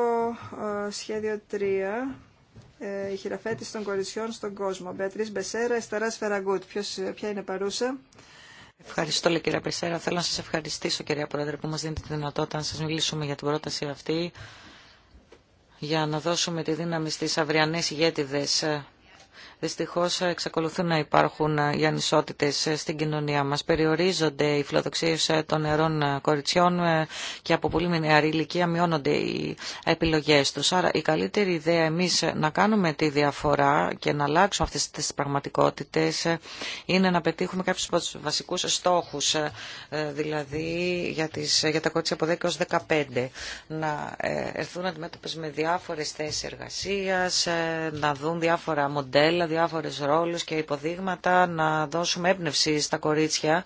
ε, σχέδιο 3 ε, η χειραφέτηση των κοριτσιών στον κόσμο. Μπεατρή Μπεσέρα, Εσταρά Φεραγκούτ. Ποιος, ε, ποια είναι παρούσα. Ευχαριστώ, λέει, κυρία Μπεσέρα. Θέλω να σα ευχαριστήσω, κυρία Πρόεδρε, που μα δίνετε τη δυνατότητα να σα μιλήσουμε για την πρόταση αυτή για να δώσουμε τη δύναμη στις αυριανές ηγέτιδες ε, Δυστυχώς ε, εξακολουθούν να υπάρχουν ε, οι ανισότητες ε, στην κοινωνία μας. Περιορίζονται οι φιλοδοξίες των νερών κοριτσιών και από πολύ νεαρή ηλικία μειώνονται οι επιλογές τους. Άρα η καλύτερη ιδέα εμείς να κάνουμε τη διαφορά και να αλλάξουμε αυτές τις πραγματικότητες είναι να πετύχουμε κάποιους βασικούς στόχους, δηλαδή για, τις, για τα κορίτσια από 10 έως 15, να έρθουν αντιμέτωπες με διάφορες θέσεις εργασίας, να δουν διάφορα μοντέλα μοντέλα, διάφορες ρόλους και υποδείγματα, να δώσουμε έμπνευση στα κορίτσια.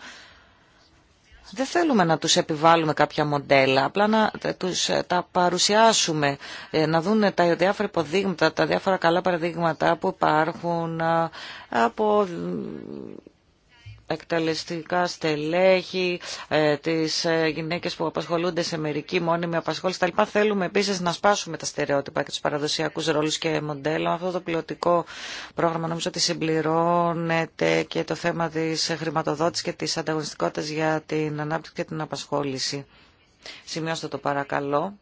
Δεν θέλουμε να τους επιβάλλουμε κάποια μοντέλα, απλά να τους ε, τα παρουσιάσουμε, ε, να δουν τα διάφορα υποδείγματα, τα διάφορα καλά παραδείγματα που υπάρχουν ε, από εκτελεστικά στελέχη, ε, τις ε, γυναίκες που απασχολούνται σε μερική μόνιμη απασχόληση κτλ. Θέλουμε επίσης να σπάσουμε τα στερεότυπα και τους παραδοσιακούς ρόλους και μοντέλα. Αυτό το πιλωτικό πρόγραμμα νομίζω ότι συμπληρώνεται και το θέμα της χρηματοδότησης και της ανταγωνιστικότητας για την ανάπτυξη και την απασχόληση. Σημειώστε το παρακαλώ.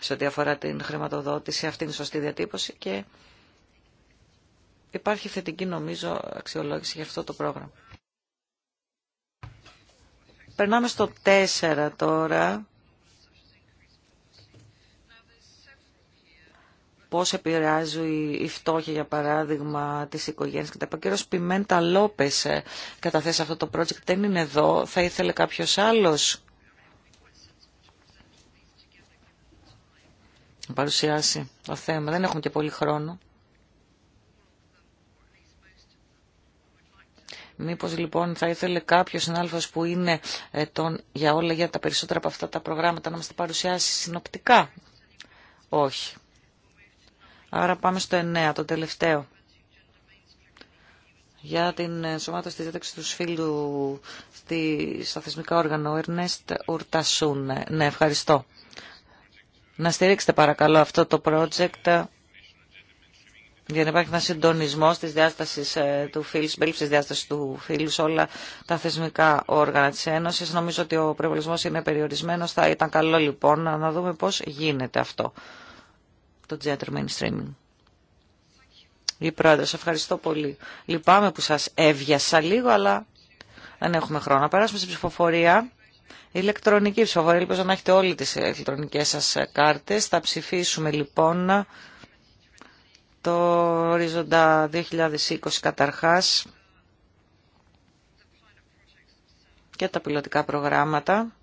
Σε ό,τι αφορά την χρηματοδότηση, αυτή είναι σωστή διατύπωση και υπάρχει θετική νομίζω αξιολόγηση για αυτό το πρόγραμμα. Περνάμε στο 4 τώρα. Πώς επηρεάζει η φτώχεια, για παράδειγμα, της οικογένεια και τα Κύριος Πιμέντα Λόπες ε, καταθέσει αυτό το project. Δεν είναι εδώ. Θα ήθελε κάποιος άλλος να παρουσιάσει το θέμα. Δεν έχουμε και πολύ χρόνο. Μήπως λοιπόν θα ήθελε κάποιος συνάλφος που είναι ε, τον, για όλα για τα περισσότερα από αυτά τα προγράμματα να μας τα παρουσιάσει συνοπτικά. Όχι. Άρα πάμε στο 9, το τελευταίο. Για την ε, σωμάτωση της διάταξης του φίλου στη, στα θεσμικά όργανα, ο Ερνέστ Ουρτασούν. Ε, ναι, ευχαριστώ. Να στηρίξετε παρακαλώ αυτό το project για να υπάρχει ένα συντονισμό τη διάσταση ε, του φίλου, συμπερίληψη διάσταση του φίλου σε όλα τα θεσμικά όργανα τη Ένωση. Νομίζω ότι ο προβολισμό είναι περιορισμένο. Θα ήταν καλό λοιπόν να δούμε πώ γίνεται αυτό το gender mainstreaming. Η πρόεδρος, ευχαριστώ πολύ. Λυπάμαι που σας έβιασα λίγο, αλλά δεν έχουμε χρόνο. Να περάσουμε στην ψηφοφορία. Ηλεκτρονική ψηφοφορία, ελπίζω να έχετε όλοι τις ηλεκτρονικές σας κάρτες. Θα ψηφίσουμε λοιπόν το ορίζοντα 2020 καταρχάς και τα πιλωτικά προγράμματα.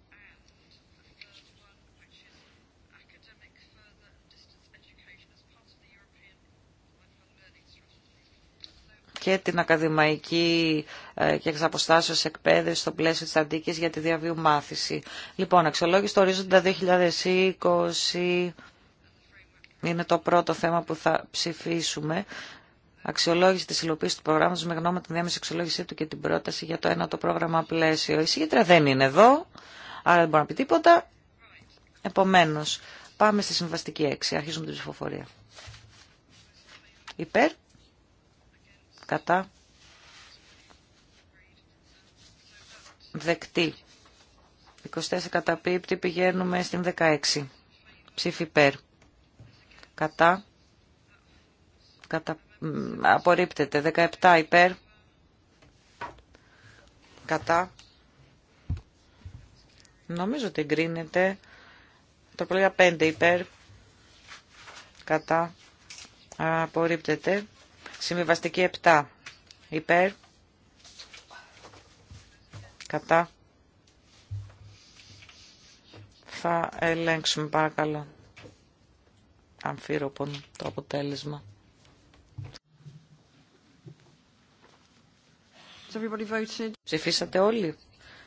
και την ακαδημαϊκή ε, και εξαποστάσεω εκπαίδευση στο πλαίσιο τη αντίκηση για τη διαβίου μάθηση. Λοιπόν, αξιολόγηση το ορίζοντα 2020 είναι το πρώτο θέμα που θα ψηφίσουμε. Αξιολόγηση τη υλοποίηση του προγράμματο με γνώμη την διάμεση αξιολόγησή του και την πρόταση για το το πρόγραμμα πλαίσιο. Η συγκέντρα δεν είναι εδώ, άρα δεν μπορεί να πει τίποτα. Επομένω, πάμε στη συμβαστική 6. Αρχίζουμε την ψηφοφορία. Υπέρ. Κατά. Δεκτή. 24 καταπίπτει. Πηγαίνουμε στην 16. Ψήφι υπέρ κατά, κατά απορρίπτεται 17 υπέρ, κατά, νομίζω ότι εγκρίνεται, τροπολογία 5 υπέρ, κατά, απορρίπτεται, συμβιβαστική 7 υπέρ, κατά, θα ελέγξουμε παρακαλώ αμφίροπον το αποτέλεσμα. Voted. Ψηφίσατε όλοι.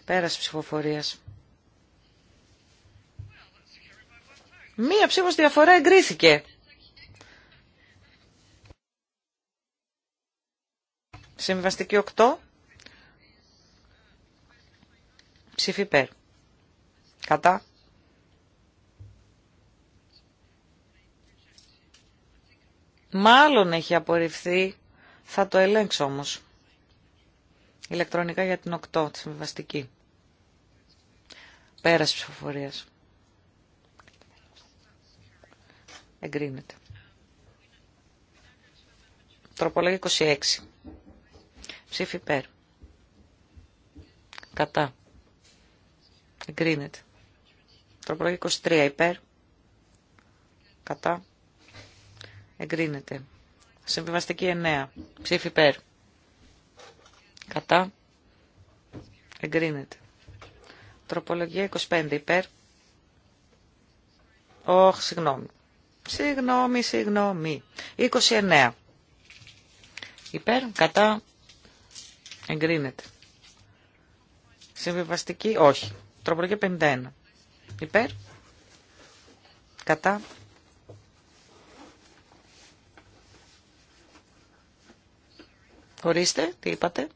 Πέρασε ψηφοφορία. Μία ψήφος διαφορά εγκρίθηκε. Συμβαστική 8. Ψήφι υπέρ. Κατά. Μάλλον έχει απορριφθεί. Θα το ελέγξω όμως. Ηλεκτρονικά για την 8, τη συμβιβαστική. Πέρας ψηφοφορίας. Εγκρίνεται. Τροπολογία 26. Ψήφι υπέρ. Κατά. Εγκρίνεται. Τροπολογία 23 υπέρ. Κατά. Εγκρίνεται. Συμβιβαστική 9. Ψήφι υπέρ. Κατά. Εγκρίνεται. Τροπολογία 25 υπέρ. Όχι, συγγνώμη. Συγγνώμη, συγγνώμη. 29. Υπέρ, κατά, εγκρίνεται. Συμβιβαστική, όχι. Τροπολογία 51. Υπέρ, κατά, Ορίστε, τι είπατε.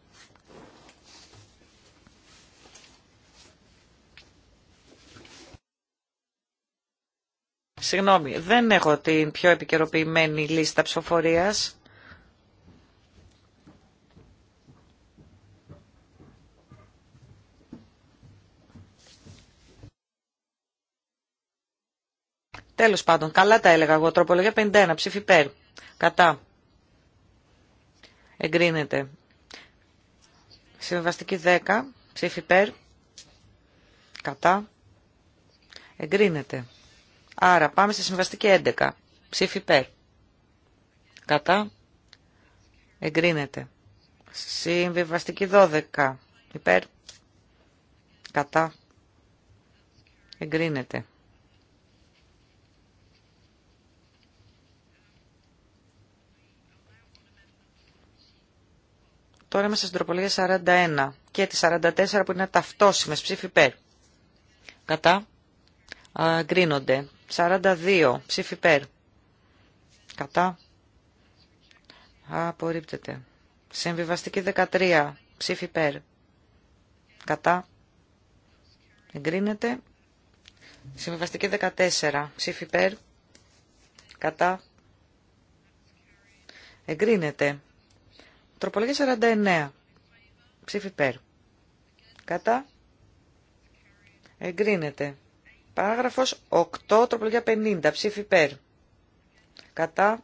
Συγγνώμη, δεν έχω την πιο επικαιροποιημένη λίστα ψηφοφορίας. Τέλος πάντων, καλά τα έλεγα εγώ, τροπολογία 51, ψήφι υπέρ. Κατά εγκρίνεται. Συμβαστική 10, ψήφι υπέρ, κατά, εγκρίνεται. Άρα πάμε στη συμβαστική 11, ψήφι υπέρ, κατά, εγκρίνεται. Συμβιβαστική 12, υπέρ, κατά, εγκρίνεται. Τώρα είμαστε στην τροπολογία 41 και τη 44 που είναι ταυτόσιμε ψήφι υπέρ. Κατά. Αγκρίνονται. 42 ψήφι υπέρ. Κατά. απορρίπτεται. Συμβιβαστική 13 ψήφι υπέρ. Κατά. Εγκρίνεται. Συμβιβαστική 14 ψήφι υπέρ. Κατά. Εγκρίνεται. Τροπολογία 49. Ψήφι περ. Κατά. Εγκρίνεται. Παράγραφος 8, τροπολογία 50. ψηφι περ. υπέρ. Κατά.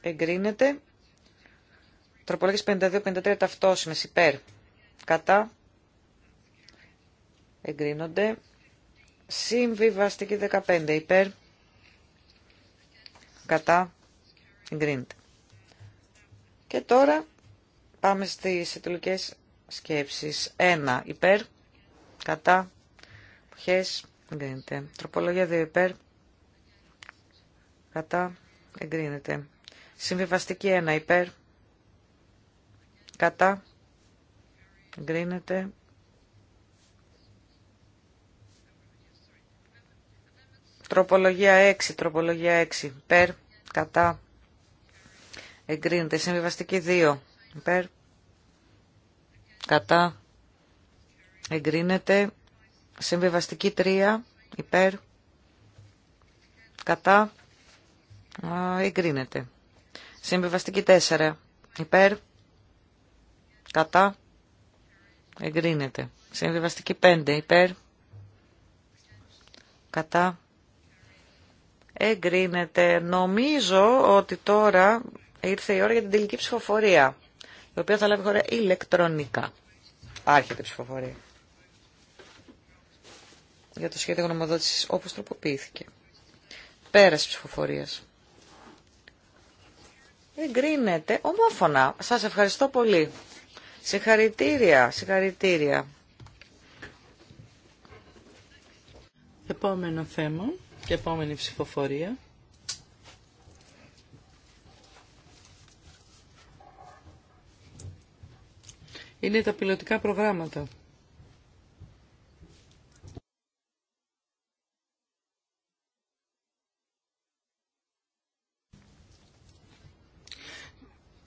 Εγκρίνεται. Τροπολογίες 52-53 ταυτόσιμες υπέρ. Κατά. Εγκρίνονται. Συμβιβαστική 15 υπέρ. Κατά. Εγκρίνεται. Και τώρα πάμε στις ετυλικές σκέψεις. 1. Υπέρ, κατά, ποιες, εγκρίνεται. Τροπολογία 2. Υπέρ, κατά, εγκρίνεται. Συμβιβαστική 1. Υπέρ, κατά, εγκρίνεται. Τροπολογία 6, τροπολογία 6, υπέρ, κατά, εγκρίνεται. Συμβιβαστική 2 υπέρ κατά εγκρίνεται. Συμβιβαστική 3 υπέρ κατά εγκρίνεται. Συμβιβαστική 4 υπέρ κατά εγκρίνεται. Συμβιβαστική 5 υπέρ κατά εγκρίνεται. Νομίζω ότι τώρα Ήρθε η ώρα για την τελική ψηφοφορία, η οποία θα λάβει χώρα ηλεκτρονικά. Άρχεται η ψηφοφορία. Για το σχέδιο γνωμοδότησης όπως τροποποιήθηκε. Πέρας ψηφοφορίας. Εγκρίνεται ομόφωνα. Σας ευχαριστώ πολύ. Συγχαρητήρια, συγχαρητήρια. Επόμενο θέμα και επόμενη ψηφοφορία. είναι τα πιλωτικά προγράμματα.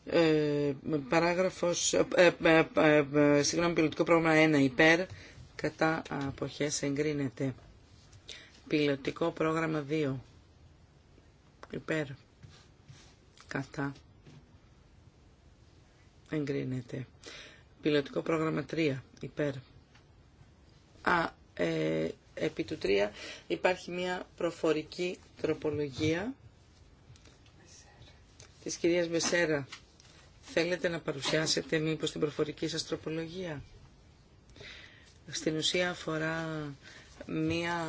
Ε, παράγραφος, ε ε, ε, ε, ε, συγγνώμη, πιλωτικό πρόγραμμα 1 υπέρ, κατά αποχές εγκρίνεται. Πιλωτικό πρόγραμμα 2 υπέρ, κατά εγκρίνεται. Πιλωτικό πρόγραμμα 3. Υπέρ. Α, ε, επί του 3 υπάρχει μια προφορική τροπολογία της κυρίας Μεσέρα. Θέλετε να παρουσιάσετε μήπως την προφορική σας τροπολογία. Στην ουσία αφορά μία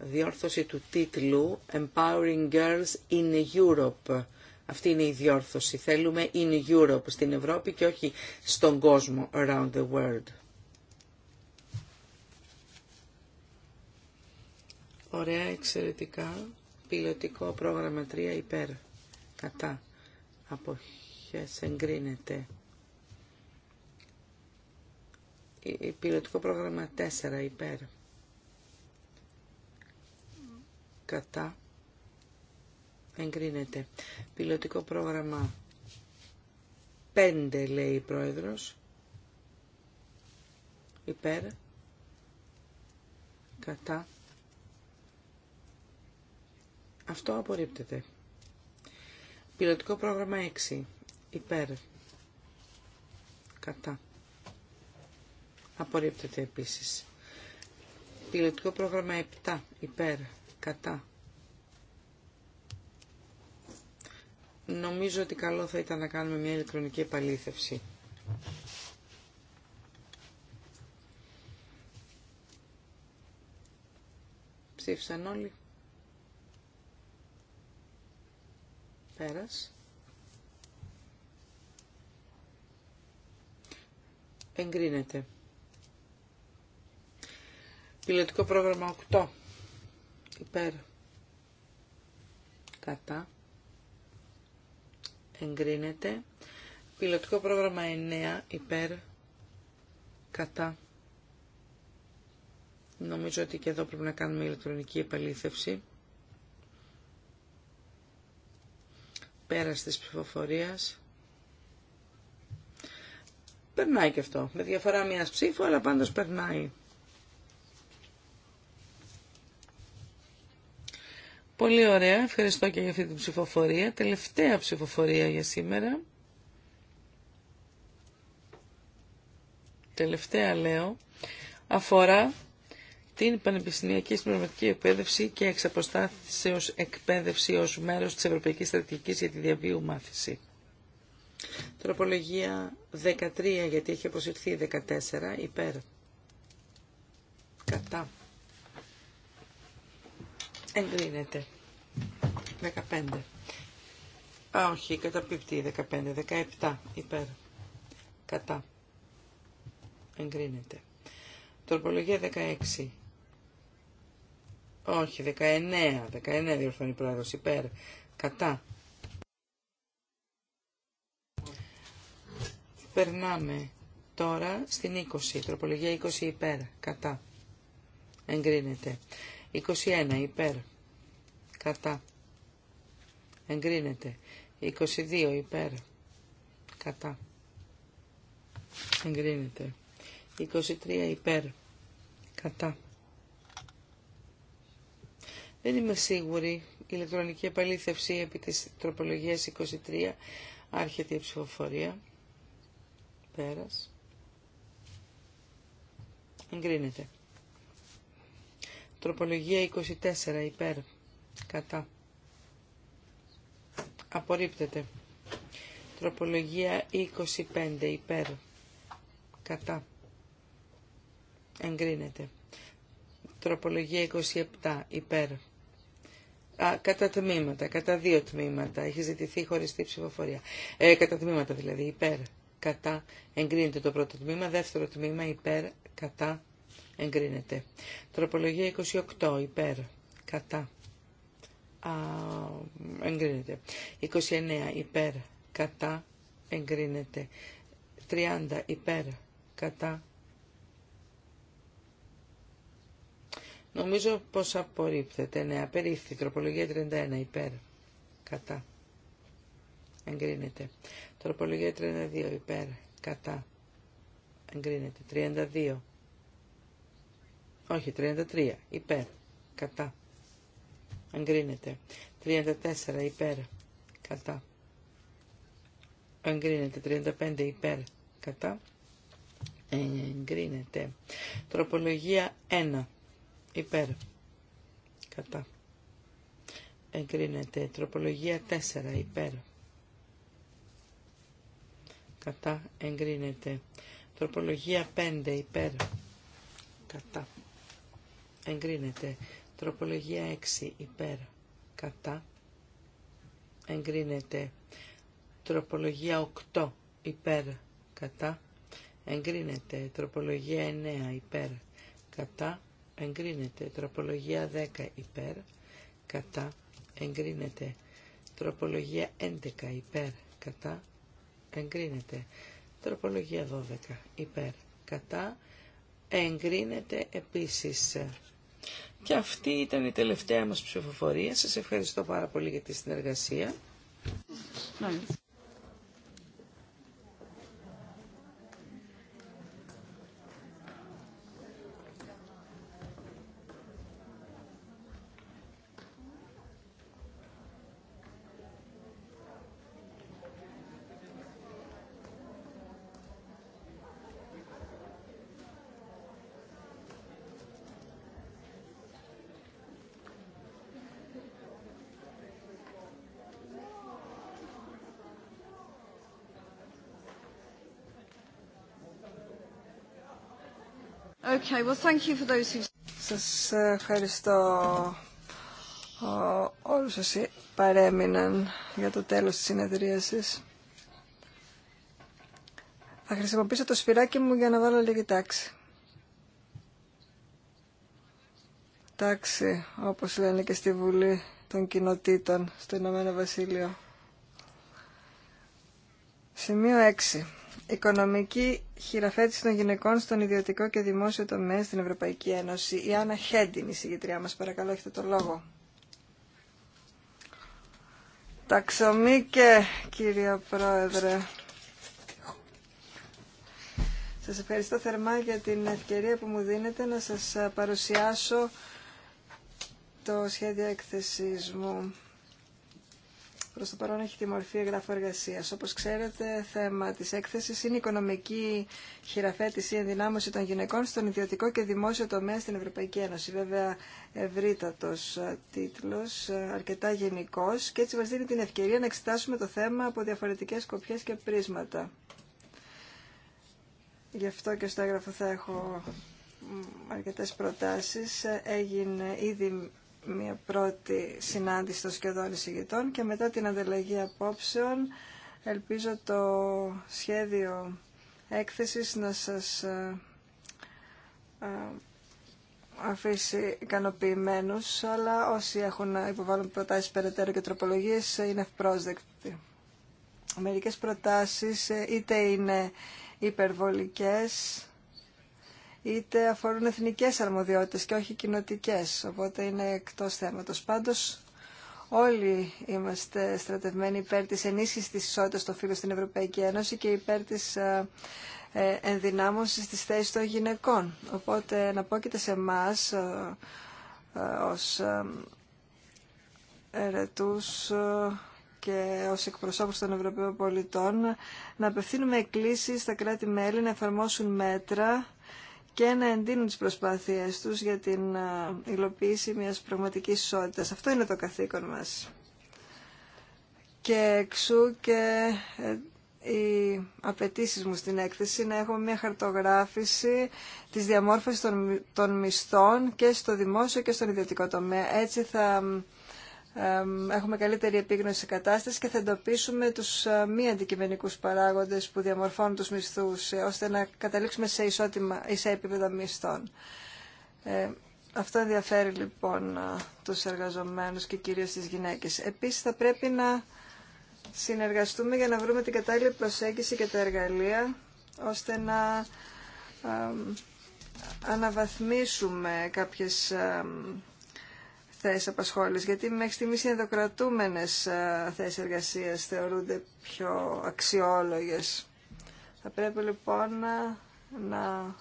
διόρθωση του τίτλου Empowering Girls in Europe αυτή είναι η διόρθωση. Θέλουμε in Europe, στην Ευρώπη και όχι στον κόσμο, around the world. Ωραία, εξαιρετικά. Πιλωτικό πρόγραμμα 3 υπέρ. Κατά. Αποχές εγκρίνεται. Πιλωτικό πρόγραμμα 4 υπέρ. Κατά. Εγκρίνεται. Πιλωτικό πρόγραμμα 5 λέει η πρόεδρος. Υπέρ. Κατά. Αυτό απορρίπτεται. Πιλωτικό πρόγραμμα 6. Υπέρ. Κατά. Απορρίπτεται επίσης. Πιλωτικό πρόγραμμα 7. Υπέρ. Κατά. Νομίζω ότι καλό θα ήταν να κάνουμε μια ηλεκτρονική επαλήθευση. Ψήφισαν όλοι. Πέρας. Εγκρίνεται. Πιλωτικό πρόγραμμα 8. Υπέρ. Κατά εγκρίνεται. Πιλωτικό πρόγραμμα 9 υπέρ κατά. Νομίζω ότι και εδώ πρέπει να κάνουμε ηλεκτρονική επαλήθευση. Πέρας της ψηφοφορίας. Περνάει και αυτό. Με διαφορά μιας ψήφου, αλλά πάντως περνάει. Πολύ ωραία. Ευχαριστώ και για αυτή την ψηφοφορία. Τελευταία ψηφοφορία για σήμερα. Τελευταία λέω. Αφορά την πανεπιστημιακή συμπληρωματική εκπαίδευση και ως εκπαίδευση ως μέρος της Ευρωπαϊκής Στρατηγικής για τη Διαβίου Μάθηση. Τροπολογία 13, γιατί έχει αποσυρθεί 14, υπέρ. Κατά. Εγκρίνεται. 15. Α, όχι, καταπληκτή 15. 17 υπέρ. Κατά. Εγκρίνεται. Τροπολογία 16. Όχι, 19. 19 διορθώνει πρόεδρος υπέρ. Κατά. Περνάμε τώρα στην 20. Τροπολογία 20 υπέρ. Κατά. Εγκρίνεται. 21 υπέρ. Κατά. Εγκρίνεται. 22 υπέρ. Κατά. Εγκρίνεται. 23 υπέρ. Κατά. Δεν είμαι σίγουρη. η Ηλεκτρονική επαλήθευση επί της τροπολογίας 23. Άρχεται η ψηφοφορία. Πέρας. Εγκρίνεται. Τροπολογία 24 υπέρ. Κατά. Απορρίπτεται. Τροπολογία 25 υπέρ. Κατά. Εγκρίνεται. Τροπολογία 27 υπέρ. κατά τμήματα, κατά δύο τμήματα. Έχει ζητηθεί χωριστή ψηφοφορία. Ε, κατά τμήματα δηλαδή, υπέρ, κατά, εγκρίνεται το πρώτο τμήμα. Δεύτερο τμήμα, υπέρ, κατά, εγκρίνεται. Τροπολογία 28 υπέρ κατά α, εγκρίνεται. 29 υπέρ κατά εγκρίνεται. 30 υπέρ κατά Νομίζω πως απορρίπτεται. Ναι, απερίφθη. Τροπολογία 31 υπέρ. Κατά. Εγκρίνεται. Τροπολογία 32 υπέρ. Κατά. Εγκρίνεται. 32 όχι, 33. Υπέρ. Κατά. Εγκρίνεται. 34. Υπέρ. Κατά. Εγκρίνεται. 35. Υπέρ. Κατά. Εγκρίνεται. Τροπολογία 1. Υπέρ. Κατά. Εγκρίνεται. Τροπολογία 4. Υπέρ. Κατά. Εγκρίνεται. Τροπολογία 5. Υπέρ. Κατά εγκρίνεται. Τροπολογία 6 υπέρ κατά εγκρίνεται. Τροπολογία 8 υπέρ κατά εγκρίνεται. Τροπολογία 9 υπέρ κατά εγκρίνεται. Τροπολογία 10 υπέρ κατά εγκρίνεται. Τροπολογία 11 υπέρ κατά εγκρίνεται. Τροπολογία 12 υπέρ κατά εγκρίνεται επίσης. Και αυτή ήταν η τελευταία μας ψηφοφορία. Σας ευχαριστώ πάρα πολύ για τη συνεργασία. Okay, Σας ε, ευχαριστώ όλους όσοι παρέμειναν για το τέλος της συνεδρίασης. Θα χρησιμοποιήσω το σφυράκι μου για να βάλω λίγη τάξη. Τάξη, όπως λένε και στη Βουλή των Κοινοτήτων στο Ηνωμένο Βασίλειο. Σημείο 6 οικονομική χειραφέτηση των γυναικών στον ιδιωτικό και δημόσιο τομέα στην Ευρωπαϊκή Ένωση. Η Άννα Χέντιν, η συγκεκριά μας, παρακαλώ, έχετε το λόγο. Ταξομίκε, κύριε Πρόεδρε. Σας ευχαριστώ θερμά για την ευκαιρία που μου δίνετε να σας παρουσιάσω το σχέδιο έκθεσής μου. Προς το παρόν έχει τη μορφή εγγράφου εργασία. Όπως ξέρετε, θέμα της έκθεσης είναι η οικονομική χειραφέτηση ή ενδυνάμωση των γυναικών στον ιδιωτικό και δημόσιο τομέα στην Ευρωπαϊκή Ένωση. Βέβαια, ευρύτατος ε, τίτλος, ε, αρκετά γενικός και έτσι μας δίνει την ευκαιρία να εξετάσουμε το θέμα από διαφορετικές κοπιές και πρίσματα. Γι' αυτό και στο έγγραφο θα έχω αρκετές προτάσεις. Ε, έγινε ήδη μια πρώτη συνάντηση των σχεδόν εισηγητών και μετά την ανταλλαγή απόψεων ελπίζω το σχέδιο έκθεσης να σας ε, ε, αφήσει ικανοποιημένου, αλλά όσοι έχουν να υποβάλουν προτάσεις περαιτέρω και τροπολογίες ε, είναι ευπρόσδεκτοι. Μερικές προτάσεις είτε είναι υπερβολικές, είτε αφορούν εθνικές αρμοδιότητες και όχι κοινοτικές, οπότε είναι εκτός θέματος. Πάντως, όλοι είμαστε στρατευμένοι υπέρ της ενίσχυσης της ισότητας των φύλων στην Ευρωπαϊκή Ένωση και υπέρ της ε, ε, ενδυνάμωσης της θέσης των γυναικών. Οπότε, να πω και σε εμά ε, ως ερετούς και ως εκπροσώπους των Ευρωπαίων πολιτών να απευθύνουμε εκκλήσεις στα κράτη-μέλη να εφαρμόσουν μέτρα και να εντείνουν τις προσπάθειές τους για την υλοποίηση μιας πραγματικής ισότητας. Αυτό είναι το καθήκον μας. Και εξού και ε, οι απαιτήσει μου στην έκθεση να έχουμε μια χαρτογράφηση της διαμόρφωσης των, των μισθών και στο δημόσιο και στον ιδιωτικό τομέα. Έτσι θα έχουμε καλύτερη επίγνωση κατάσταση και θα εντοπίσουμε τους ε, μη αντικειμενικούς παράγοντες που διαμορφώνουν τους μισθούς, ε, ώστε να καταλήξουμε σε ισότιμα ή σε επίπεδα μισθών. Ε, αυτό ενδιαφέρει λοιπόν τους εργαζομένους και κυρίως τις γυναίκες. Επίσης θα πρέπει να συνεργαστούμε για να βρούμε την κατάλληλη προσέγγιση και τα εργαλεία, ώστε να αναβαθμίσουμε κάποιες θέσεις γιατί μέχρι στιγμή οι ενδοκρατούμενε ε, θέσει εργασίας θεωρούνται πιο αξιόλογες. Θα πρέπει λοιπόν να, ε, να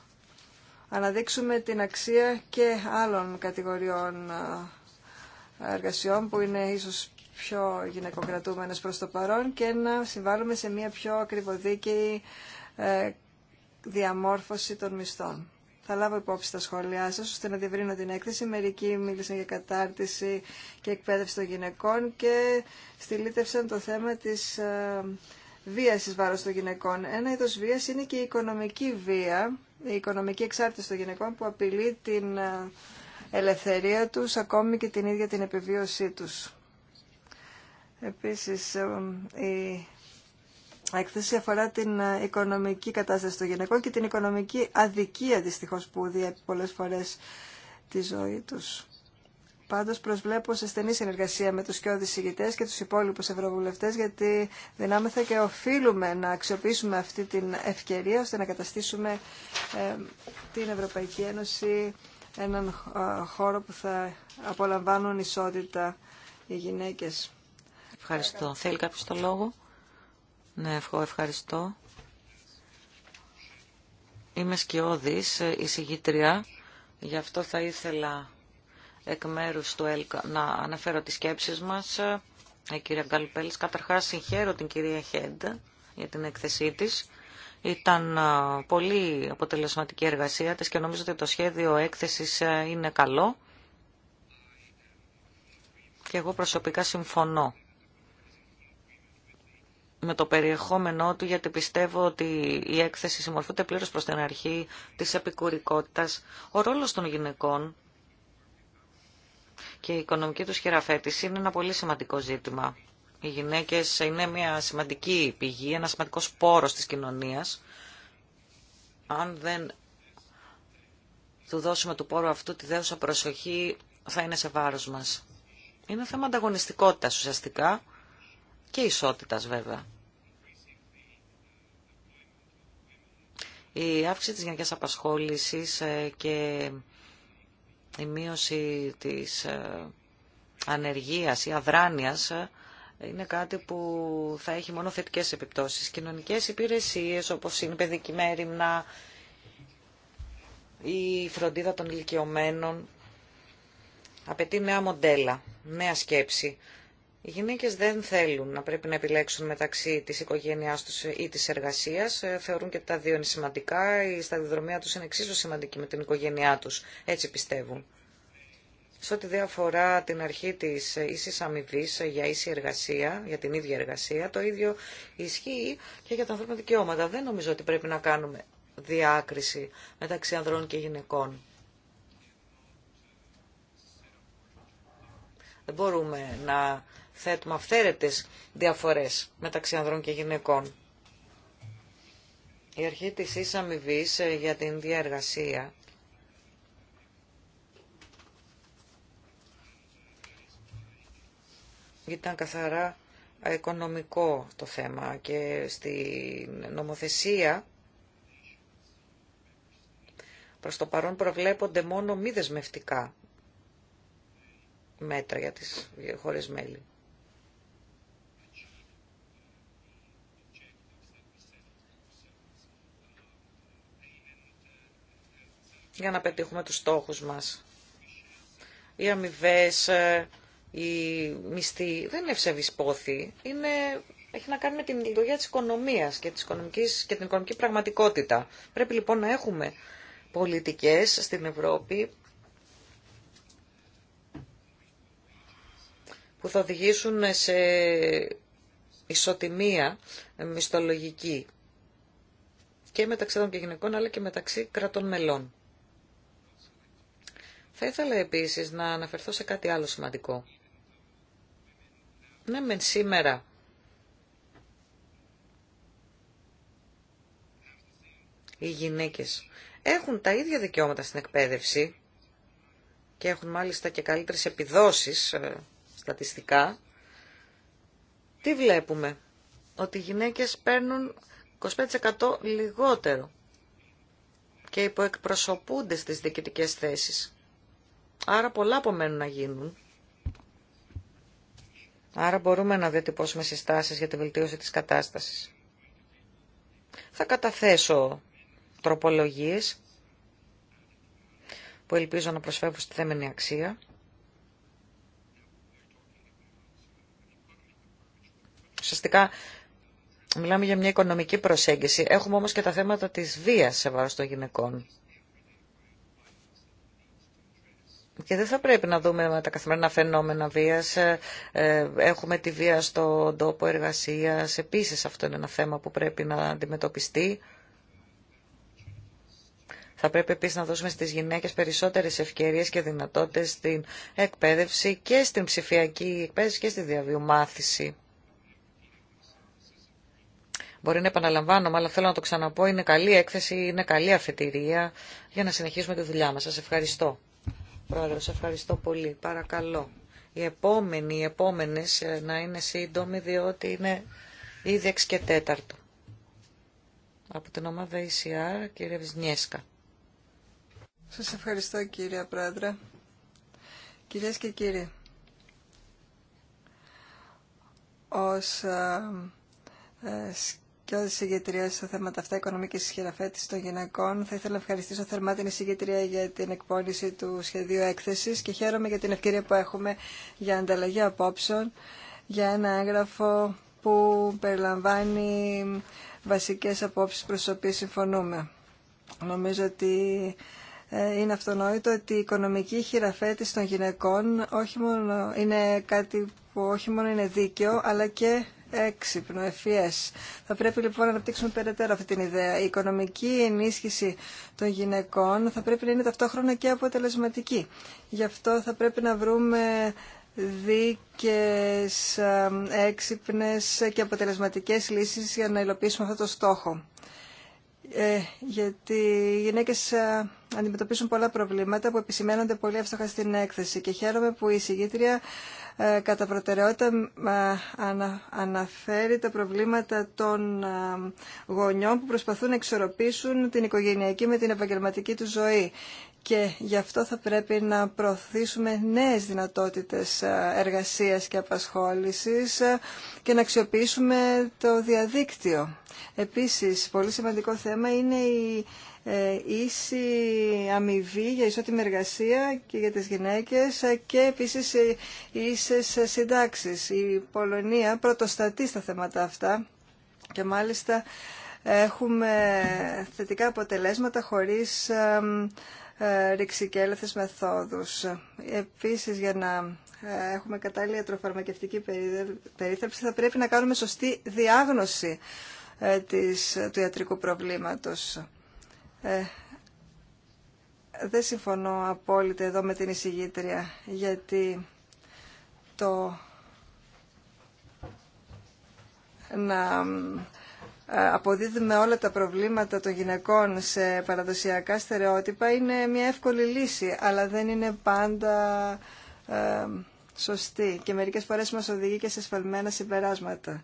αναδείξουμε την αξία και άλλων κατηγοριών ε, εργασιών που είναι ίσως πιο γυναικοκρατούμενες προς το παρόν και να συμβάλλουμε σε μια πιο ακριβοδίκαιη διαμόρφωση των μισθών. Θα λάβω υπόψη τα σχόλιά σας, ώστε να διευρύνω την έκθεση. Μερικοί μίλησαν για κατάρτιση και εκπαίδευση των γυναικών και στηλίτευσαν το θέμα της ε, βίας εις βάρος των γυναικών. Ένα είδος βίας είναι και η οικονομική βία, η οικονομική εξάρτηση των γυναικών που απειλεί την ε, ελευθερία τους, ακόμη και την ίδια την επιβίωσή τους. Επίσης, ε, η έκθεση αφορά την ε, οικονομική κατάσταση των γυναικών και την οικονομική αδικία δυστυχώς που διέπει πολλές φορές τη ζωή τους. Πάντως προσβλέπω σε στενή συνεργασία με τους κοιόδης ηγητέ και τους υπόλοιπους ευρωβουλευτές γιατί δυνάμεθα και οφείλουμε να αξιοποιήσουμε αυτή την ευκαιρία ώστε να καταστήσουμε ε, την Ευρωπαϊκή Ένωση έναν ε, χώρο που θα απολαμβάνουν ισότητα οι γυναίκες. Ευχαριστώ. Θέλει κάποιος το λόγο. Ναι, ευχαριστώ. Είμαι σκιώδης, ε, εισηγήτρια, γι' αυτό θα ήθελα εκ μέρους του να αναφέρω τις σκέψεις μας. Η ε, κυρία Γκαλπέλης, καταρχάς συγχαίρω την κυρία Χέντ για την έκθεσή της. Ήταν ε, πολύ αποτελεσματική εργασία της και νομίζω ότι το σχέδιο έκθεσης είναι καλό. Και εγώ προσωπικά συμφωνώ με το περιεχόμενό του, γιατί πιστεύω ότι η έκθεση συμμορφούνται πλήρως προς την αρχή της επικουρικότητας. Ο ρόλος των γυναικών και η οικονομική τους χειραφέτηση είναι ένα πολύ σημαντικό ζήτημα. Οι γυναίκες είναι μια σημαντική πηγή, ένα σημαντικός πόρος της κοινωνίας. Αν δεν του δώσουμε του πόρου αυτού τη δέουσα προσοχή, θα είναι σε βάρος μας. Είναι θέμα ανταγωνιστικότητας ουσιαστικά και ισότητας βέβαια. Η αύξηση της γενικής απασχόλησης ε, και η μείωση της ε, ανεργίας ή αδράνειας ε, είναι κάτι που θα έχει μόνο θετικές επιπτώσεις. Κοινωνικές υπηρεσίες όπως είναι η παιδική μέρημνα, η φροντίδα των ηλικιωμένων απαιτεί νέα μοντέλα, νέα σκέψη οι γυναίκε δεν θέλουν να πρέπει να επιλέξουν μεταξύ της οικογένειάς του ή της εργασίας. Ε, θεωρούν και τα δύο είναι σημαντικά. Η σταδιοδρομία τους είναι εξίσου σημαντική με την οικογένειά τους. Έτσι πιστεύουν. Σε ό,τι αφορά την αρχή της ίση αμοιβή για ίση εργασία, για την ίδια εργασία, το ίδιο ισχύει και για τα ανθρώπινα δικαιώματα. Δεν νομίζω ότι πρέπει να κάνουμε διάκριση μεταξύ ανδρών και γυναικών. Δεν μπορούμε να θέτουμε αυθαίρετες διαφορές μεταξύ ανδρών και γυναικών. Η αρχή της ίσα ε, για την διαργασία ήταν καθαρά οικονομικό το θέμα και στη νομοθεσία προς το παρόν προβλέπονται μόνο μη δεσμευτικά μέτρα για τις χώρες μέλη. για να πετύχουμε τους στόχους μας. Οι αμοιβέ, οι ε, μισθοί δεν είναι ευσεβείς πόθη, είναι, έχει να κάνει με την λειτουργία της οικονομίας και, της οικονομικής, και την οικονομική πραγματικότητα. Πρέπει λοιπόν να έχουμε πολιτικές στην Ευρώπη που θα οδηγήσουν σε ισοτιμία μισθολογική και μεταξύ των και γυναικών αλλά και μεταξύ κρατών μελών. Θα ήθελα επίσης να αναφερθώ σε κάτι άλλο σημαντικό. Ναι, μεν σήμερα οι γυναίκες έχουν τα ίδια δικαιώματα στην εκπαίδευση και έχουν μάλιστα και καλύτερες επιδόσεις ε, στατιστικά. Τι βλέπουμε, ότι οι γυναίκες παίρνουν 25% λιγότερο και υποεκπροσωπούνται στις διοικητικές θέσεις. Άρα πολλά απομένουν να γίνουν. Άρα μπορούμε να διατυπώσουμε συστάσεις για τη βελτίωση της κατάστασης. Θα καταθέσω τροπολογίες που ελπίζω να προσφέρουν στη θέμενη αξία. Ουσιαστικά μιλάμε για μια οικονομική προσέγγιση. Έχουμε όμως και τα θέματα της βίας σε βάρος των γυναικών. Και δεν θα πρέπει να δούμε τα καθημερινά φαινόμενα βία. Ε, ε, έχουμε τη βία στον τόπο εργασία. Επίση αυτό είναι ένα θέμα που πρέπει να αντιμετωπιστεί. Θα πρέπει επίσης να δώσουμε στις γυναίκες περισσότερες ευκαιρίες και δυνατότητες στην εκπαίδευση και στην ψηφιακή εκπαίδευση και στη διαβιομάθηση. Μπορεί να επαναλαμβάνομαι, αλλά θέλω να το ξαναπώ. Είναι καλή έκθεση, είναι καλή αφετηρία για να συνεχίσουμε τη δουλειά μας. Σας ευχαριστώ. Πρόεδρος, ευχαριστώ πολύ. Παρακαλώ. Οι επόμενη, επόμενες ε, να είναι σύντομοι διότι είναι ήδη εξ και τέταρτο. Από την ομάδα ECR, κύριε Βυσνιέσκα. Σας ευχαριστώ κύριε Πρόεδρε. Κυρίες και κύριοι, ως ε, ε, και όλες τις στα θέματα αυτά οικονομικής χειραφέτηση των γυναικών. Θα ήθελα να ευχαριστήσω θερμά την εισηγητρία για την εκπόνηση του σχεδίου έκθεση και χαίρομαι για την ευκαιρία που έχουμε για ανταλλαγή απόψεων για ένα έγγραφο που περιλαμβάνει βασικές απόψεις προς τις οποίες συμφωνούμε. Νομίζω ότι ε, είναι αυτονόητο ότι η οικονομική χειραφέτηση των γυναικών όχι μόνο είναι κάτι που όχι μόνο είναι δίκαιο αλλά και έξυπνο, ευφυές. Θα πρέπει λοιπόν να αναπτύξουμε περαιτέρω αυτή την ιδέα. Η οικονομική ενίσχυση των γυναικών θα πρέπει να είναι ταυτόχρονα και αποτελεσματική. Γι' αυτό θα πρέπει να βρούμε δίκες, έξυπνες και αποτελεσματικές λύσεις για να υλοποιήσουμε αυτό το στόχο. Ε, γιατί οι γυναίκες αντιμετωπίσουν πολλά προβλήματα που επισημαίνονται πολύ εύστοχα στην έκθεση και χαίρομαι που η συγγήτρια ε, κατά προτεραιότητα αναφέρει τα προβλήματα των ε, γονιών που προσπαθούν να εξορροπήσουν την οικογενειακή με την επαγγελματική του ζωή και γι' αυτό θα πρέπει να προωθήσουμε νέες δυνατότητες ε, εργασίας και απασχόλησης και να αξιοποιήσουμε το διαδίκτυο. Επίσης, πολύ σημαντικό θέμα είναι η ε, ίση αμοιβή για ισότιμη εργασία και για τις γυναίκες ε, και επίσης ε, ίσες συντάξεις. Η Πολωνία πρωτοστατεί στα θέματα αυτά και μάλιστα έχουμε θετικά αποτελέσματα χωρίς ρηξικέλεθες μεθόδους. Επίσης για να έχουμε κατάλληλη ιατροφαρμακευτική περίθαλψη θα πρέπει να κάνουμε σωστή διάγνωση της, του ιατρικού προβλήματος. Ε, δεν συμφωνώ απόλυτα εδώ με την εισηγήτρια, γιατί το να ε, αποδίδουμε όλα τα προβλήματα των γυναικών σε παραδοσιακά στερεότυπα είναι μια εύκολη λύση, αλλά δεν είναι πάντα ε, σωστή και μερικές φορές μας οδηγεί και σε σφαλμένα συμπεράσματα.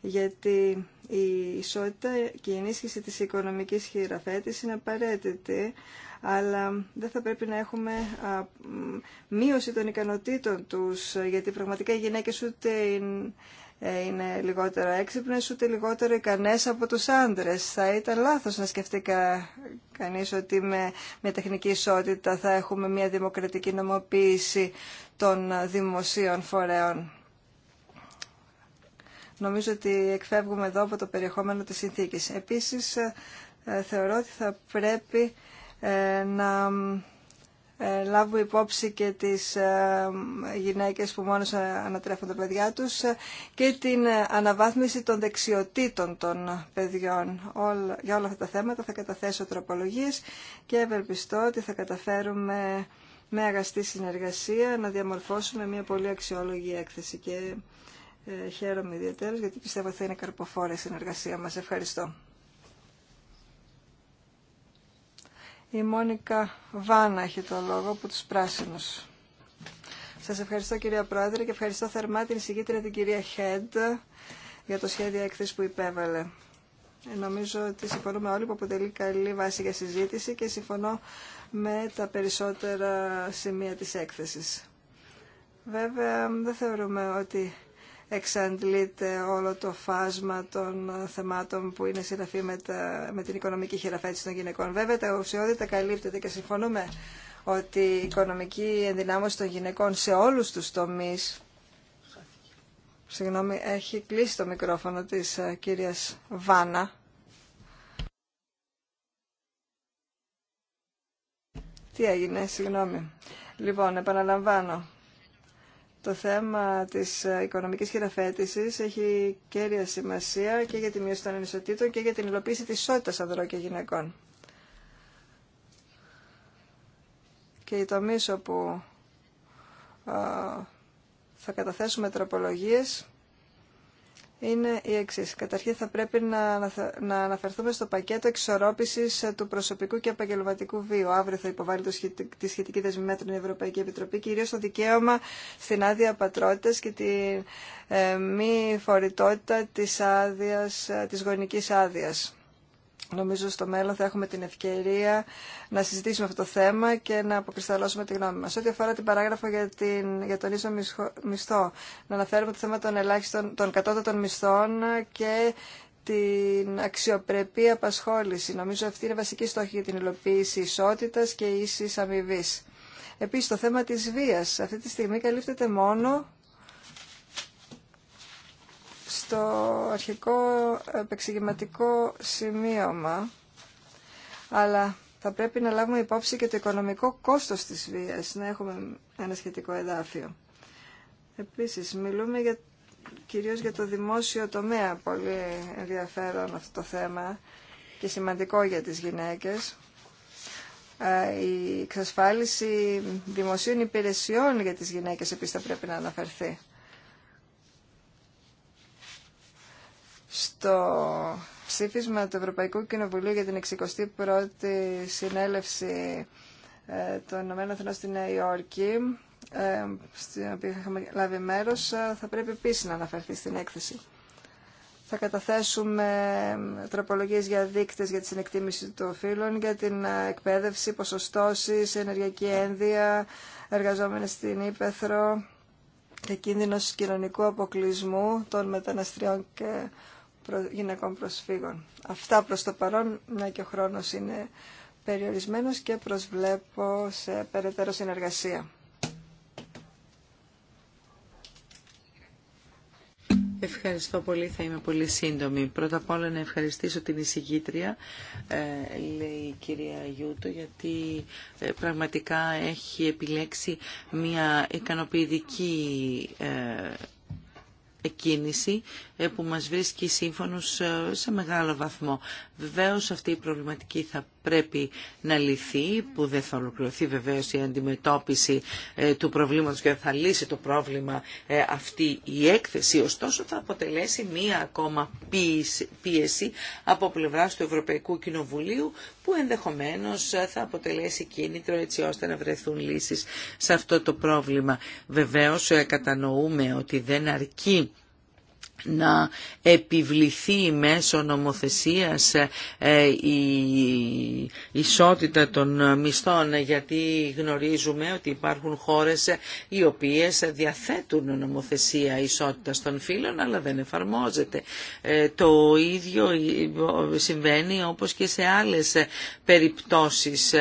Γιατί η ισότητα και η ενίσχυση της οικονομικής χειραφέτησης είναι απαραίτητη, αλλά δεν θα πρέπει να έχουμε μείωση των ικανοτήτων τους, γιατί πραγματικά οι γυναίκες ούτε ε, είναι λιγότερο έξυπνες, ούτε λιγότερο ικανές από τους άντρες. Θα ήταν λάθος να σκεφτεί κα, κανείς ότι με, με τεχνική ισότητα θα έχουμε μια δημοκρατική νομοποίηση των δημοσίων φορέων. Νομίζω ότι εκφεύγουμε εδώ από το περιεχόμενο της συνθήκης. Επίσης, ε, ε, θεωρώ ότι θα πρέπει ε, να λάβουμε υπόψη και τις γυναίκες που μόνος ανατρέφουν τα παιδιά τους και την αναβάθμιση των δεξιοτήτων των παιδιών. Για όλα αυτά τα θέματα θα καταθέσω τροπολογίες και ευελπιστώ ότι θα καταφέρουμε με αγαστή συνεργασία να διαμορφώσουμε μια πολύ αξιόλογη έκθεση και ε, χαίρομαι ιδιαίτερα γιατί πιστεύω θα είναι καρποφόρα η συνεργασία μας. Ευχαριστώ. Η Μόνικα Βάνα έχει το λόγο από τους Πράσινους. Σας ευχαριστώ κυρία Πρόεδρε και ευχαριστώ θερμά την συγκίτρια την κυρία Χέντ για το σχέδιο έκθεση που υπέβαλε. Νομίζω ότι συμφωνούμε όλοι που αποτελεί καλή βάση για συζήτηση και συμφωνώ με τα περισσότερα σημεία της έκθεσης. Βέβαια, δεν θεωρούμε ότι εξαντλείται όλο το φάσμα των ε, θεμάτων που είναι συναφή με, με την οικονομική χειραφέτηση των γυναικών. Βέβαια, τα ουσιώδητα καλύπτεται και συμφωνούμε ότι η οικονομική ενδυνάμωση των γυναικών σε όλους τους τομείς Συγγνώμη, έχει κλείσει το μικρόφωνο της ε, κυρίας Βάνα. Τι έγινε, συγγνώμη. Λοιπόν, επαναλαμβάνω το θέμα της οικονομικής χειραφέτησης έχει κέρια σημασία και για τη μείωση των ανισοτήτων και για την υλοποίηση της ισότητας ανδρών και γυναικών. Και οι τομείς όπου θα καταθέσουμε τροπολογίες είναι η εξή. Καταρχήν θα πρέπει να, να αναφερθούμε στο πακέτο εξορρόπηση ε, του προσωπικού και επαγγελματικού βίου. Αύριο θα υποβάλει το τη σχετική Δεσμημέτρων η Ευρωπαϊκή Επιτροπή, κυρίω το δικαίωμα στην άδεια πατρότητα και τη ε, μη φορητότητα τη της ε, γονική άδεια. Νομίζω στο μέλλον θα έχουμε την ευκαιρία να συζητήσουμε αυτό το θέμα και να αποκρισταλώσουμε τη γνώμη μας. Ό,τι αφορά την παράγραφο για, την, για τον ίσο μισθό, να αναφέρουμε το θέμα των, ελάχιστων, των κατώτατων μισθών και την αξιοπρεπή απασχόληση. Νομίζω αυτή είναι βασική στόχη για την υλοποίηση ισότητας και ίσης αμοιβή. Επίσης, το θέμα της βίας. Αυτή τη στιγμή καλύπτεται μόνο στο αρχικό επεξηγηματικό σημείωμα, αλλά θα πρέπει να λάβουμε υπόψη και το οικονομικό κόστος της βίας, να έχουμε ένα σχετικό εδάφιο. Επίσης, μιλούμε για, κυρίως για το δημόσιο τομέα, πολύ ενδιαφέρον αυτό το θέμα και σημαντικό για τις γυναίκες. Ε, η εξασφάλιση δημοσίων υπηρεσιών για τις γυναίκες επίσης θα πρέπει να αναφερθεί. Στο ψήφισμα του Ευρωπαϊκού Κοινοβουλίου για την 61η συνέλευση ε, των Ηνωμένων Εθνών στη Νέα Υόρκη, ε, στην οποία είχαμε λάβει μέρος, ε, θα πρέπει επίσης να αναφερθεί στην έκθεση. Θα καταθέσουμε τροπολογίες για δείκτες για τη συνεκτίμηση των φύλων, για την εκπαίδευση, ποσοστώσεις, ενεργειακή ένδυα, εργαζόμενες στην Ήπεθρο και κίνδυνος κοινωνικού αποκλεισμού των μεταναστριών και γυναικών προσφύγων. Αυτά προς το παρόν, να και ο χρόνος είναι περιορισμένος και προσβλέπω σε περαιτέρω συνεργασία. Ευχαριστώ πολύ. Θα είμαι πολύ σύντομη. Πρώτα απ' όλα να ευχαριστήσω την εισηγήτρια, ε, λέει η κυρία Γιούτο, γιατί ε, πραγματικά έχει επιλέξει μια ικανοποιητική ε, κίνηση ε, που μας βρίσκει σύμφωνος ε, σε μεγάλο βαθμό. Βεβαίως αυτή η προβληματική θα πρέπει να λυθεί, που δεν θα ολοκληρωθεί βεβαίως η αντιμετώπιση ε, του προβλήματος και θα λύσει το πρόβλημα ε, αυτή η έκθεση, ωστόσο θα αποτελέσει μία ακόμα πίεση από πλευράς του Ευρωπαϊκού Κοινοβουλίου, που ενδεχομένως ε, θα αποτελέσει κίνητρο έτσι ώστε να βρεθούν λύσεις σε αυτό το πρόβλημα. Βεβαίως κατανοούμε ότι δεν αρκεί να επιβληθεί μέσω νομοθεσίας ε, η ισότητα των μισθών γιατί γνωρίζουμε ότι υπάρχουν χώρες οι οποίες διαθέτουν νομοθεσία ισότητας των φύλων αλλά δεν εφαρμόζεται. Ε, το ίδιο ε, συμβαίνει όπως και σε άλλες περιπτώσεις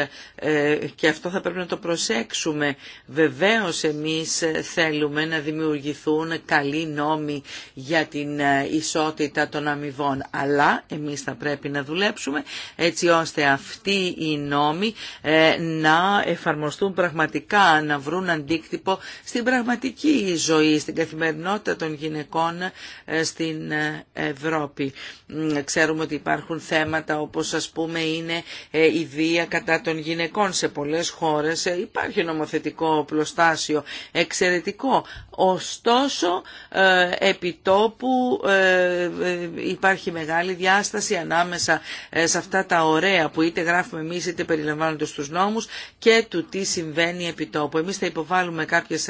και αυτό θα πρέπει να το προσέξουμε. Βεβαίως εμείς θέλουμε να δημιουργηθούν καλοί νόμοι για την ε, ισότητα των αμοιβών. Αλλά εμείς θα πρέπει να δουλέψουμε έτσι ώστε αυτοί οι νόμοι ε, να εφαρμοστούν πραγματικά, να βρουν αντίκτυπο στην πραγματική ζωή, στην καθημερινότητα των γυναικών ε, στην Ευρώπη. Ξέρουμε ότι υπάρχουν θέματα όπως ας πούμε είναι η βία κατά των γυναικών σε πολλές χώρες. Υπάρχει νομοθετικό πλωστάσιο εξαιρετικό. Ωστόσο, επιτόπου που ε, ε, υπάρχει μεγάλη διάσταση ανάμεσα ε, σε αυτά τα ωραία που είτε γράφουμε εμείς είτε περιλαμβάνονται στους νόμους και του τι συμβαίνει επί τόπου. Εμείς θα υποβάλουμε κάποιες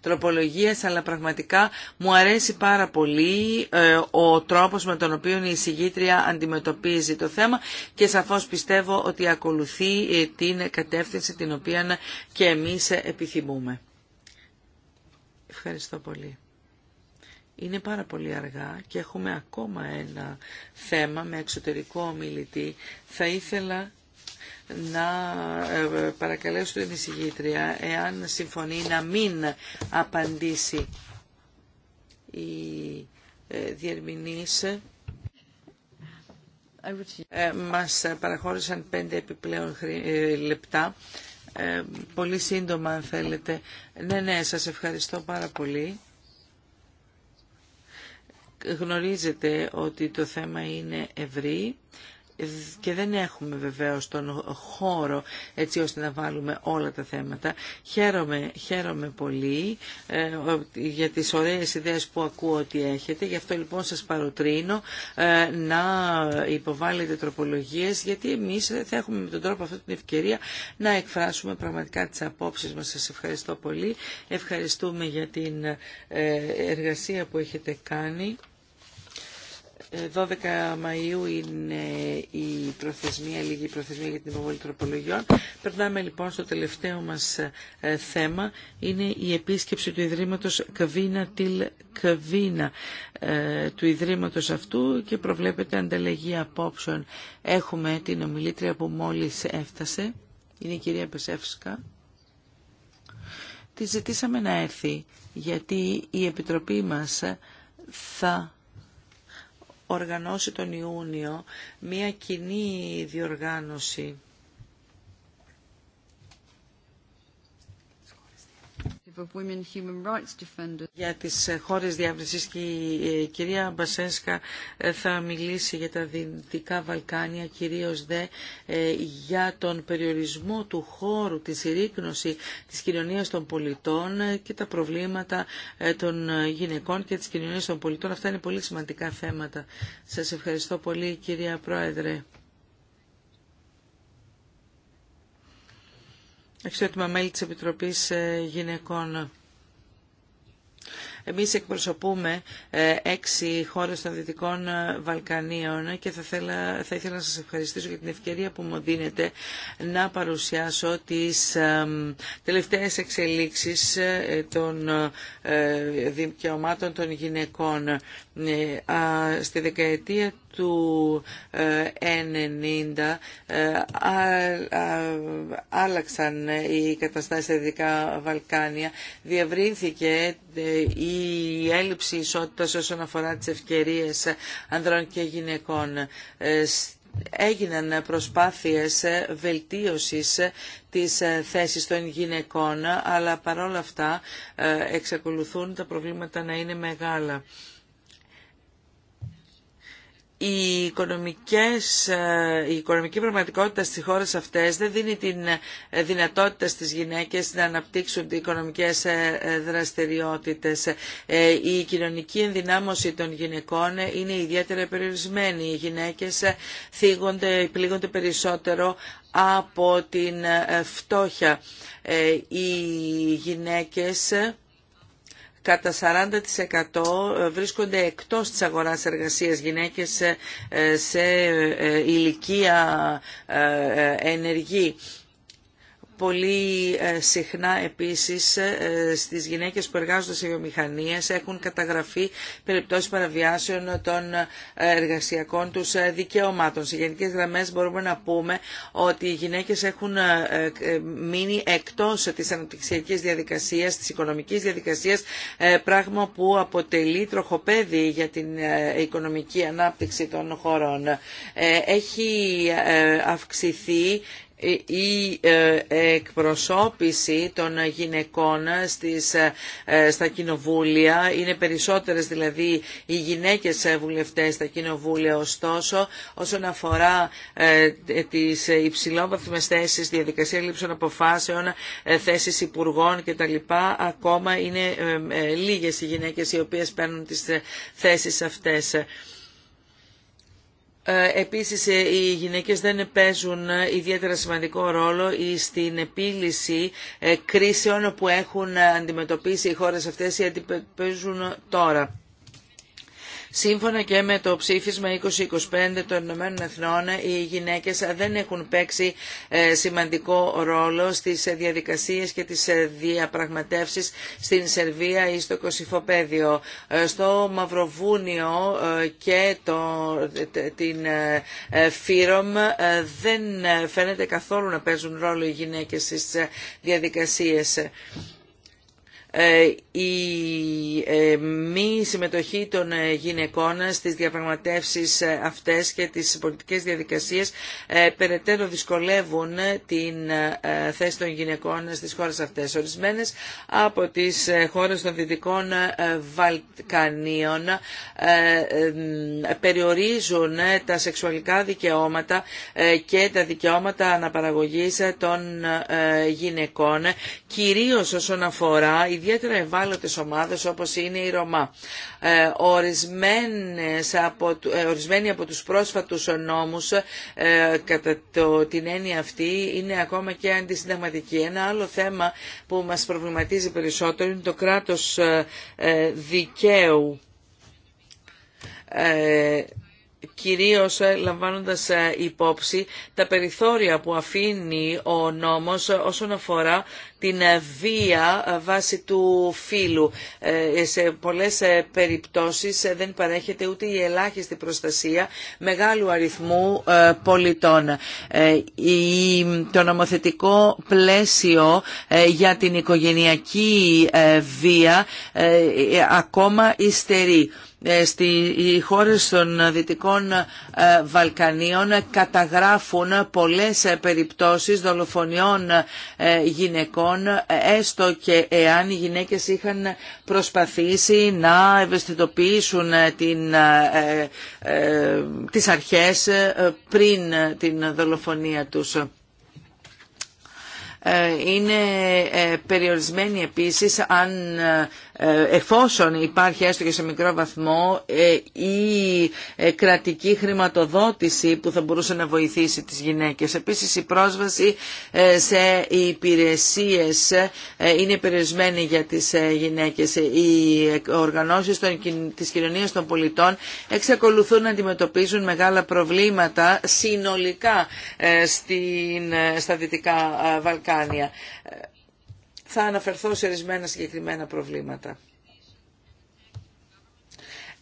τροπολογίες αλλά πραγματικά μου αρέσει πάρα πολύ ο τρόπος με τον οποίο η συγγήτρια αντιμετωπίζει το θέμα και σαφώς πιστεύω ότι ακολουθεί την κατεύθυνση την οποία και εμείς επιθυμούμε. Ευχαριστώ πολύ. Είναι πάρα πολύ αργά και έχουμε ακόμα ένα θέμα με εξωτερικό ομιλητή. Θα ήθελα να ε, παρακαλέσω την εισηγήτρια, εάν συμφωνεί, να μην απαντήσει η ε, διερμηνής. Ε, μας παραχώρησαν πέντε επιπλέον λεπτά. Πολύ σύντομα, αν θέλετε. Ναι, ναι, σας ευχαριστώ πάρα πολύ. Γνωρίζετε ότι το θέμα είναι ευρύ και δεν έχουμε βεβαίως τον χώρο έτσι ώστε να βάλουμε όλα τα θέματα. Χαίρομαι, πολύ ε, για τις ωραίες ιδέες που ακούω ότι έχετε. Γι' αυτό λοιπόν σας παροτρύνω ε, να υποβάλλετε τροπολογίες γιατί εμείς θα έχουμε με τον τρόπο αυτή την ευκαιρία να εκφράσουμε πραγματικά τις απόψεις μας. Σας ευχαριστώ πολύ. Ευχαριστούμε για την ε, εργασία που έχετε κάνει. 12 ε, Μαΐου είναι η προθεσμία, λίγη προθεσμία για την υποβολή τροπολογιών. Περνάμε λοιπόν στο τελευταίο μας ε, θέμα. Είναι η επίσκεψη του Ιδρύματος Καβίνα Τιλ Καβίνα ε, του Ιδρύματος αυτού και προβλέπεται ανταλλαγή απόψεων. Έχουμε την ομιλήτρια που μόλις έφτασε. Είναι η κυρία Πεσεύσκα. Τη ζητήσαμε να έρθει γιατί η Επιτροπή μας θα οργανώσει τον Ιούνιο μία κοινή διοργάνωση Για τις ε, χώρες διάβρισης και η ε, κυρία Μπασένσκα ε, θα μιλήσει για τα Δυτικά Βαλκάνια, κυρίως δε για τον περιορισμό του χώρου, τη συρρήκνωση της κοινωνίας των πολιτών και τα προβλήματα των γυναικών και της κοινωνίας των πολιτών. Αυτά είναι πολύ σημαντικά θέματα. Σας ευχαριστώ πολύ κυρία Πρόεδρε. αξιότιμα μέλη της Επιτροπής ε, Γυναικών. Εμείς εκπροσωπούμε ε, έξι χώρες των Δυτικών ε, Βαλκανίων και θα, θέλα, θα ήθελα να σας ευχαριστήσω για την ευκαιρία που μου δίνετε να παρουσιάσω τις τελευταίες εξελίξεις των δικαιωμάτων των γυναικών. Στη δεκαετία του 90 ε, ε, άλλαξαν οι καταστάσεις στα Δυτικά Βαλκάνια. Διαβρύνθηκε ε, η έλλειψη ισότητας όσον αφορά τις ευκαιρίες ανδρών και γυναικών έγιναν προσπάθειες βελτίωσης της θέσης των γυναικών, αλλά παρόλα αυτά εξακολουθούν τα προβλήματα να είναι μεγάλα οικονομικές, ε, η οικονομική πραγματικότητα στις χώρες αυτές δεν δίνει την ε, δυνατότητα στις γυναίκες να αναπτύξουν τις οικονομικές ε, δραστηριότητες. Η κοινωνική ενδυνάμωση των γυναικών είναι ιδιαίτερα περιορισμένη. Οι γυναίκες θίγονται, πλήγονται περισσότερο από την φτώχεια. Οι γυναίκες κατά 40% ε, βρίσκονται εκτός της αγοράς εργασίας γυναίκες ε, ε, σε ηλικία ενεργή. Πολύ ε, συχνά επίσης ε, στις γυναίκες που εργάζονται σε βιομηχανίες έχουν καταγραφεί περιπτώσεις παραβιάσεων των ε, εργασιακών τους δικαιωμάτων. Σε γενικές γραμμές μπορούμε να πούμε ότι οι γυναίκες έχουν μείνει εκτός της αναπτυξιακής διαδικασίας, της οικονομικής διαδικασίας, πράγμα που αποτελεί τροχοπέδι για την οικονομική ανάπτυξη των χωρών. Έχει αυξηθεί ε, η ε, εκπροσώπηση των γυναικών στις, ε, στα κοινοβούλια. Είναι περισσότερες δηλαδή οι γυναίκες βουλευτές στα κοινοβούλια. Ωστόσο, όσον αφορά τις υψηλόβαθμες θέσεις, διαδικασία λήψεων αποφάσεων, θέσεις υπουργών κτλ. Ακόμα είναι λίγες οι γυναίκες οι οποίες παίρνουν τις θέσεις αυτές. Ε, επίσης ε, οι γυναίκες δεν παίζουν ε, ιδιαίτερα σημαντικό ρόλο στην επίλυση κρίσεων που έχουν αντιμετωπίσει οι χώρες αυτές ή αντιμετωπίζουν τώρα. Σύμφωνα και με το ψήφισμα 2025 των Ηνωμένων Εθνών, οι γυναίκες δεν έχουν παίξει ε, σημαντικό ρόλο στις ε, διαδικασίες και τις ε, διαπραγματεύσεις στην Σερβία ή στο Κωσυφοπέδιο. Στο Μαυροβούνιο και το, την Φύρομ δεν φαίνεται καθόλου να παίζουν ρόλο οι γυναίκες στις διαδικασίες. Ε, η ε, μη συμμετοχή των ε, γυναικών στις διαπραγματεύσεις αυτές και τις πολιτικές διαδικασίες περαιτέρω δυσκολεύουν την θέση των γυναικών στις χώρες αυτές. Ορισμένες από τις χώρες των Δυτικών Βαλκανίων περιορίζουν τα σεξουαλικά δικαιώματα και τα δικαιώματα αναπαραγωγής των γυναικών κυρίως όσον αφορά ιδιαίτερα ευάλωτες ομάδες όπως είναι η Ρωμά. Ε, ορισμένες από, ε, ορισμένοι από τους πρόσφατους νόμους ε, κατά το, την έννοια αυτή είναι ακόμα και αντισυνταγματικοί. Ένα άλλο θέμα που μας προβληματίζει περισσότερο είναι το κράτος δικαίου κυρίως ε, λαμβάνοντας ε, υπόψη τα περιθώρια που αφήνει ο νόμος όσον αφορά την ε, βία βάση του φύλου. Σε πολλές περιπτώσεις δεν παρέχεται ούτε η ελάχιστη προστασία μεγάλου αριθμού πολιτών. Το νομοθετικό πλαίσιο για την οικογενειακή βία ακόμα ιστερεί. Ε, οι χώρες των Δυτικών ε, Βαλκανίων καταγράφουν πολλές ε, περιπτώσεις δολοφονιών γυναικών έστω και εάν οι γυναίκες είχαν προσπαθήσει να ευαισθητοποιήσουν την, τις αρχές πριν την δολοφονία τους. Είναι περιορισμένη επίσης αν ε, εφόσον υπάρχει έστω και σε μικρό βαθμό ε, η ε, κρατική χρηματοδότηση που θα μπορούσε να βοηθήσει τις γυναίκες. Επίσης η πρόσβαση σε υπηρεσίες είναι περιορισμένη για τις γυναίκες. Οι οργανώσεις της κοινωνίας των πολιτών εξακολουθούν να αντιμετωπίζουν μεγάλα προβλήματα συνολικά στα Δυτικά Βαλκάνια θα αναφερθώ σε ορισμένα συγκεκριμένα προβλήματα.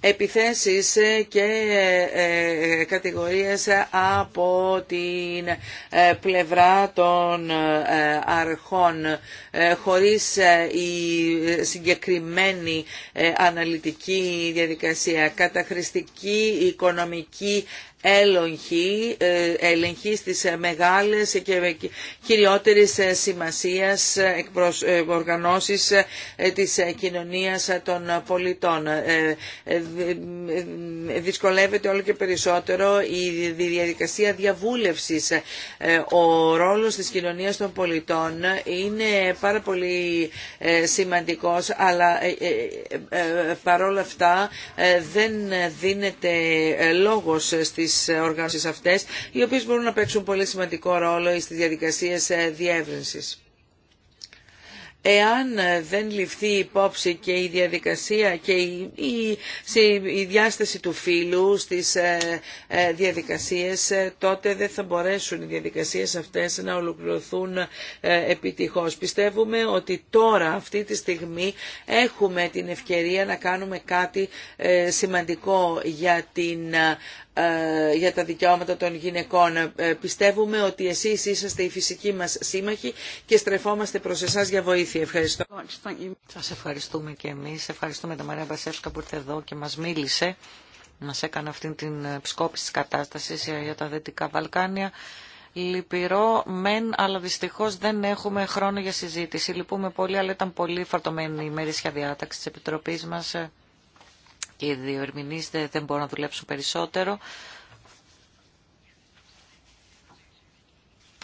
Επιθέσεις και ε, ε, κατηγορίες από την ε, πλευρά των αρχών χωρίς η συγκεκριμένη αναλυτική διαδικασία, καταχρηστική οικονομική έλεγχη ε, έλεγχη στις ε, μεγάλες και κυριότερης ε, σημασίας οργανώσεις της κοινωνίας των πολιτών. Δυσκολεύεται όλο και περισσότερο η διαδικασία διαβούλευσης. Ο ρόλος της κοινωνίας των πολιτών είναι πάρα πολύ σημαντικός, αλλά παρόλα αυτά δεν δίνεται λόγος στις σε οργανώσεις αυτές, οι οποίες μπορούν να παίξουν πολύ σημαντικό ρόλο στις διαδικασίες ε, διεύρυνσης. Εάν ε, δεν ληφθεί υπόψη και η διαδικασία και η, η, διάσταση του φύλου στις ε, ε διαδικασίες, τότε δεν θα μπορέσουν οι διαδικασίες αυτές να ολοκληρωθούν ε, επιτυχώς. Πιστεύουμε ότι τώρα, αυτή τη στιγμή, έχουμε την ευκαιρία να κάνουμε κάτι σημαντικό για την ε, για τα δικαιώματα των γυναικών. Ε, ε, πιστεύουμε ότι εσείς είσαστε οι φυσικοί μας σύμμαχοι και στρεφόμαστε προς εσάς για βοήθεια. Ευχαριστώ. Σας ευχαριστούμε και εμείς. Ευχαριστούμε τα Μαρία Μπασέφσκα που ήρθε εδώ και μας μίλησε. Μας έκανε αυτή την επισκόπηση της κατάστασης για τα Δυτικά Βαλκάνια. Λυπηρό μεν, αλλά δυστυχώ δεν έχουμε χρόνο για συζήτηση. Λυπούμε πολύ, αλλά ήταν πολύ φαρτωμένη η μέρη διάταξη τη Επιτροπή μα και οι ερμηνείς δεν μπορούν να δουλέψουν περισσότερο.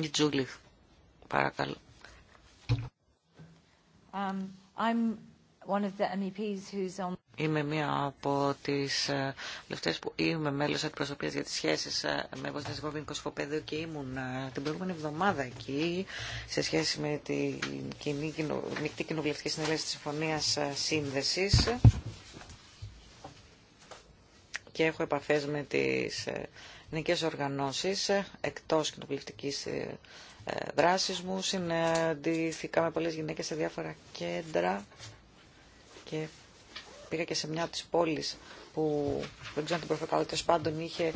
Η Τζούλη, παρακαλώ. Um, I'm one of the MEPs who's on... Είμαι μία από τι ε, βουλευτέ που είμαι μέλο αντιπροσωπεία για τι σχέσει ε, με Βοσνία-Ζεγοβίνη Κοσμοπέδιο και ήμουν ε, την προηγούμενη εβδομάδα εκεί σε σχέση με την κοινή, μεικτή κοινοβουλευτική συνέλευση τη Συμφωνία Σύνδεση και έχω επαφές με τις ε, εθνικές οργανώσεις ε, εκτός κοινοβουλευτικής ε, δράσης μου. Συναντηθήκα με πολλές γυναίκες σε διάφορα κέντρα και πήγα και σε μια από τις πόλεις που δεν ξέρω αν την προφεκάω, τέλο πάντων είχε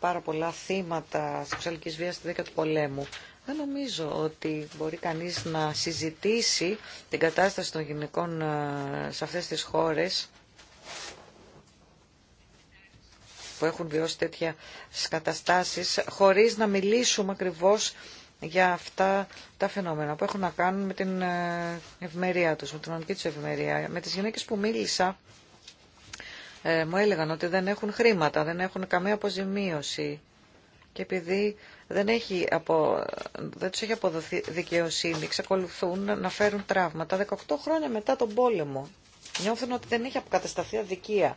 πάρα πολλά θύματα σεξουαλικής βίας στη δέκα του πολέμου. Δεν νομίζω ότι μπορεί κανείς να συζητήσει την κατάσταση των γυναικών σε αυτές τις χώρες που έχουν βιώσει τέτοια καταστάσεις χωρίς να μιλήσουμε ακριβώς για αυτά τα φαινόμενα που έχουν να κάνουν με την ε, ευημερία τους, με την ονομική τους ευημερία. Με τις γυναίκες που μίλησα ε, μου έλεγαν ότι δεν έχουν χρήματα, δεν έχουν καμία αποζημίωση και επειδή δεν, έχει απο... δεν τους έχει αποδοθεί δικαιοσύνη, εξακολουθούν να φέρουν τραύματα 18 χρόνια μετά τον πόλεμο. Νιώθουν ότι δεν έχει αποκατασταθεί αδικία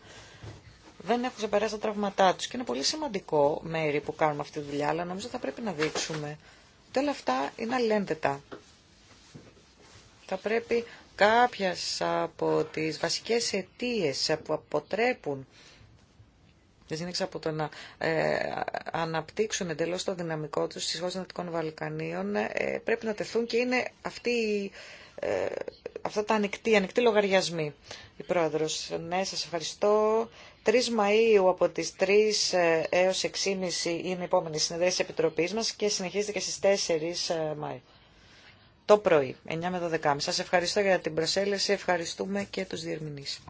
δεν έχουν ξεπεράσει τα τραυματά του. Και είναι πολύ σημαντικό μέρη που κάνουμε αυτή τη δουλειά, αλλά νομίζω θα πρέπει να δείξουμε ότι όλα αυτά είναι αλληλένδετα. Θα πρέπει κάποιε από τι βασικέ αιτίε που αποτρέπουν τι γυναίκε από το να ε, αναπτύξουν εντελώ το δυναμικό του στι χώρε των Δυτικών Βαλκανίων ε, πρέπει να τεθούν και είναι ε, αυτά τα ανοιχτή, ανοιχτοί λογαριασμοί. Η πρόεδρο, ναι, σα ευχαριστώ. 3 Μαΐου από τις 3 ε, έως 6.30 είναι η επόμενη συνεδρία τη Επιτροπής μας και συνεχίζεται και στις 4 ε, Μαΐου το πρωί, 9 με 12.30. Σας ευχαριστώ για την προσέλευση, ευχαριστούμε και τους διερμηνείς.